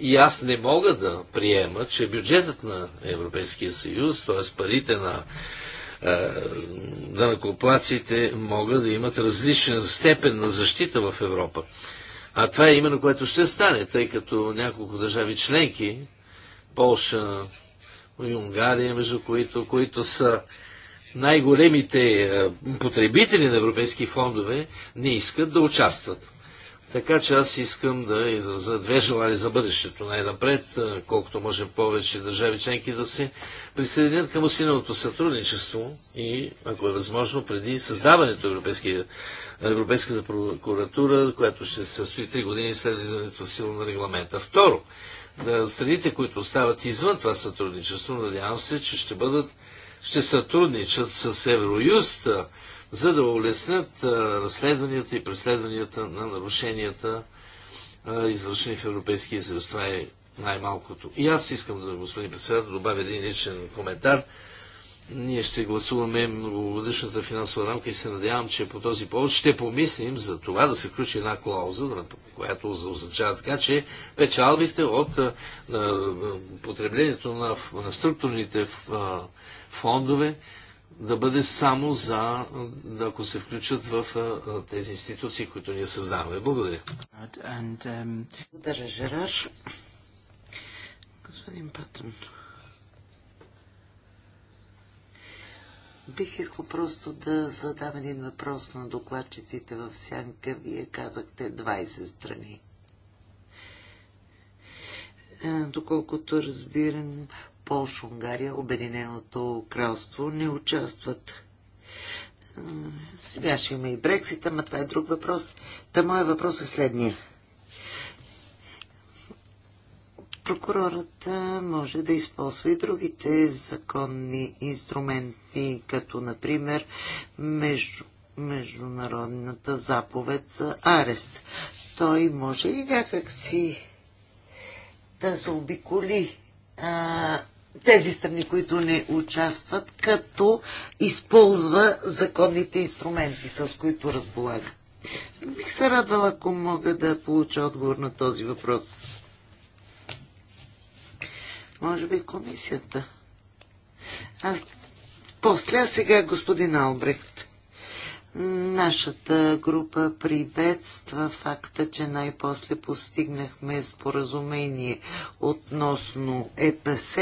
И аз не мога да приема, че бюджетът на Европейския съюз, т.е. парите на данъкоплаците е, могат да имат различна степен на защита в Европа. А това е именно което ще стане, тъй като няколко държави членки, Полша и Унгария, между които, които са най-големите е, потребители на европейски фондове не искат да участват. Така че аз искам да изразя две желания за бъдещето. Най-напред, е, колкото може повече държави членки да се присъединят към усиленото сътрудничество и, ако е възможно, преди създаването на Европейската прокуратура, която ще се състои 3 години след излизането в сила на регламента. Второ, да страните, които остават извън това сътрудничество, надявам се, че ще бъдат ще сътрудничат с Евроюст, за да улеснят разследванията и преследванията на нарушенията, извършени в Европейския съюз. Това е най-малкото. И аз искам да, господин председател, добавя един личен коментар. Ние ще гласуваме многогодишната финансова рамка и се надявам, че по този повод ще помислим за това да се включи една клауза, която означава така, че печалбите от потреблението на, на структурните фондове да бъде само за, да, ако се включат в тези институции, които ние създаваме. Благодаря. Um, Благодаря, Жераш. Господин Патрон. Бих искал просто да задам един въпрос на докладчиците в Сянка. Вие казахте 20 страни. Е, доколкото разбирам, Полша, Унгария, Обединеното кралство не участват. Сега ще има и Брексит, ама това е друг въпрос. Та моят въпрос е следния. Прокурорът може да използва и другите законни инструменти, като например между, международната заповед за арест. Той може ли някак си да заобиколи тези страни, които не участват, като използва законните инструменти, с които разполага. Бих се радвала, ако мога да получа отговор на този въпрос. Може би комисията. Аз после, а сега господин Албрехт. Нашата група приветства факта, че най-после постигнахме споразумение относно ЕПС.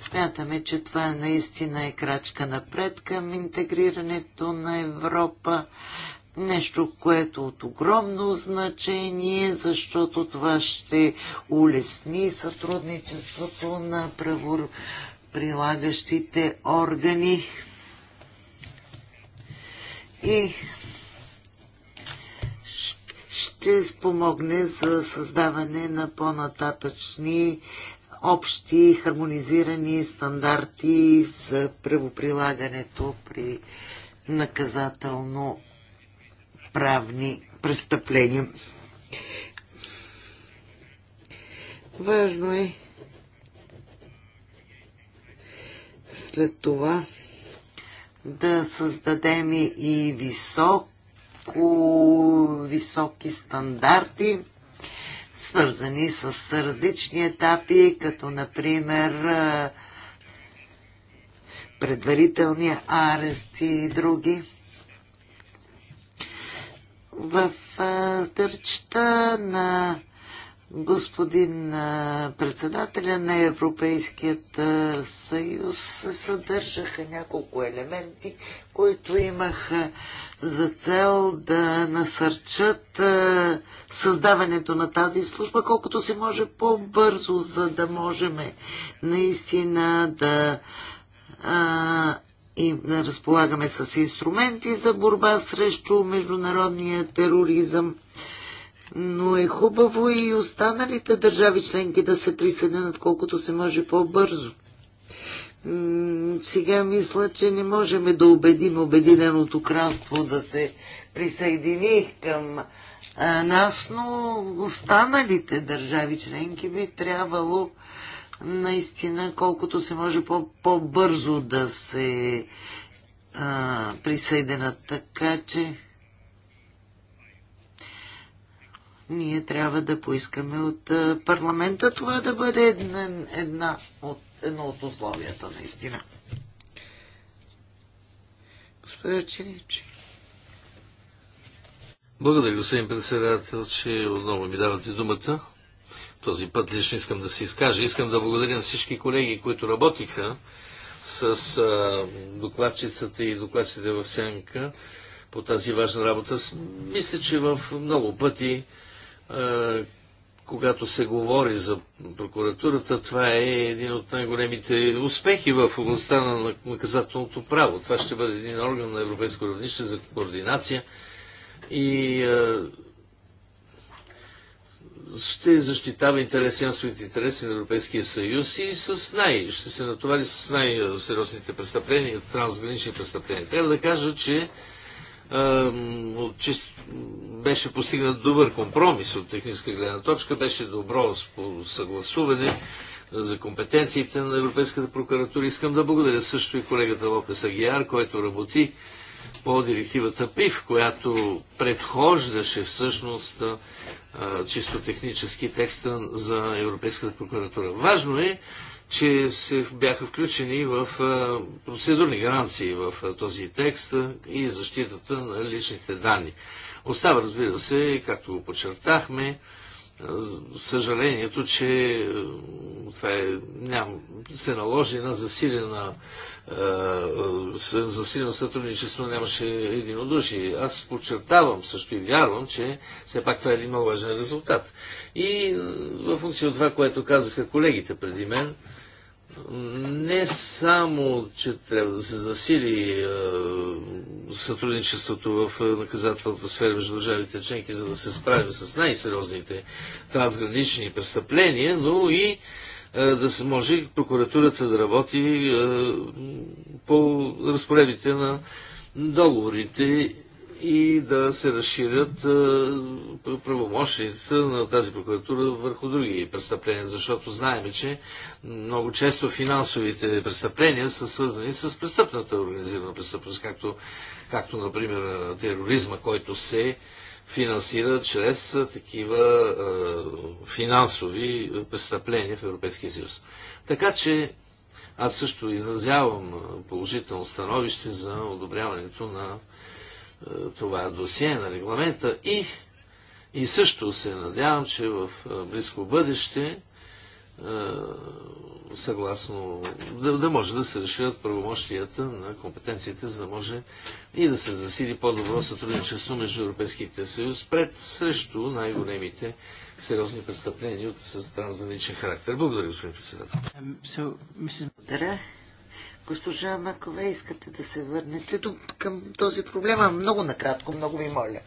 Смятаме, че това наистина е крачка напред към интегрирането на Европа. Нещо, което е от огромно значение, защото това ще улесни сътрудничеството на правоприлагащите органи и ще спомогне за създаване на по-нататъчни общи хармонизирани стандарти за правоприлагането при наказателно правни престъпления. Важно е след това да създадем и високо, високи стандарти, свързани с различни етапи, като например предварителния арест и други. В дърчта на господин председателя на Европейският съюз се съдържаха няколко елементи, които имаха за цел да насърчат създаването на тази служба колкото се може по-бързо, за да можем наистина да и разполагаме с инструменти за борба срещу международния тероризъм но е хубаво и останалите държави членки да се присъединят колкото се може по-бързо. Сега мисля, че не можем да убедим Обединеното кралство да се присъедини към нас, но останалите държави членки би трябвало наистина колкото се може по-бързо да се присъединят. Така че ние трябва да поискаме от е, парламента това да бъде една, една от, едно от условията, наистина. Господа Чиничи. Благодаря, господин председател, че отново ми давате думата. Този път лично искам да се изкажа. Искам да благодаря на всички колеги, които работиха с а, е, докладчицата и докладчите в Сенка по тази важна работа. Мисля, че в много пъти когато се говори за прокуратурата, това е един от най-големите успехи в областта на наказателното право. Това ще бъде един орган на европейско равнище за координация и ще защитава интереси, финансовите интереси на Европейския съюз и с най- ще се натовари с най-сериозните престъпления, трансгранични престъпления. Трябва да кажа, че беше постигнат добър компромис от техническа гледна точка, беше добро съгласуване за компетенциите на Европейската прокуратура. Искам да благодаря също и колегата Лопес Агиар, който работи по директивата ПИВ, която предхождаше всъщност чисто технически текста за Европейската прокуратура. Важно е че се бяха включени в процедурни гаранции в този текст и защитата на личните данни. Остава, разбира се, както го подчертахме, съжалението, че това е, ням, се наложи на засилена засилено сътрудничество нямаше единодушие. Аз подчертавам също и вярвам, че все пак това е един много важен резултат. И във функция от това, което казаха колегите преди мен, не само, че трябва да се засили е, сътрудничеството в е, наказателната сфера между държавите членки, за да се справим с най-сериозните трансгранични престъпления, но и е, да се може прокуратурата да работи е, по разпоредбите на договорите и да се разширят правомощията на тази прокуратура върху други престъпления, защото знаем, че много често финансовите престъпления са свързани с престъпната организирана престъпност, както, както например тероризма, който се финансира чрез такива е, финансови престъпления в Европейския съюз. Така че аз също изразявам положително становище за одобряването на е, това досие на регламента и, и също се надявам, че в е, близко бъдеще е, съгласно да, да може да се решат правомощията на компетенциите, за да може и да се засили по-добро сътрудничество между Европейските съюз пред срещу най-големите сериозни престъпления от трансграничен характер. Благодаря, господин председател. Госпожа Макове, искате да се върнете до, към този проблем? А много накратко, много ви моля.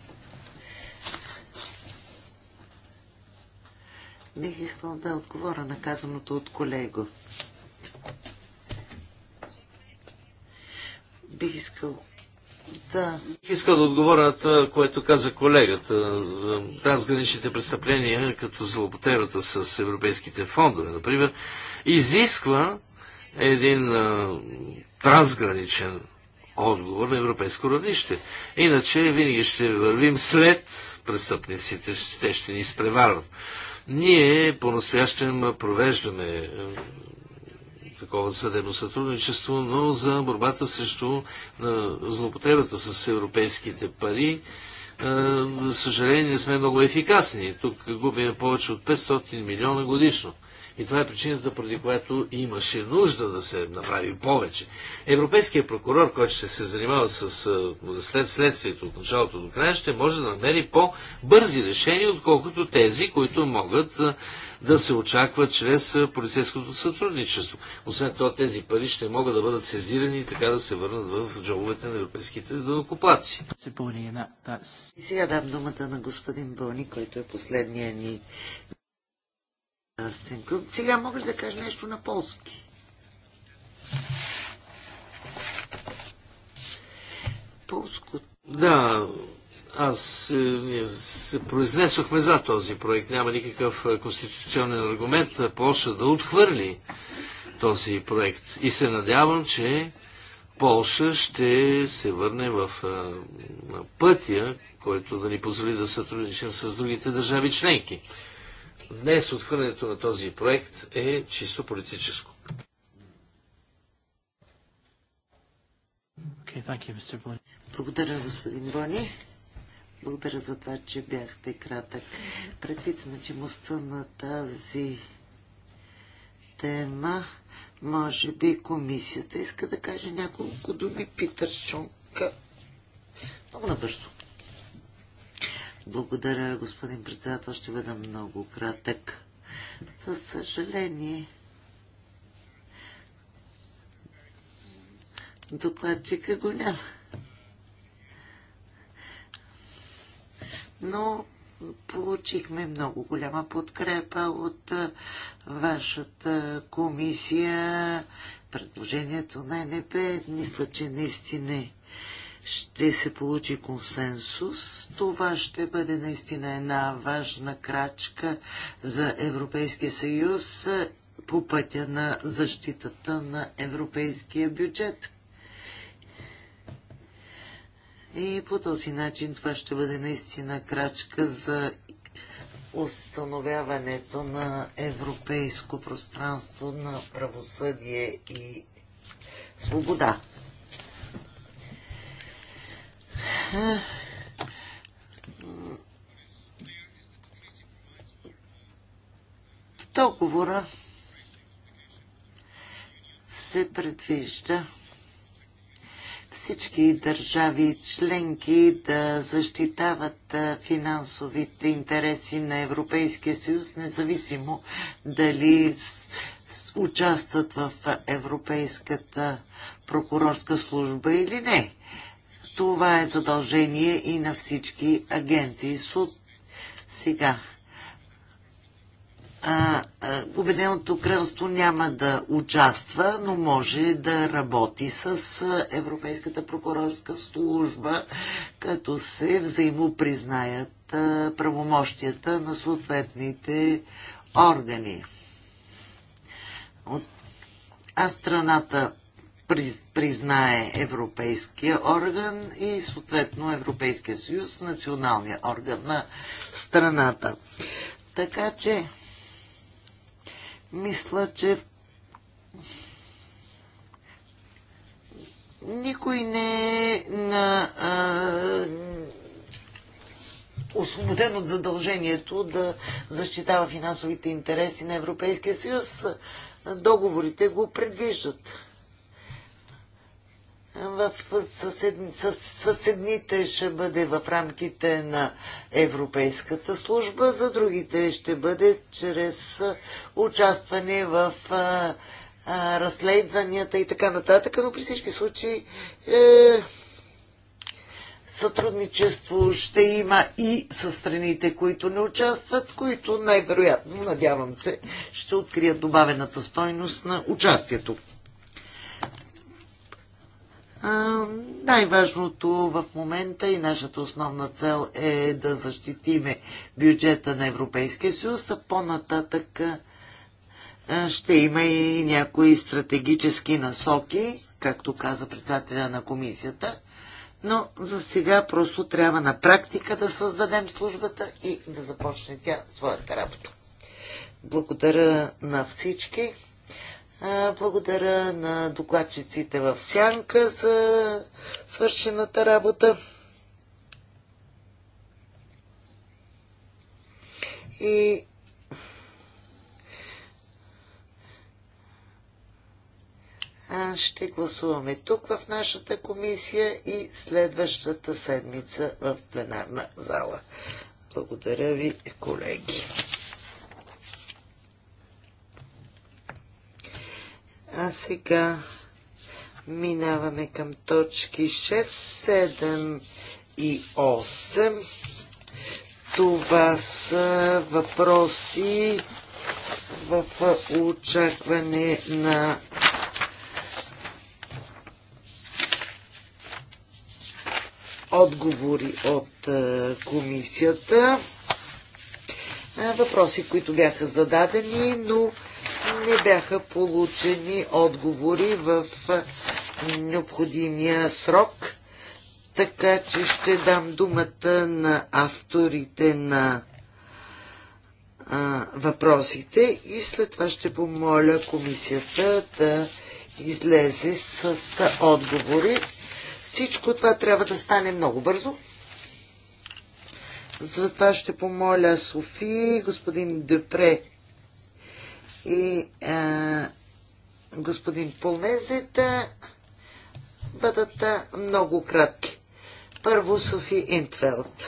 Бих искал да отговоря на казаното от колего. Бих искал да. Бих искал да отговоря на това, което каза колегата за трансграничните престъпления, като злоупотребата с европейските фондове, например, изисква един а, трансграничен отговор на европейско равнище. Иначе винаги ще вървим след престъпниците, те ще ни изпреварват. Ние по-настоящем провеждаме такова съдебно сътрудничество, но за борбата срещу на злопотребата с европейските пари, за съжаление, не сме много ефикасни. Тук губим повече от 500 милиона годишно. И това е причината, преди която имаше нужда да се направи повече. Европейският прокурор, който ще се занимава с след следствието от началото до края, ще може да намери по-бързи решения, отколкото тези, които могат да се очаква чрез полицейското сътрудничество. Освен това, тези пари ще могат да бъдат сезирани и така да се върнат в джобовете на европейските дълкоплаци. И сега дам думата на господин Бълни, който е последния ни сега мога ли да кажа нещо на полски? Полско. Да, аз е, ние се произнесохме за този проект. Няма никакъв е, конституционен аргумент Польша да отхвърли този проект. И се надявам, че Полша ще се върне в е, пътя, който да ни позволи да сътрудничим с другите държави членки. Днес отхвърлянето на този проект е чисто политическо. Okay, thank you, Благодаря, господин Бони. Благодаря за това, че бяхте кратък. Предвид значимостта на тази тема, може би комисията иска да каже няколко думи Питър Шонка. Много набързо. Благодаря, господин председател. Ще бъда много кратък. За съжаление, докладчика го няма. Но получихме много голяма подкрепа от вашата комисия. Предложението на НП мисля, че наистина е ще се получи консенсус. Това ще бъде наистина една важна крачка за Европейския съюз по пътя на защитата на европейския бюджет. И по този начин това ще бъде наистина крачка за установяването на европейско пространство на правосъдие и свобода договора се предвижда всички държави членки да защитават финансовите интереси на Европейския съюз, независимо дали участват в Европейската прокурорска служба или не. Това е задължение и на всички агенции. Суд сега. А, а, Обединеното кралство няма да участва, но може да работи с Европейската прокурорска служба, като се взаимопризнаят а, правомощията на съответните органи. От, а страната признае Европейския орган и съответно Европейския съюз, националния орган на страната. Така че, мисля, че никой не е на, а, освободен от задължението да защитава финансовите интереси на Европейския съюз. Договорите го предвиждат в съседните ще бъде в рамките на Европейската служба, за другите ще бъде чрез участване в разследванията и така нататък, но при всички случаи е, сътрудничество ще има и с страните, които не участват, които най-вероятно, надявам се, ще открият добавената стойност на участието най-важното в момента и нашата основна цел е да защитиме бюджета на Европейския съюз, а по-нататък ще има и някои стратегически насоки, както каза председателя на комисията, но за сега просто трябва на практика да създадем службата и да започне тя своята работа. Благодаря на всички. Благодаря на докладчиците в Сянка за свършената работа. И ще гласуваме тук в нашата комисия и следващата седмица в пленарна зала. Благодаря ви, колеги. А сега минаваме към точки 6, 7 и 8. Това са въпроси в очакване на отговори от е, комисията. Е, въпроси, които бяха зададени, но не бяха получени отговори в необходимия срок, така че ще дам думата на авторите на а, въпросите и след това ще помоля комисията да излезе с, с отговори. Всичко това трябва да стане много бързо. Затова ще помоля Софи, господин Депре и а, господин Полнезета бъдат много кратки. Първо Софи Интфелд.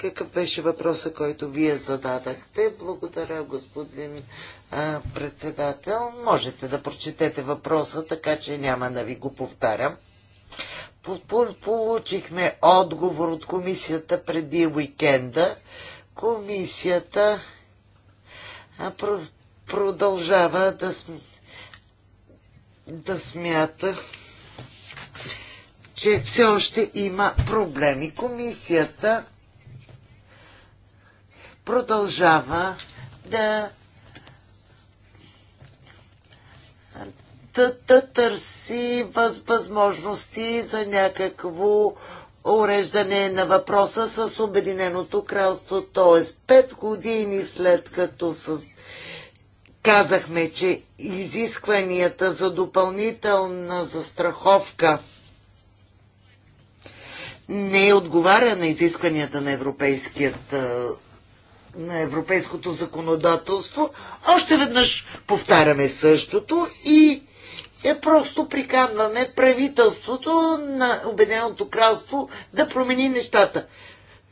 Какъв беше въпроса, който вие зададахте? Благодаря, господин а, председател. Можете да прочетете въпроса, така че няма да ви го повтарям. Получихме отговор от комисията преди уикенда. Комисията продължава да, см... да смята, че все още има проблеми. Комисията продължава да да, да търси възможности за някакво уреждане на въпроса с Обединеното кралство, т.е. 5 години след като с... казахме, че изискванията за допълнителна застраховка не отговаря на изискванията на европейският е, на европейското законодателство. Още веднъж повтаряме същото и е просто приканваме правителството на Обединеното кралство да промени нещата.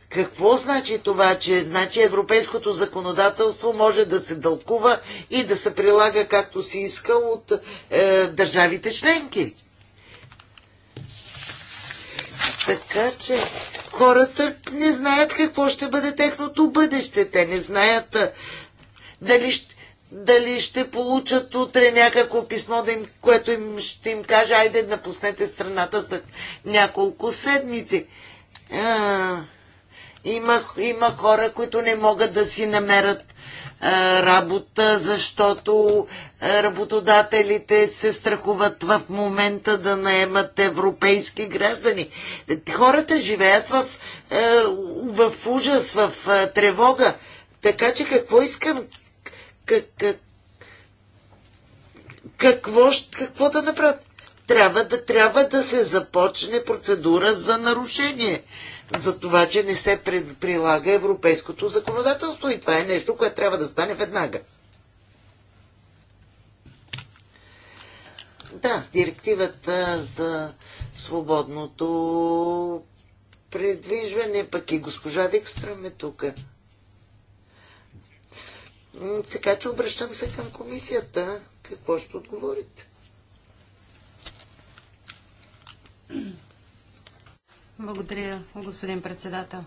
Какво значи това, че значи европейското законодателство може да се дълкува и да се прилага както си иска от е, държавите членки? Така че хората не знаят какво ще бъде техното бъдеще. Те не знаят е, дали ще дали ще получат утре някакво писмо, да им, което им, ще им каже, айде напуснете страната след няколко седмици. А, има, има хора, които не могат да си намерят а, работа, защото а, работодателите се страхуват в момента да наемат европейски граждани. Хората живеят в, а, в ужас, в а, тревога. Така че какво искам, как, как, какво, какво да направят? Трябва да, трябва да се започне процедура за нарушение за това, че не се прилага европейското законодателство и това е нещо, което трябва да стане веднага. Да, директивата за свободното предвижване, пък и госпожа Викстрам е тук. Така че обръщам се към комисията. Какво ще отговорите? Благодаря, господин председател.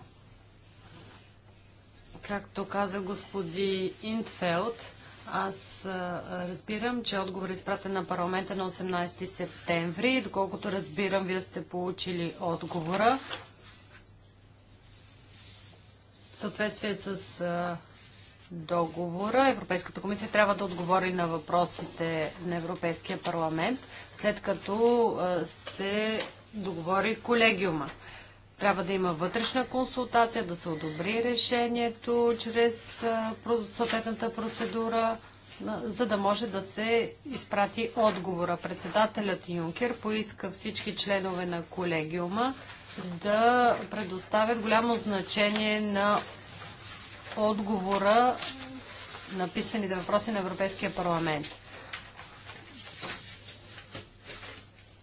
Както каза господин Интфелд, аз разбирам, че отговор е изпратен на парламента на 18 септември. Доколкото разбирам, вие сте получили отговора. В съответствие с договора, Европейската комисия трябва да отговори на въпросите на Европейския парламент, след като се договори колегиума. Трябва да има вътрешна консултация, да се одобри решението чрез съответната процедура, за да може да се изпрати отговора. Председателят Юнкер поиска всички членове на колегиума да предоставят голямо значение на отговора на писмените въпроси на Европейския парламент.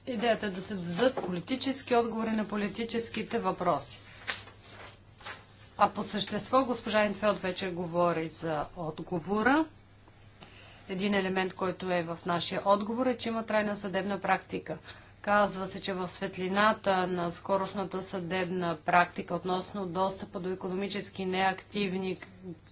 Идеята е да се дадат политически отговори на политическите въпроси. А по същество госпожа Инфелд вече говори за отговора. Един елемент, който е в нашия отговор е, че има трайна съдебна практика. Казва се, че в светлината на скорошната съдебна практика относно достъпа до економически неактивни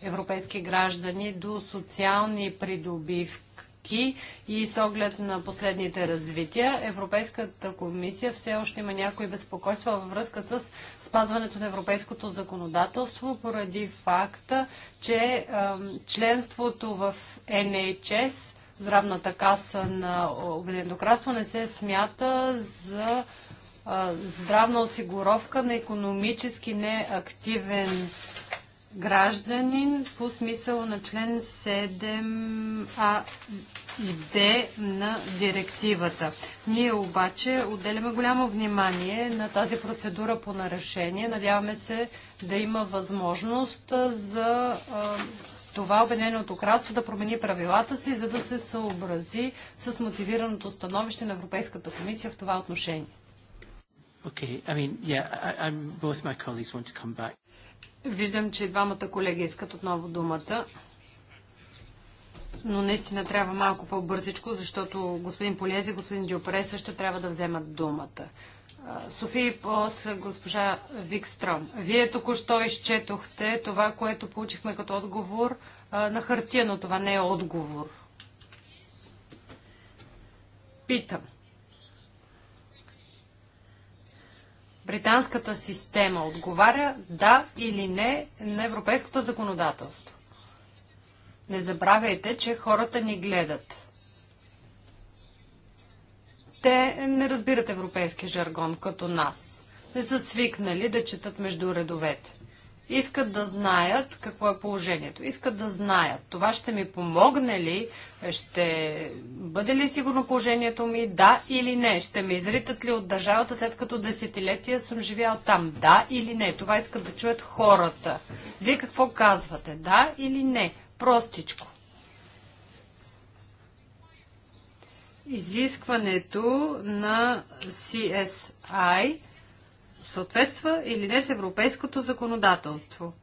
европейски граждани до социални придобивки и с оглед на последните развития, Европейската комисия все още има някои безпокойства във връзка с спазването на европейското законодателство поради факта, че членството в НХС здравната каса на огнено кралство не се смята за здравна осигуровка на економически неактивен гражданин по смисъла на член 7а и Д на директивата. Ние обаче отделяме голямо внимание на тази процедура по нарешение. Надяваме се да има възможност за това Обединеното кралство да промени правилата си, за да се съобрази с мотивираното становище на Европейската комисия в това отношение. Виждам, че двамата колеги искат отново думата. Но наистина трябва малко по-бързичко, защото господин Полези, и господин Диопре също трябва да вземат думата. София после госпожа Викстром. Вие току-що изчетохте това, което получихме като отговор на хартия, но това не е отговор. Питам. британската система отговаря да или не на европейското законодателство. Не забравяйте, че хората ни гледат. Те не разбират европейски жаргон като нас. Не са свикнали да четат между редовете. Искат да знаят какво е положението. Искат да знаят. Това ще ми помогне ли? Ще бъде ли сигурно положението ми? Да или не? Ще ме изритат ли от държавата след като десетилетия съм живял там? Да или не? Това искат да чуят хората. Вие какво казвате? Да или не? Простичко. изискването на CSI съответства или не с европейското законодателство?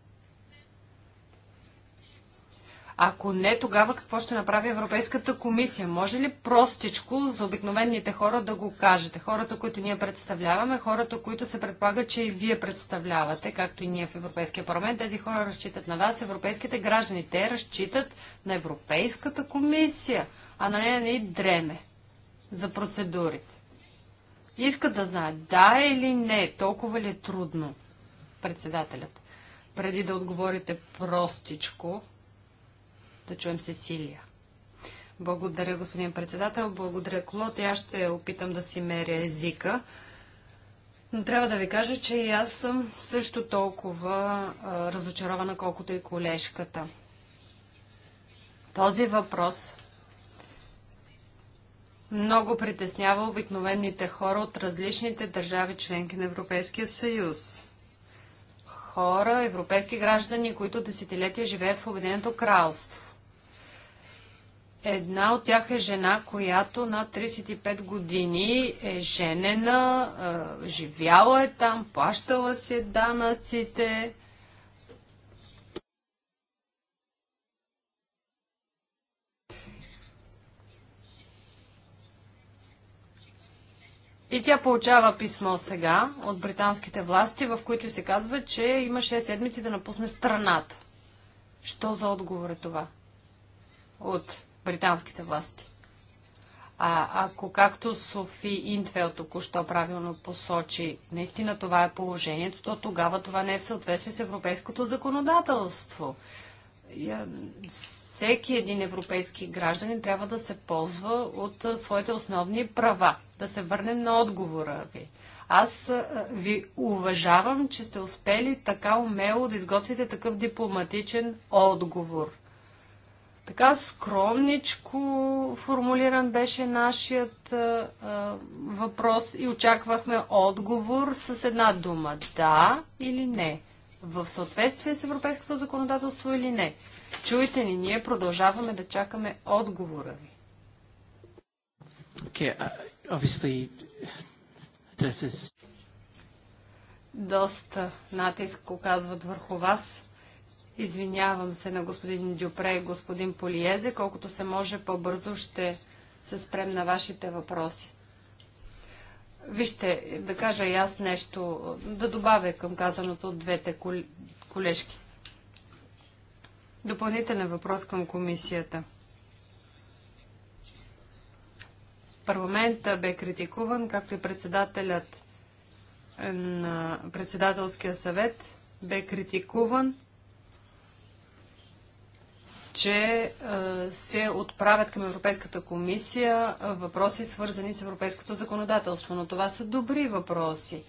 Ако не, тогава какво ще направи Европейската комисия? Може ли простичко за обикновените хора да го кажете? Хората, които ние представляваме, хората, които се предполага, че и вие представлявате, както и ние в Европейския парламент, тези хора разчитат на вас, европейските граждани. Те разчитат на Европейската комисия, а на нея не и дреме за процедурите. Иска да знае, да или не, толкова ли е трудно, председателят. Преди да отговорите простичко, да чуем Сесилия. Благодаря, господин председател. Благодаря, Клод. И аз ще опитам да си меря езика. Но трябва да ви кажа, че и аз съм също толкова а, разочарована, колкото и колежката. Този въпрос много притеснява обикновените хора от различните държави членки на Европейския съюз. Хора, европейски граждани, които десетилетия живеят в Обединеното кралство. Една от тях е жена, която на 35 години е женена, живяла е там, плащала си данъците, И тя получава писмо сега от британските власти, в които се казва, че има 6 седмици да напусне страната. Що за отговор е това от британските власти? А ако както Софи Интвел току-що правилно посочи, наистина това е положението, то тогава това не е в съответствие с европейското законодателство. Я всеки един европейски гражданин трябва да се ползва от своите основни права. Да се върнем на отговора ви. Аз ви уважавам, че сте успели така умело да изготвите такъв дипломатичен отговор. Така скромничко формулиран беше нашият а, въпрос и очаквахме отговор с една дума да или не. В съответствие с европейското законодателство или не. Чуйте ни, ние продължаваме да чакаме отговора ви. Okay, uh, obviously, is... Доста натиск оказват върху вас. Извинявам се на господин Дюпре и господин Полиезе, колкото се може по-бързо ще се спрем на вашите въпроси. Вижте, да кажа и аз нещо, да добавя към казаното от двете колежки. Допълнителен въпрос към комисията. Парламента бе критикуван, както и председателят на председателския съвет бе критикуван, че се отправят към Европейската комисия въпроси, свързани с европейското законодателство. Но това са добри въпроси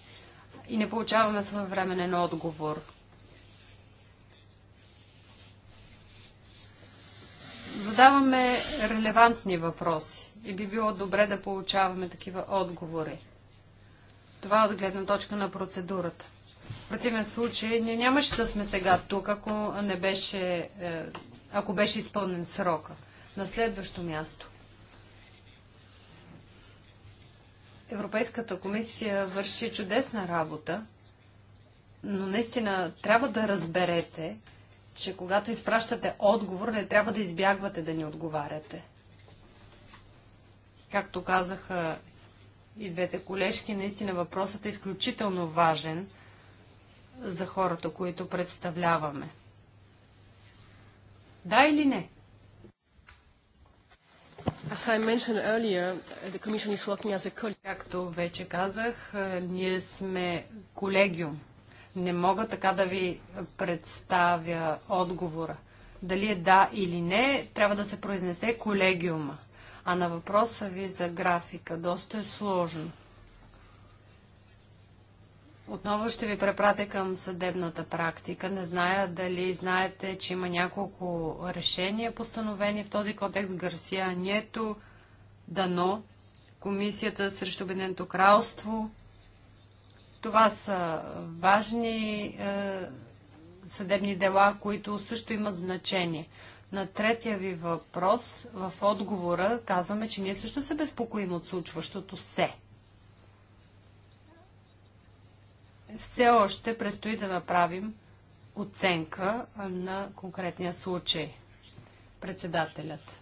и не получаваме своевременен отговор. задаваме релевантни въпроси и би било добре да получаваме такива отговори. Това е от гледна точка на процедурата. В противен случай ние нямаше да сме сега тук, ако, не беше, е, ако беше изпълнен срока. На следващо място. Европейската комисия върши чудесна работа, но наистина трябва да разберете, че когато изпращате отговор, не трябва да избягвате да ни отговаряте. Както казаха и двете колежки, наистина въпросът е изключително важен за хората, които представляваме. Да или не? Earlier, Както вече казах, е, ние сме колегиум не мога така да ви представя отговора. Дали е да или не, трябва да се произнесе колегиума. А на въпроса ви за графика, доста е сложно. Отново ще ви препратя към съдебната практика. Не зная дали знаете, че има няколко решения постановени в този контекст. Гарсия Нието, Дано, Комисията срещу Обединеното кралство – това са важни е, съдебни дела, които също имат значение. На третия ви въпрос, в отговора казваме, че ние също се безпокоим от случващото се. Все още предстои да направим оценка на конкретния случай. Председателят.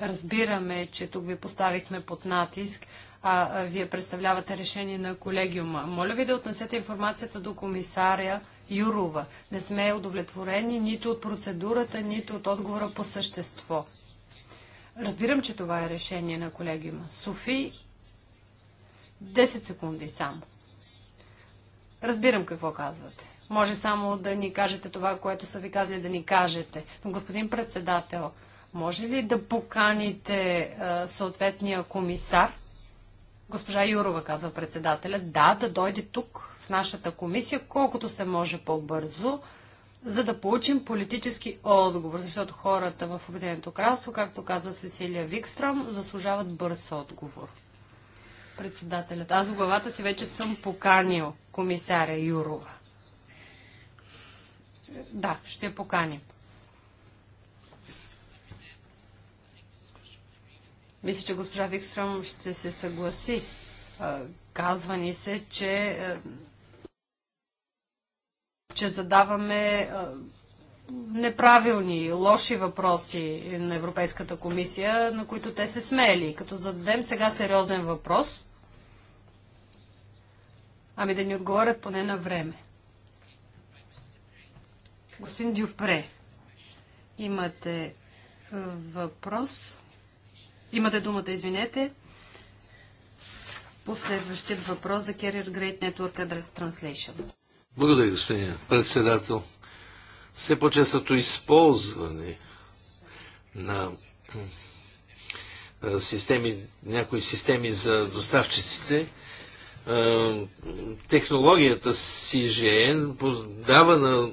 Разбираме, че тук ви поставихме под натиск, а, вие представлявате решение на колегиума. Моля ви да отнесете информацията до комисаря Юрова. Не сме удовлетворени нито от процедурата, нито от отговора по същество. Разбирам, че това е решение на колегиума. Софи, 10 секунди само. Разбирам какво казвате. Може само да ни кажете това, което са ви казали да ни кажете. Но, господин председател, може ли да поканите а, съответния комисар Госпожа Юрова, казва председателя, да, да дойде тук в нашата комисия, колкото се може по-бързо, за да получим политически отговор, защото хората в Обединеното кралство, както каза Сесилия Викстром, заслужават бърз отговор. Председателят, аз в главата си вече съм поканил комисаря Юрова. Да, ще поканим. Мисля, че госпожа Викстром ще се съгласи. Казва ни се, че, че задаваме неправилни, лоши въпроси на Европейската комисия, на които те се смели. Като зададем сега сериозен въпрос, ами да ни отговорят поне на време. Господин Дюпре, имате въпрос? Имате думата, извинете. Последващият въпрос за Carrier Great Network Address Translation. Благодаря, господин председател. Все по-честото използване на системи, някои системи за доставчиците, технологията CGN е, дава на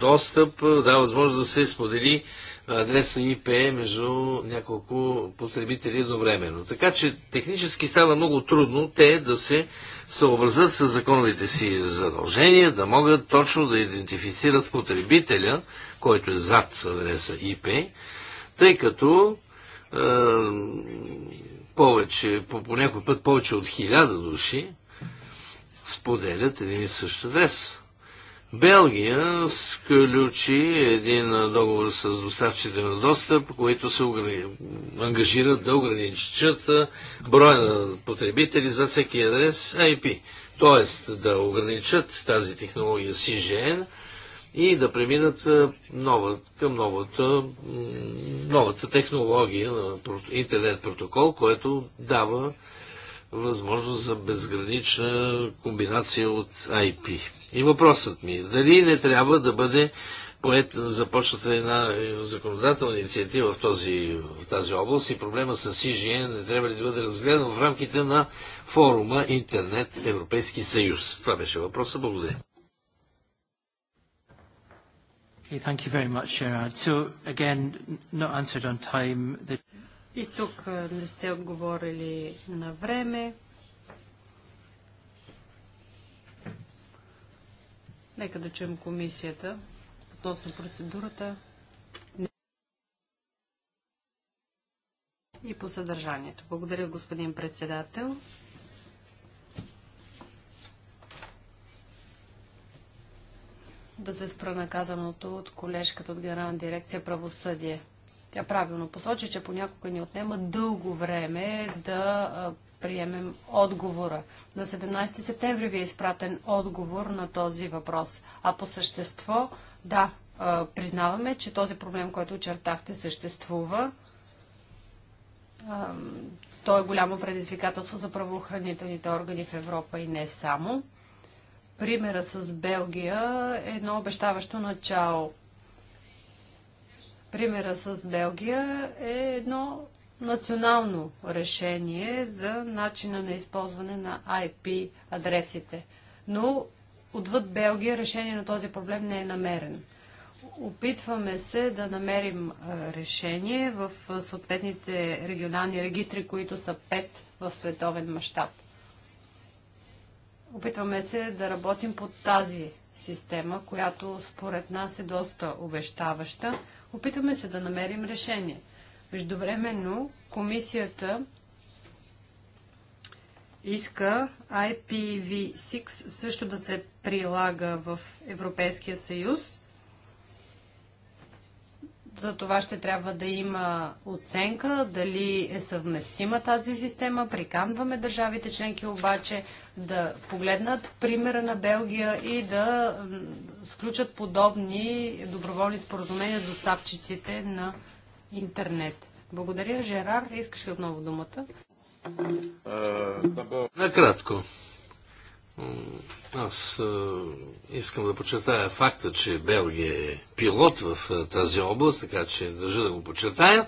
достъп, дава възможност да се сподели адреса IP е между няколко потребители едновременно. Така че технически става много трудно те да се съобразят с законовите си задължения, да могат точно да идентифицират потребителя, който е зад адреса IP, тъй като е, повече, по, по някой път повече от хиляда души споделят един и същ адрес. Белгия сключи един договор с доставчите на достъп, които се ангажират да ограничат броя на потребители за всеки адрес IP. Тоест да ограничат тази технология CGN и да преминат нова, към новата, новата технология на интернет протокол, което дава възможност за безгранична комбинация от IP. И въпросът ми е, дали не трябва да бъде поет, започната една е, законодателна инициатива в, този, в тази област и проблема с ИЖН не трябва ли да бъде разгледан в рамките на форума Интернет Европейски съюз? Това беше въпроса. Благодаря. Okay, thank you very much, So, again, not on time. The... И тук е, не сте отговорили на време. Нека да чуем комисията относно процедурата и по съдържанието. Благодаря, господин председател. Да се спра наказаното от колежката от Генерална дирекция правосъдие. Тя правилно посочи, че понякога ни отнема дълго време да приемем отговора. На 17 септември ви е изпратен отговор на този въпрос. А по същество, да, признаваме, че този проблем, който очертахте, съществува. Той е голямо предизвикателство за правоохранителните органи в Европа и не само. Примера с Белгия е едно обещаващо начало. Примера с Белгия е едно национално решение за начина на използване на IP адресите. Но отвъд Белгия решение на този проблем не е намерен. Опитваме се да намерим решение в съответните регионални регистри, които са пет в световен мащаб. Опитваме се да работим под тази система, която според нас е доста обещаваща. Опитваме се да намерим решение – Междувременно комисията иска IPv6 също да се прилага в Европейския съюз. За това ще трябва да има оценка дали е съвместима тази система. Приканваме държавите членки обаче да погледнат примера на Белгия и да сключат подобни доброволни споразумения с доставчиците на интернет. Благодаря, Жерар. Искаш ли отново думата? Е, Накратко. Аз е, искам да почетая факта, че Белгия е пилот в е, тази област, така че държа да го почетая.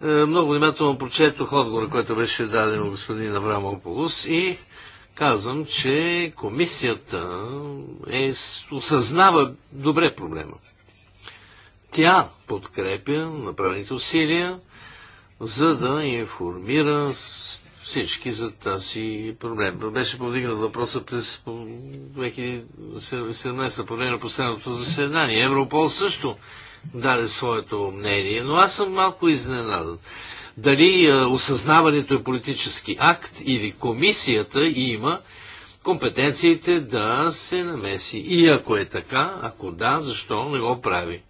Много внимателно прочетох отговора, който беше даден от господин Авраам Ополус и казвам, че комисията е, осъзнава добре проблема. Тя подкрепя направените усилия, за да информира всички за тази проблем. Беше повдигнат въпроса през 2017 по време на последното заседание. Европол също даде своето мнение, но аз съм малко изненадан. Дали а, е, осъзнаването е политически акт или комисията има компетенциите да се намеси. И ако е така, ако да, защо не го прави?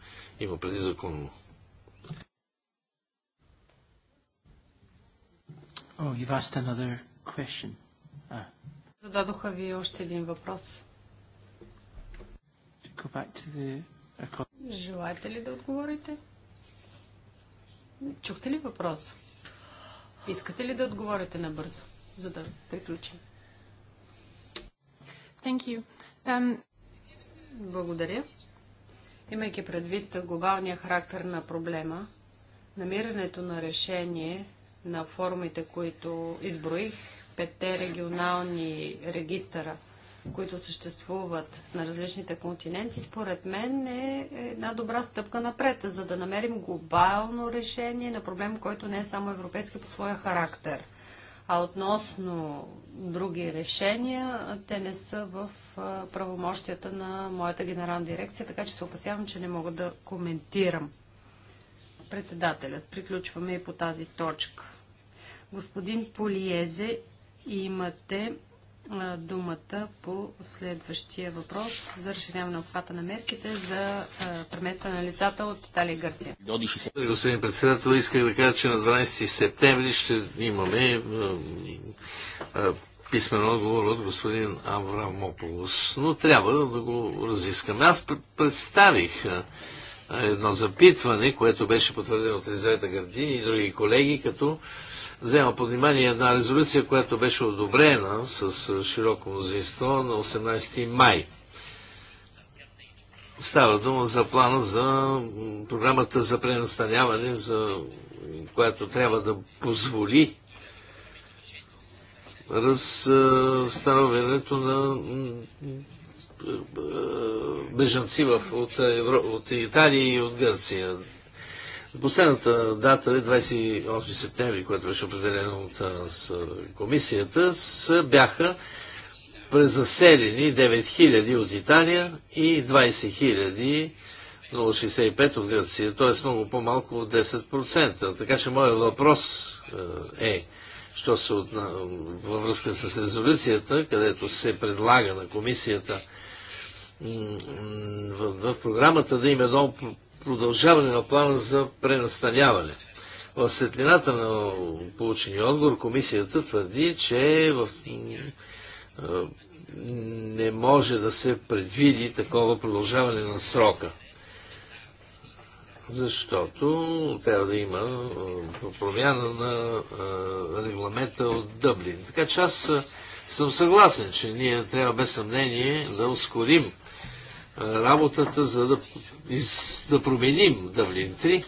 Има преди законно. Oh, ah. Зададоха ви още един въпрос. Желаете ли да отговорите? Чухте ли въпрос? Искате ли да отговорите набързо, за да приключим? Thank you. Um... Благодаря. Имайки предвид глобалния характер на проблема, намирането на решение на форумите, които изброих, петте регионални регистъра, които съществуват на различните континенти, според мен е една добра стъпка напред, за да намерим глобално решение на проблем, който не е само европейски по своя характер. А относно други решения, те не са в правомощията на моята генерална дирекция, така че се опасявам, че не мога да коментирам. Председателят, приключваме и по тази точка. Господин Полиезе, имате думата по следващия въпрос за разширяване на обхвата на мерките за преместване на лицата от Италия и Гърция. Господин председател, исках да кажа, че на 12 септември ще имаме писмен отговор от господин Аврамополос, но трябва да го разискаме. Аз представих едно запитване, което беше потвърдено от Елизавета Гърди и други колеги, като взема под внимание една резолюция, която беше одобрена с е, широко мнозинство на 18 май. Става дума за плана за програмата за пренастаняване, за която трябва да позволи разстановянето на е, е, бежанци от, Евро... от Италия и от Гърция. Последната дата е 28 септември, която беше определена от комисията, са, бяха презаселени 9000 от Италия и 20 065 от Гърция, т.е. много по-малко от 10%. Така че моят въпрос е, що се отна... във връзка с резолюцията, където се предлага на комисията в, в програмата да има едно продължаване на плана за пренастаняване. В светлината на получения отговор комисията твърди, че в... не може да се предвиди такова продължаване на срока. Защото трябва да има промяна на регламента от Дъблин. Така че аз съм съгласен, че ние трябва без съмнение да ускорим работата, за да из, да променим Дъблин 3,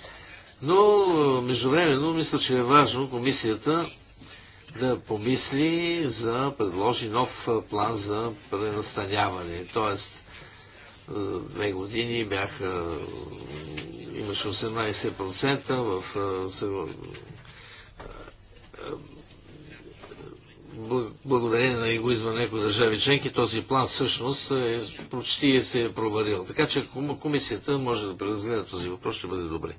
но е, междувременно мисля, че е важно комисията да помисли за предложи нов е, план за пренастаняване. Тоест, е, две години бяха имаше 18% в благодарение на егоизма на някои държави членки, този план всъщност е, почти се е провалил. Така че комисията може да преразгледа този въпрос, ще бъде добре.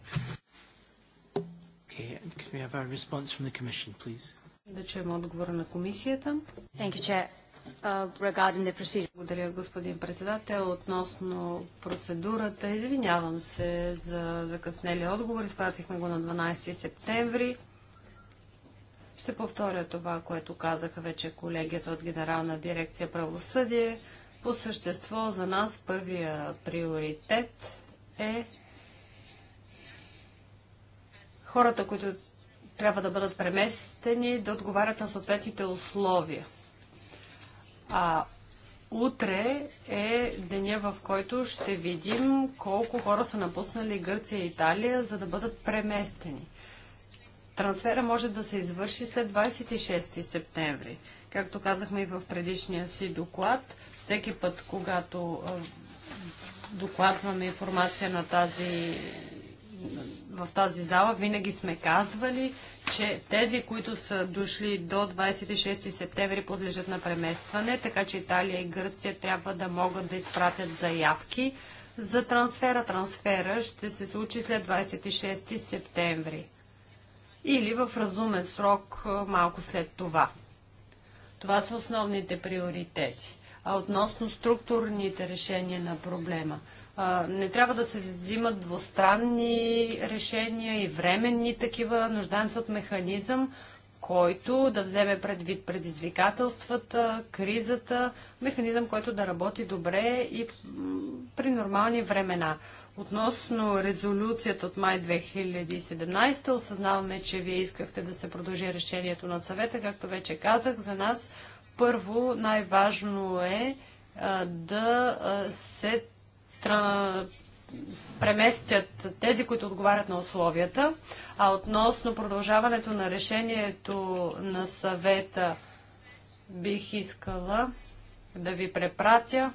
Да чуем отговора на комисията. Thank you, Chair. Uh, Благодаря, господин председател. Относно процедурата, извинявам се за закъснели отговор. Изпратихме го на 12 септември. Ще повторя това, което казаха вече колегията от Генерална дирекция правосъдие. По същество за нас първия приоритет е хората, които трябва да бъдат преместени, да отговарят на съответните условия. А утре е деня, в който ще видим колко хора са напуснали Гърция и Италия, за да бъдат преместени трансфера може да се извърши след 26 септември. Както казахме и в предишния си доклад, всеки път, когато докладваме информация на тази, в тази зала, винаги сме казвали, че тези, които са дошли до 26 септември, подлежат на преместване, така че Италия и Гърция трябва да могат да изпратят заявки за трансфера. Трансфера ще се случи след 26 септември или в разумен срок малко след това. Това са основните приоритети. А относно структурните решения на проблема, не трябва да се взимат двустранни решения и временни такива. Нуждаем се от механизъм, който да вземе предвид предизвикателствата, кризата, механизъм, който да работи добре и при нормални времена. Относно резолюцията от май 2017, осъзнаваме, че вие искахте да се продължи решението на съвета. Както вече казах, за нас първо най-важно е а, да се тра... преместят тези, които отговарят на условията. А относно продължаването на решението на съвета, бих искала да ви препратя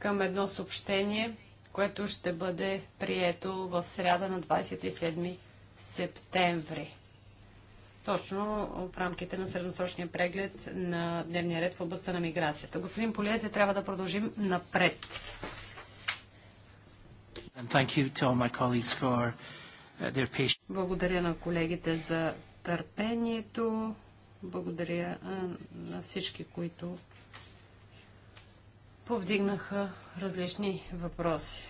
към едно съобщение, което ще бъде прието в среда на 27 септември. Точно в рамките на средносрочния преглед на дневния ред в областта на миграцията. Господин Полезе, трябва да продължим напред. Uh, Благодаря на колегите за търпението. Благодаря на всички, които повдигнаха различни въпроси.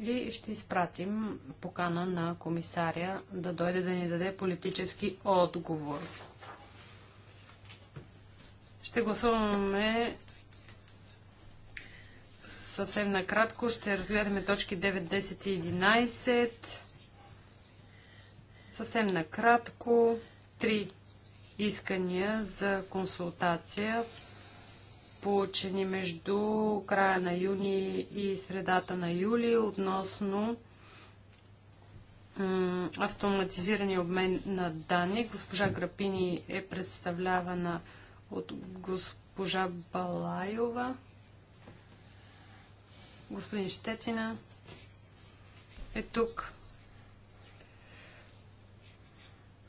И ще изпратим покана на комисаря да дойде да ни даде политически отговор. Ще гласуваме съвсем накратко. Ще разгледаме точки 9, 10 и 11. Съвсем накратко. Три искания за консултация получени между края на юни и средата на юли относно автоматизирания обмен на данни. Госпожа Грапини е представлявана от госпожа Балайова. господин Щетина е тук.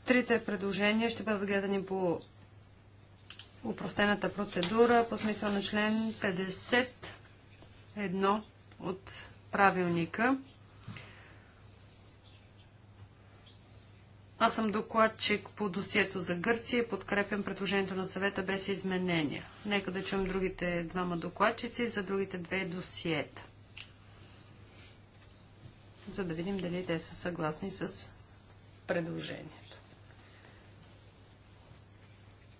Трите предложения ще бъдат гледани по упростената процедура по смисъл на член 51 от правилника. Аз съм докладчик по досието за Гърция и подкрепям предложението на съвета без изменения. Нека да чуем другите двама докладчици за другите две досиета. За да видим дали те са съгласни с предложението.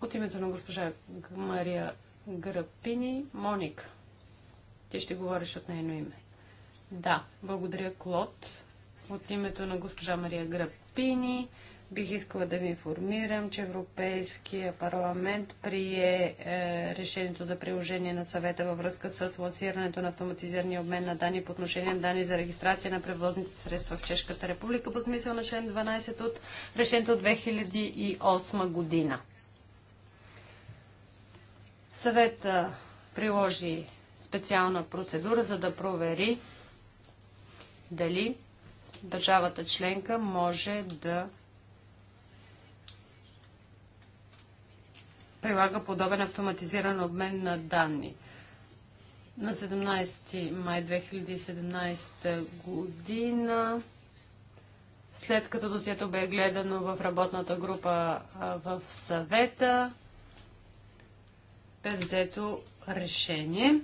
От името на госпожа Мария Грапини, Моника. Ти ще говориш от нейно име. Да, благодаря Клод. От името на госпожа Мария Грапини бих искала да ви информирам, че Европейския парламент прие е, решението за приложение на съвета във връзка с лансирането на автоматизирания обмен на данни по отношение на данни за регистрация на превозните средства в Чешката република по смисъл на член 12 от решението от 2008 година. Съвета приложи специална процедура, за да провери дали държавата членка може да прилага подобен автоматизиран обмен на данни. На 17 май 2017 година, след като досието бе гледано в работната група в съвета, бе взето решение,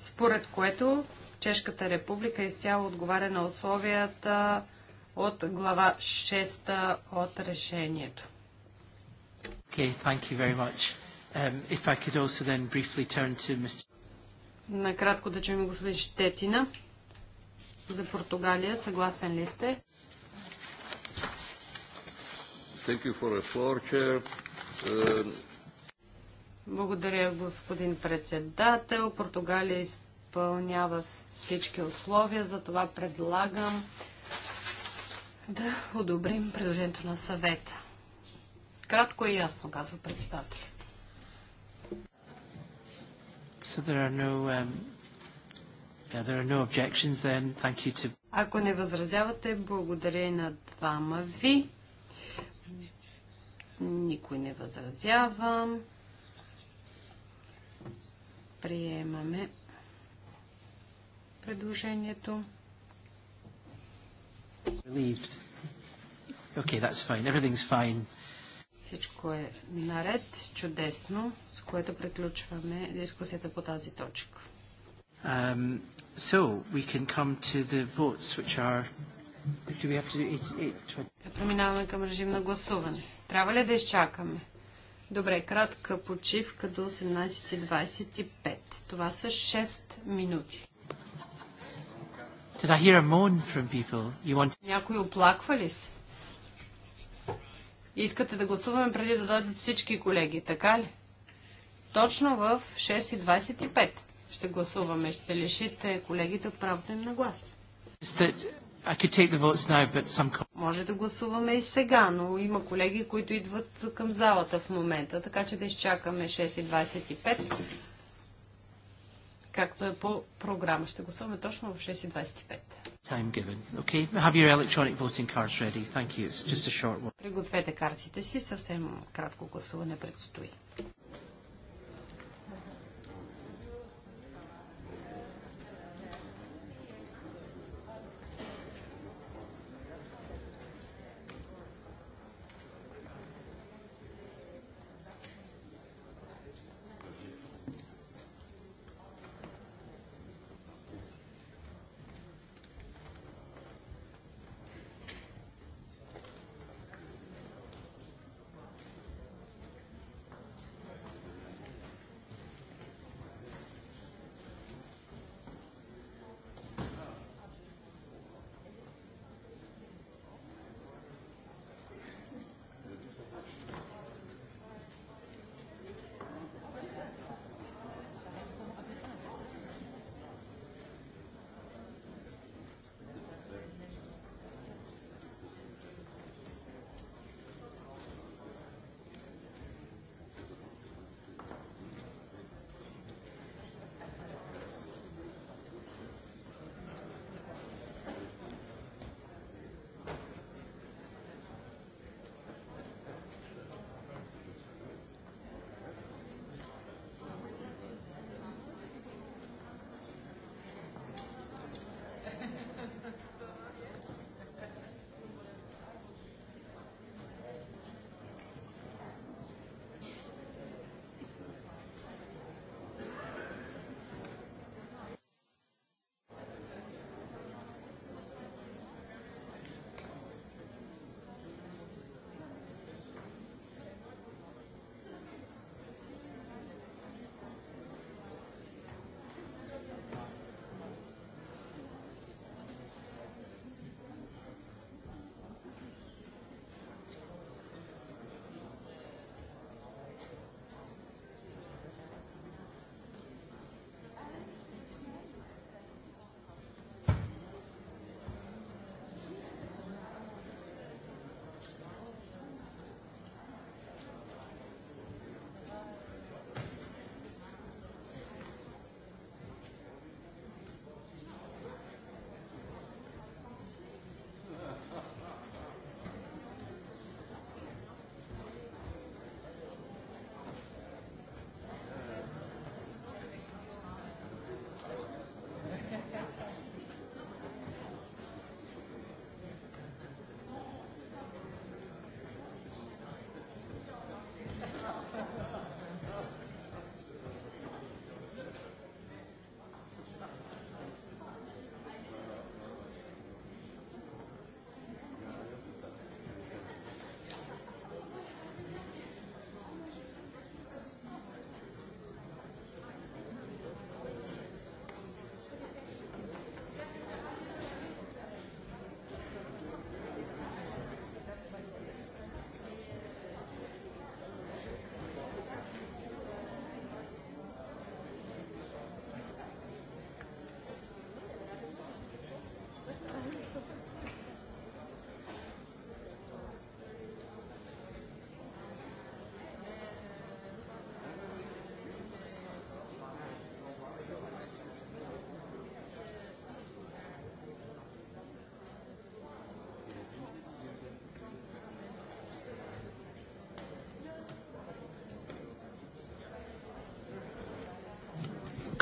според което Чешката република изцяло отговаря на условията от глава 6 от решението. Um, Накратко да чуем господин Штетина за Португалия. Съгласен ли сте? Thank you for the floor, Chair. Благодаря, господин председател. Португалия изпълнява всички условия, затова предлагам да одобрим предложението на съвета. Кратко и ясно, казва председател. So there are no, um, yeah, there are no objections then. Thank you to... Ако не възразявате, благодаря и на двама ви. Никой не възразява. Приемаме предложението. Relieved. Okay, that's fine. Everything's fine. Всичко е наред, чудесно, с което приключваме дискусията по тази точка. Um, so we can come to the votes, which are... Do we have to do 8, 8, 20? Преминаваме към режим на гласуване. Трябва ли да изчакаме? Добре, кратка почивка до 18.25. Това са 6 минути. Did I hear a moan from people? You want... Някой оплаква ли се? Искате да гласуваме преди да дойдат всички колеги, така ли? Точно в 6.25 ще гласуваме. Ще лишите колегите от правото им на глас. That, може да гласуваме и сега, но има колеги, които идват към залата в момента, така че да изчакаме 6.25, както е по програма. Ще гласуваме точно в 6.25. Пригответе картите си, съвсем кратко гласуване предстои.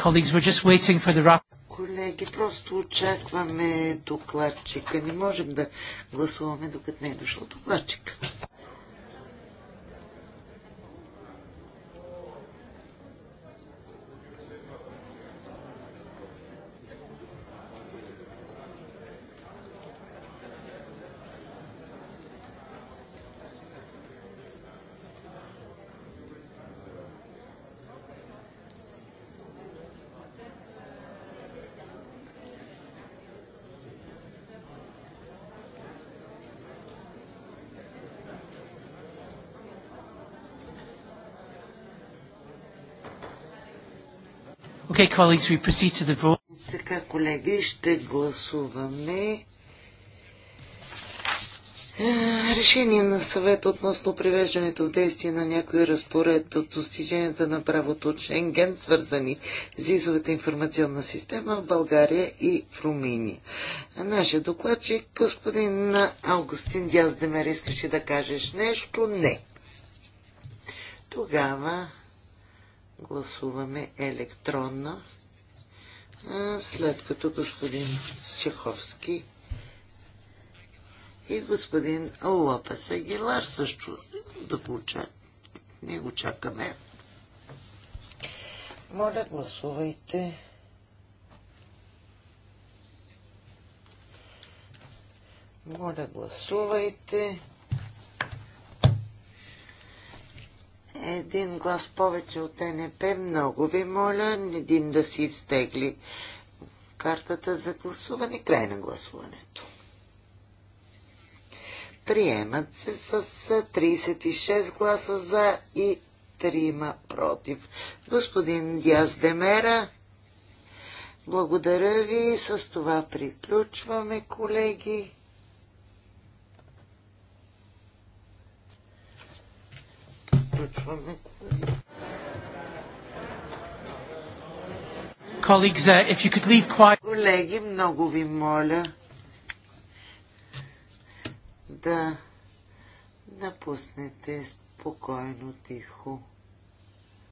Colleagues, we're just waiting for the Колеги, просто очакваме докладчика. Не можем да гласуваме, докато не е дошъл докладчик. Okay, colleagues, we proceed to the vote. Така, колеги, ще гласуваме е, Решение на съвет относно привеждането в действие на някои разпоредби от достиженията на правото от Шенген, свързани с визовата информационна система в България и в Румъния. Нашия докладчик, господин Августин Дяздемер, искаше да кажеш нещо? Не. Тогава гласуваме електронно, след като господин Чеховски и господин Лопес Агилар също да го Не го чакаме. Моля, гласувайте. Моля, гласувайте. един глас повече от НП. Много ви моля, един да си изтегли картата за гласуване. Край на гласуването. Приемат се с 36 гласа за и 3 против. Господин Диаз Демера, благодаря ви. С това приключваме, колеги. Uh, Колеги, много ви моля да напуснете спокойно, тихо.